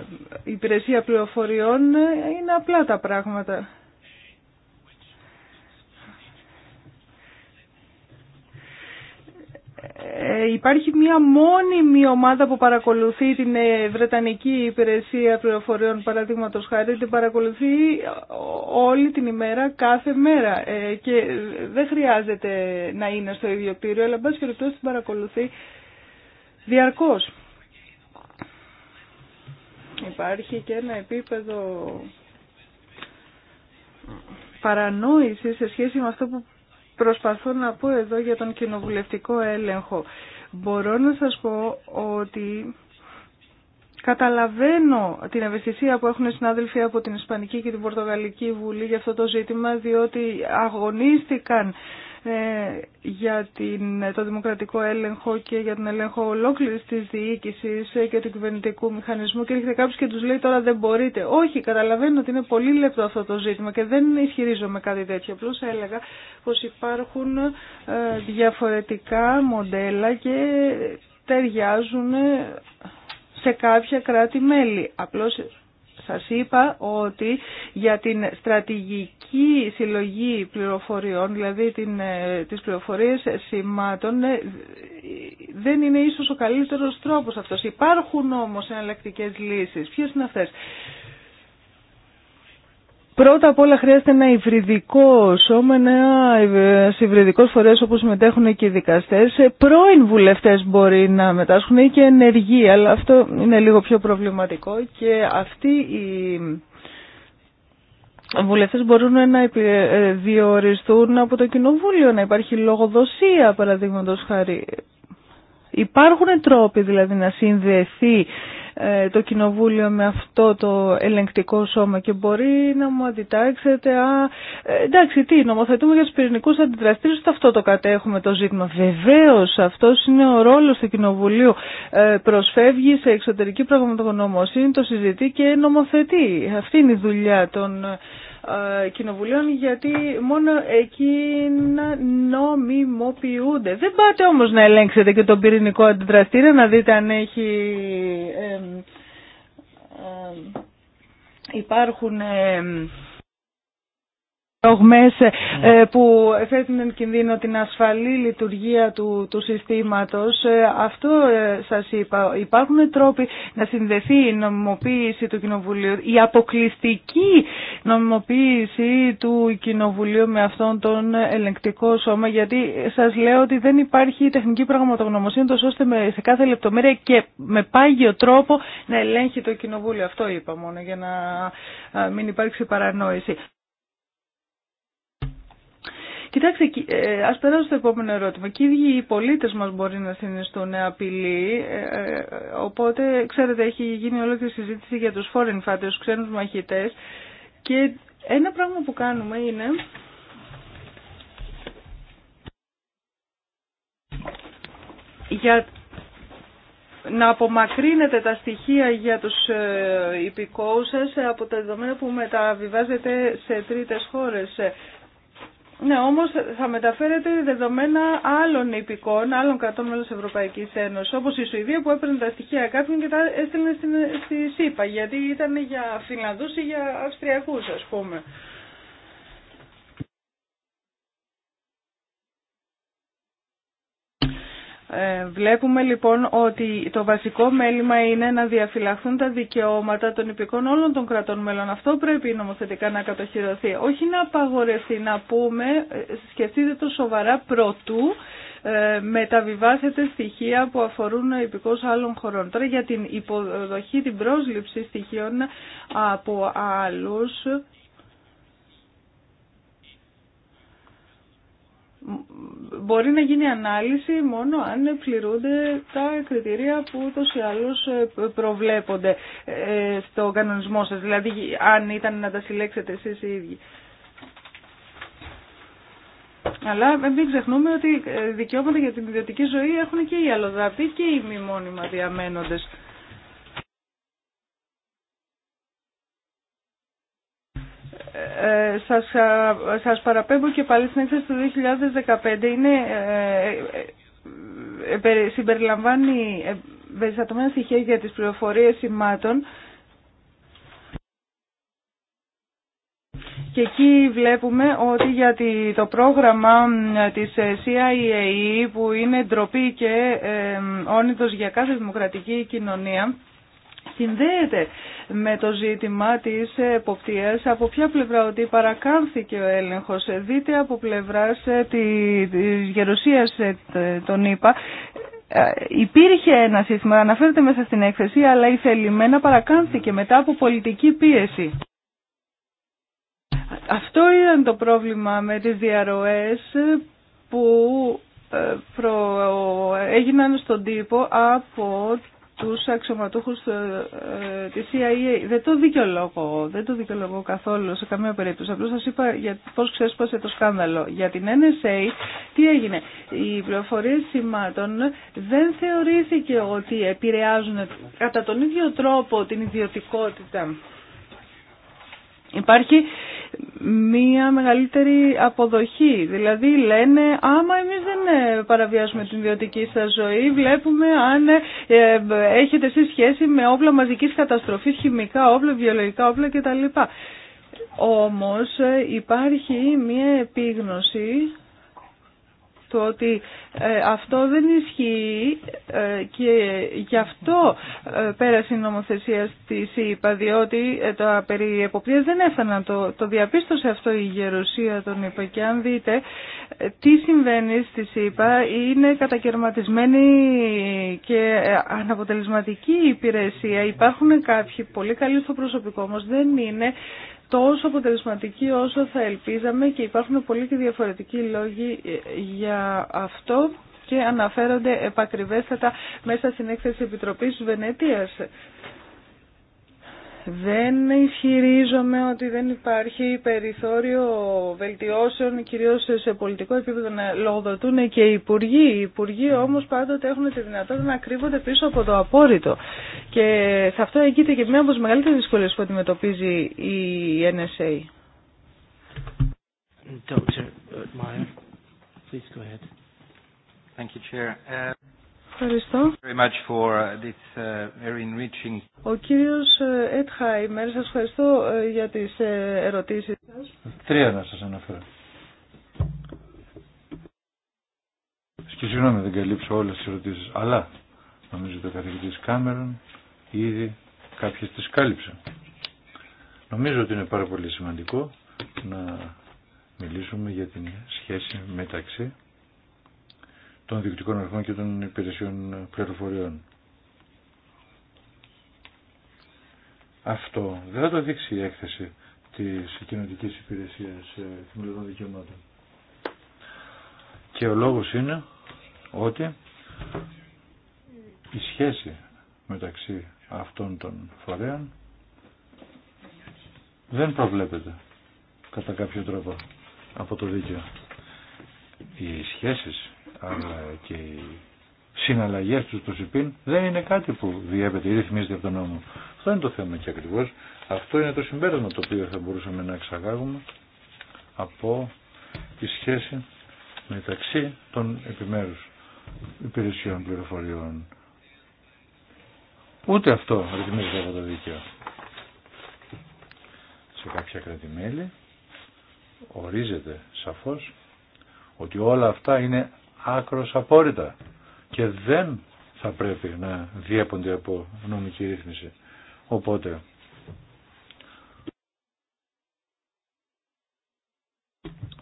υπηρεσία πληροφοριών. Είναι απλά τα πράγματα. Ε, υπάρχει μια μόνιμη ομάδα που παρακολουθεί την ε, Βρετανική Υπηρεσία Πληροφοριών παραδείγματο χάρη, την παρακολουθεί όλη την ημέρα, κάθε μέρα ε, και δεν χρειάζεται να είναι στο ίδιο κτίριο, αλλά μπας και την παρακολουθεί διαρκώς. Υπάρχει και ένα επίπεδο παρανόηση σε σχέση με αυτό που προσπαθώ να πω εδώ για τον κοινοβουλευτικό έλεγχο. Μπορώ να σας πω ότι Καταλαβαίνω την ευαισθησία που έχουν οι συνάδελφοι από την Ισπανική και την Πορτογαλική Βουλή για αυτό το ζήτημα, διότι αγωνίστηκαν ε, για την, το δημοκρατικό έλεγχο και για τον έλεγχο ολόκληρη τη διοίκηση ε, και του κυβερνητικού μηχανισμού και έρχεται κάποιο και του λέει τώρα δεν μπορείτε. Όχι, καταλαβαίνω ότι είναι πολύ λεπτό αυτό το ζήτημα και δεν ισχυρίζομαι κάτι τέτοιο. Απλώ έλεγα πω υπάρχουν ε, διαφορετικά μοντέλα και ταιριάζουν σε κάποια κράτη-μέλη. Απλώς σας είπα ότι για την στρατηγική συλλογή πληροφοριών, δηλαδή την, ε, τις πληροφορίες σημάτων, ε, δεν είναι ίσως ο καλύτερος τρόπος αυτός. Υπάρχουν όμως εναλλακτικέ λύσεις. Ποιες είναι αυτές. Πρώτα απ' όλα χρειάζεται ένα υβριδικό σώμα, ένα υβριδικό φορέα όπως συμμετέχουν και οι δικαστέ. Πρώην βουλευτέ μπορεί να μετάσχουν ή και ενεργοί, αλλά αυτό είναι λίγο πιο προβληματικό και αυτοί οι βουλευτέ μπορούν να ε, διοριστούν από το κοινοβούλιο, να υπάρχει λογοδοσία παραδείγματο χάρη. Υπάρχουν τρόποι δηλαδή να συνδεθεί ε, το κοινοβούλιο με αυτό το ελεγκτικό σώμα και μπορεί να μου αντιτάξετε α, ε, εντάξει τι νομοθετούμε για τους πυρηνικούς αντιδραστήρες αυτό το κατέχουμε το ζήτημα βεβαίως αυτός είναι ο ρόλος του κοινοβουλίου ε, προσφεύγει σε εξωτερική πραγματογνωμοσύνη το συζητεί και νομοθετεί αυτή είναι η δουλειά των ε, ε, κοινοβουλίων γιατί μόνο εκείνα νομιμοποιούνται. Δεν πάτε όμως να ελέγξετε και τον πυρηνικό αντιδραστήριο να δείτε αν έχει... Ε, ε, υπάρχουν ε, ναι. που θέτουν εν κινδύνο την ασφαλή λειτουργία του, του συστήματος. Ε, αυτό ε, σας είπα. Υπάρχουν τρόποι να συνδεθεί η νομιμοποίηση του Κοινοβουλίου, η αποκλειστική νομιμοποίηση του Κοινοβουλίου με αυτόν τον ελεγκτικό σώμα, γιατί σας λέω ότι δεν υπάρχει τεχνική πραγματογνωμοσύνη, τόσο ώστε σε κάθε λεπτομέρεια και με πάγιο τρόπο να ελέγχει το Κοινοβούλιο. Αυτό είπα μόνο για να μην υπάρξει παρανόηση. Κοιτάξτε, ε, ας περάσω στο επόμενο ερώτημα. Και οι ίδιοι οι πολίτες μας μπορεί να θυμιστούν απειλή, ε, ε, οπότε, ξέρετε, έχει γίνει όλη τη συζήτηση για τους foreign fighters, τους ξένους μαχητές, και ένα πράγμα που κάνουμε είναι για να απομακρύνετε τα στοιχεία για τους υπηκόου υπηκόους από τα δεδομένα που μεταβιβάζετε σε τρίτες χώρες. Ναι, όμως θα μεταφέρεται δεδομένα άλλων υπηκών, άλλων κρατών μέλων της Ευρωπαϊκής Ένωσης, όπως η Σουηδία που έπαιρνε τα στοιχεία κάποιων και τα έστελνε στη ΣΥΠΑ, γιατί ήταν για Φινλανδούς ή για Αυστριακούς, ας πούμε. Ε, βλέπουμε λοιπόν ότι το βασικό μέλημα είναι να διαφυλαχθούν τα δικαιώματα των υπηκών όλων των κρατών μέλων. Αυτό πρέπει νομοθετικά να κατοχυρωθεί. Όχι να απαγορευτεί, να πούμε, ε, σκεφτείτε το σοβαρά πρωτού ε, μεταβιβάσετε στοιχεία που αφορούν υπηκός άλλων χωρών. Τώρα για την υποδοχή, την πρόσληψη στοιχείων από άλλους μπορεί να γίνει ανάλυση μόνο αν πληρούνται τα κριτήρια που ούτως ή άλλως ε, προβλέπονται ε, στο κανονισμό σας, δηλαδή αν ήταν να τα συλλέξετε εσείς οι ίδιοι. Αλλά μην ξεχνούμε ότι ε, δικαιώματα για την ιδιωτική ζωή έχουν και οι αλλοδαποί και οι μη μόνιμα διαμένοντες. Ε, σας, σας παραπέμπω και πάλι στην έκθεση του 2015. Είναι, ε, ε, ε, ε συμπεριλαμβάνει περιστατωμένα στοιχεία για τις πληροφορίες σημάτων Και εκεί βλέπουμε ότι για το πρόγραμμα της CIA e, που είναι ντροπή και όνειδος για κάθε δημοκρατική κοινωνία συνδέεται με το ζήτημα της εποπτείας από ποια πλευρά ότι παρακάμφθηκε ο έλεγχος. Δείτε από πλευράς ε, της γερουσίας ε, ε, τον ήπα. υπήρχε ένα σύστημα, αναφέρεται μέσα στην έκθεση, αλλά η θελημένα παρακάμφθηκε μετά από πολιτική πίεση. Αυτό ήταν το πρόβλημα με τις διαρροές που προ... έγιναν στον τύπο από τους αξιωματούχους ε, της CIA. Δεν το δικαιολογώ, δεν το δικαιολογώ καθόλου σε καμία περίπτωση. Απλώς σας είπα για πώς ξέσπασε το σκάνδαλο. Για την NSA τι έγινε. Οι πληροφορίε σημάτων δεν θεωρήθηκε ότι επηρεάζουν κατά τον ίδιο τρόπο την ιδιωτικότητα Υπάρχει μία μεγαλύτερη αποδοχή. Δηλαδή λένε άμα εμείς δεν ε, παραβιάζουμε την ιδιωτική σας ζωή, βλέπουμε αν ε, ε, έχετε εσείς σχέση με όπλα μαζικής καταστροφής, χημικά όπλα, βιολογικά όπλα κτλ. Όμως υπάρχει μία επίγνωση ότι ε, αυτό δεν ισχύει ε, και γι' αυτό ε, πέρασε η νομοθεσία στη ΣΥΠΑ, διότι τα περί εποπτείας δεν έφταναν. Το, το διαπίστωσε αυτό η γερουσία των ΗΠΑ και αν δείτε τι συμβαίνει στη ΣΥΠΑ είναι κατακαιρματισμένη και αναποτελεσματική υπηρεσία. Υπάρχουν κάποιοι πολύ καλοί στο προσωπικό, όμως δεν είναι τόσο αποτελεσματική όσο θα ελπίζαμε και υπάρχουν πολύ και διαφορετικοί λόγοι ε, για αυτό και αναφέρονται επακριβέστατα μέσα στην έκθεση Επιτροπής Βενετίας. Δεν ισχυρίζομαι ότι δεν υπάρχει περιθώριο βελτιώσεων, κυρίως σε πολιτικό επίπεδο να λογοδοτούν και οι υπουργοί. Οι υπουργοί όμως πάντοτε έχουν τη δυνατότητα να κρύβονται πίσω από το απόρριτο. Και σε αυτό εγγύεται και μία από τις μεγαλύτερες δυσκολίες που αντιμετωπίζει η NSA. Dr. please go ahead. Thank you, Chair. Uh, Ευχαριστώ. Uh, uh, ο κύριος Ετχάιμερ, σας ευχαριστώ ε, για τις ε, ερωτήσεις σας. Τρία να σας αναφέρω. Και συγγνώμη δεν καλύψω όλες τις ερωτήσεις, αλλά νομίζω ότι ο καθηγητής Κάμερον ήδη κάποιες τις κάλυψε. Νομίζω ότι είναι πάρα πολύ σημαντικό να μιλήσουμε για την σχέση μεταξύ των διοικητικών αρχών και των υπηρεσιών πληροφοριών. Αυτό δεν θα το δείξει η έκθεση της κοινωνικής υπηρεσίας ε, θεμελιωδών δικαιωμάτων. Και ο λόγος είναι ότι η σχέση μεταξύ αυτών των φορέων δεν προβλέπεται κατά κάποιο τρόπο από το δίκαιο. Οι σχέσεις αλλά και οι συναλλαγές του στο ΣΥΠΗΝ δεν είναι κάτι που διέπεται ή ρυθμίζεται από τον νόμο. Αυτό είναι το θέμα και ακριβώς αυτό είναι το συμπέρασμα το οποίο θα μπορούσαμε να εξαγάγουμε από τη σχέση μεταξύ των επιμέρους υπηρεσιών πληροφοριών. Ούτε αυτό ρυθμίζεται από το δίκαιο. Σε κάποια κρατημέλη ορίζεται σαφώς ότι όλα αυτά είναι άκρος απόρριτα και δεν θα πρέπει να διέπονται από νομική ρύθμιση. Οπότε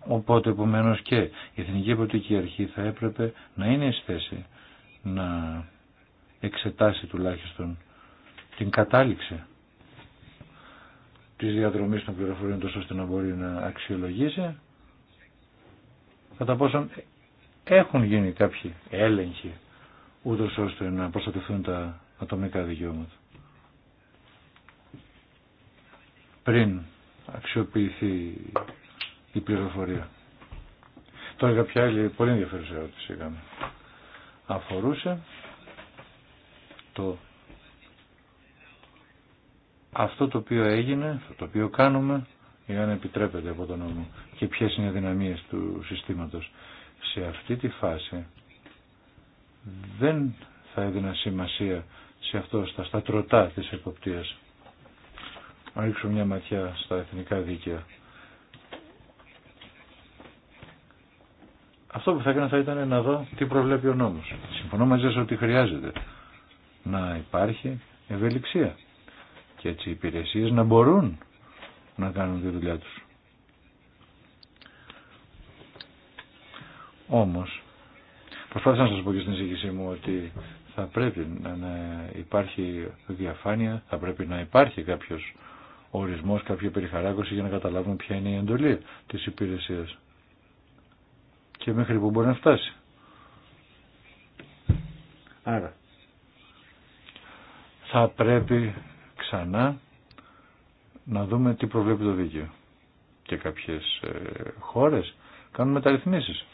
Οπότε επομένω και η Εθνική Υποτική Αρχή θα έπρεπε να είναι εις θέση να εξετάσει τουλάχιστον την κατάληξη της διαδρομής των πληροφοριών τόσο ώστε να μπορεί να αξιολογήσει κατά πόσον έχουν γίνει κάποιοι έλεγχοι ούτω ώστε να προστατευτούν τα ατομικά δικαιώματα. Πριν αξιοποιηθεί η πληροφορία. Τώρα κάποια άλλη πολύ ενδιαφέρουσα ερώτηση είχαμε. Αφορούσε το αυτό το οποίο έγινε, το οποίο κάνουμε, ή να επιτρέπεται από το νόμο και ποιες είναι οι δυναμίες του συστήματος σε αυτή τη φάση δεν θα έδινα σημασία σε αυτό, στα, στα τροτά της εποπτείας. Να μια ματιά στα εθνικά δίκαια. Αυτό που θα έκανα θα ήταν να δω τι προβλέπει ο νόμος. Συμφωνώ μαζί σας ότι χρειάζεται να υπάρχει ευελιξία και έτσι οι υπηρεσίες να μπορούν να κάνουν τη δουλειά τους. Όμως, προσπάθησα να σας πω και στην εισήγησή μου ότι θα πρέπει να υπάρχει διαφάνεια, θα πρέπει να υπάρχει κάποιος ορισμός, κάποια περιχαράκωση για να καταλάβουμε ποια είναι η εντολή της υπηρεσίας και μέχρι που μπορεί να φτάσει. Άρα, θα πρέπει ξανά να δούμε τι προβλέπει το δίκαιο. Και κάποιες ε, χώρες κάνουν μεταρρυθμίσεις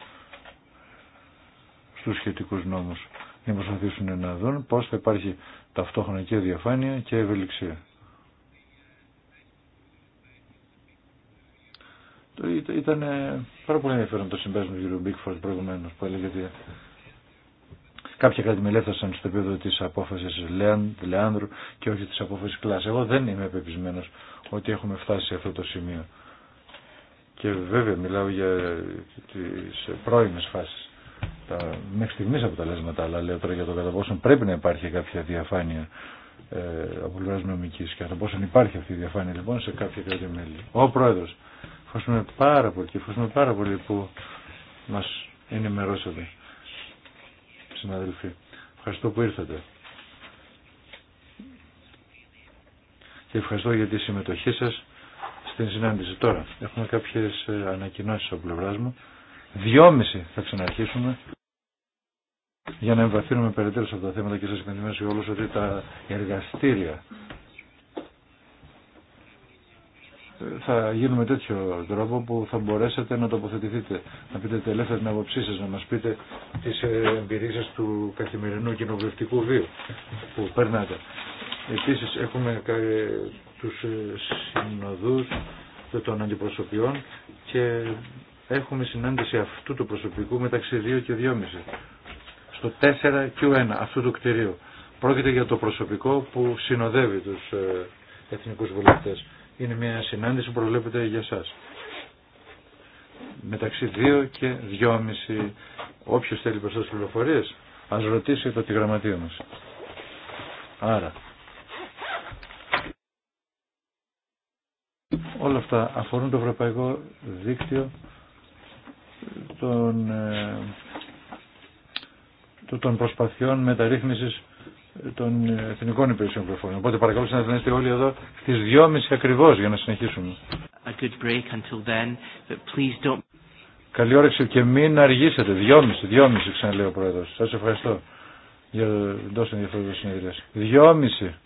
του σχετικούς νόμους να προσπαθήσουν να δουν πώς θα υπάρχει ταυτόχρονα και διαφάνεια και ευελιξία. Ήταν ε, πάρα πολύ ενδιαφέρον το συμπέρασμα του κ. Μπίκφορντ προηγουμένω που έλεγε ότι κάποια κράτη μελέφθασαν στο επίπεδο τη απόφαση Λεάνδρου και όχι τη απόφαση Κλάς. Εγώ δεν είμαι πεπισμένο ότι έχουμε φτάσει σε αυτό το σημείο. Και βέβαια μιλάω για τι πρώιμε φάσει τα μέχρι στιγμής αποτελέσματα, αλλά λέω τώρα για το κατά πόσο πρέπει να υπάρχει κάποια διαφάνεια ε, από πλευρά νομική και κατά πόσο υπάρχει αυτή η διαφάνεια λοιπόν σε κάποια κράτη μέλη. Ο Πρόεδρο, ευχαριστούμε πάρα πολύ και πάρα πολύ που μα ενημερώσατε, συναδελφοί. Ευχαριστώ που ήρθατε. Και ευχαριστώ για τη συμμετοχή σας στην συνάντηση. Τώρα έχουμε κάποιες ε, ανακοινώσεις από πλευρά μου δυόμιση θα ξαναρχίσουμε για να εμβαθύνουμε περαιτέρω σε αυτά τα θέματα και σας υπενθυμίσω σε όλους ότι τα εργαστήρια θα γίνουν με τέτοιο τρόπο που θα μπορέσετε να τοποθετηθείτε, να πείτε την ελεύθερη άποψή σα, να μας πείτε τις εμπειρίες του καθημερινού κοινοβουλευτικού βίου που περνάτε. Επίσης έχουμε τους συνοδούς των αντιπροσωπιών και έχουμε συνάντηση αυτού του προσωπικού μεταξύ 2 και 2,5 στο 4Q1 αυτού του κτηρίου. Πρόκειται για το προσωπικό που συνοδεύει τους ε, εθνικούς βουλευτές. Είναι μια συνάντηση που προβλέπεται για σας. Μεταξύ 2 και 2,5 όποιος θέλει περισσότερες πληροφορίες ας ρωτήσει το τη γραμματεία μας. Άρα, όλα αυτά αφορούν το Ευρωπαϊκό Δίκτυο των, ε, των προσπαθειών μεταρρύθμισης των εθνικών υπηρεσιών πληροφοριών. Οπότε παρακαλώ να συναντηθείτε όλοι εδώ στις 2.30 ακριβώς για να συνεχίσουμε. A good break until then, but please don't... Καλή όρεξη και μην αργήσετε. 2.30, 2.30 ξαναλέω ο Πρόεδρος. Σας ευχαριστώ για τόσο ενδιαφέροντα συνεδρία. 2.30.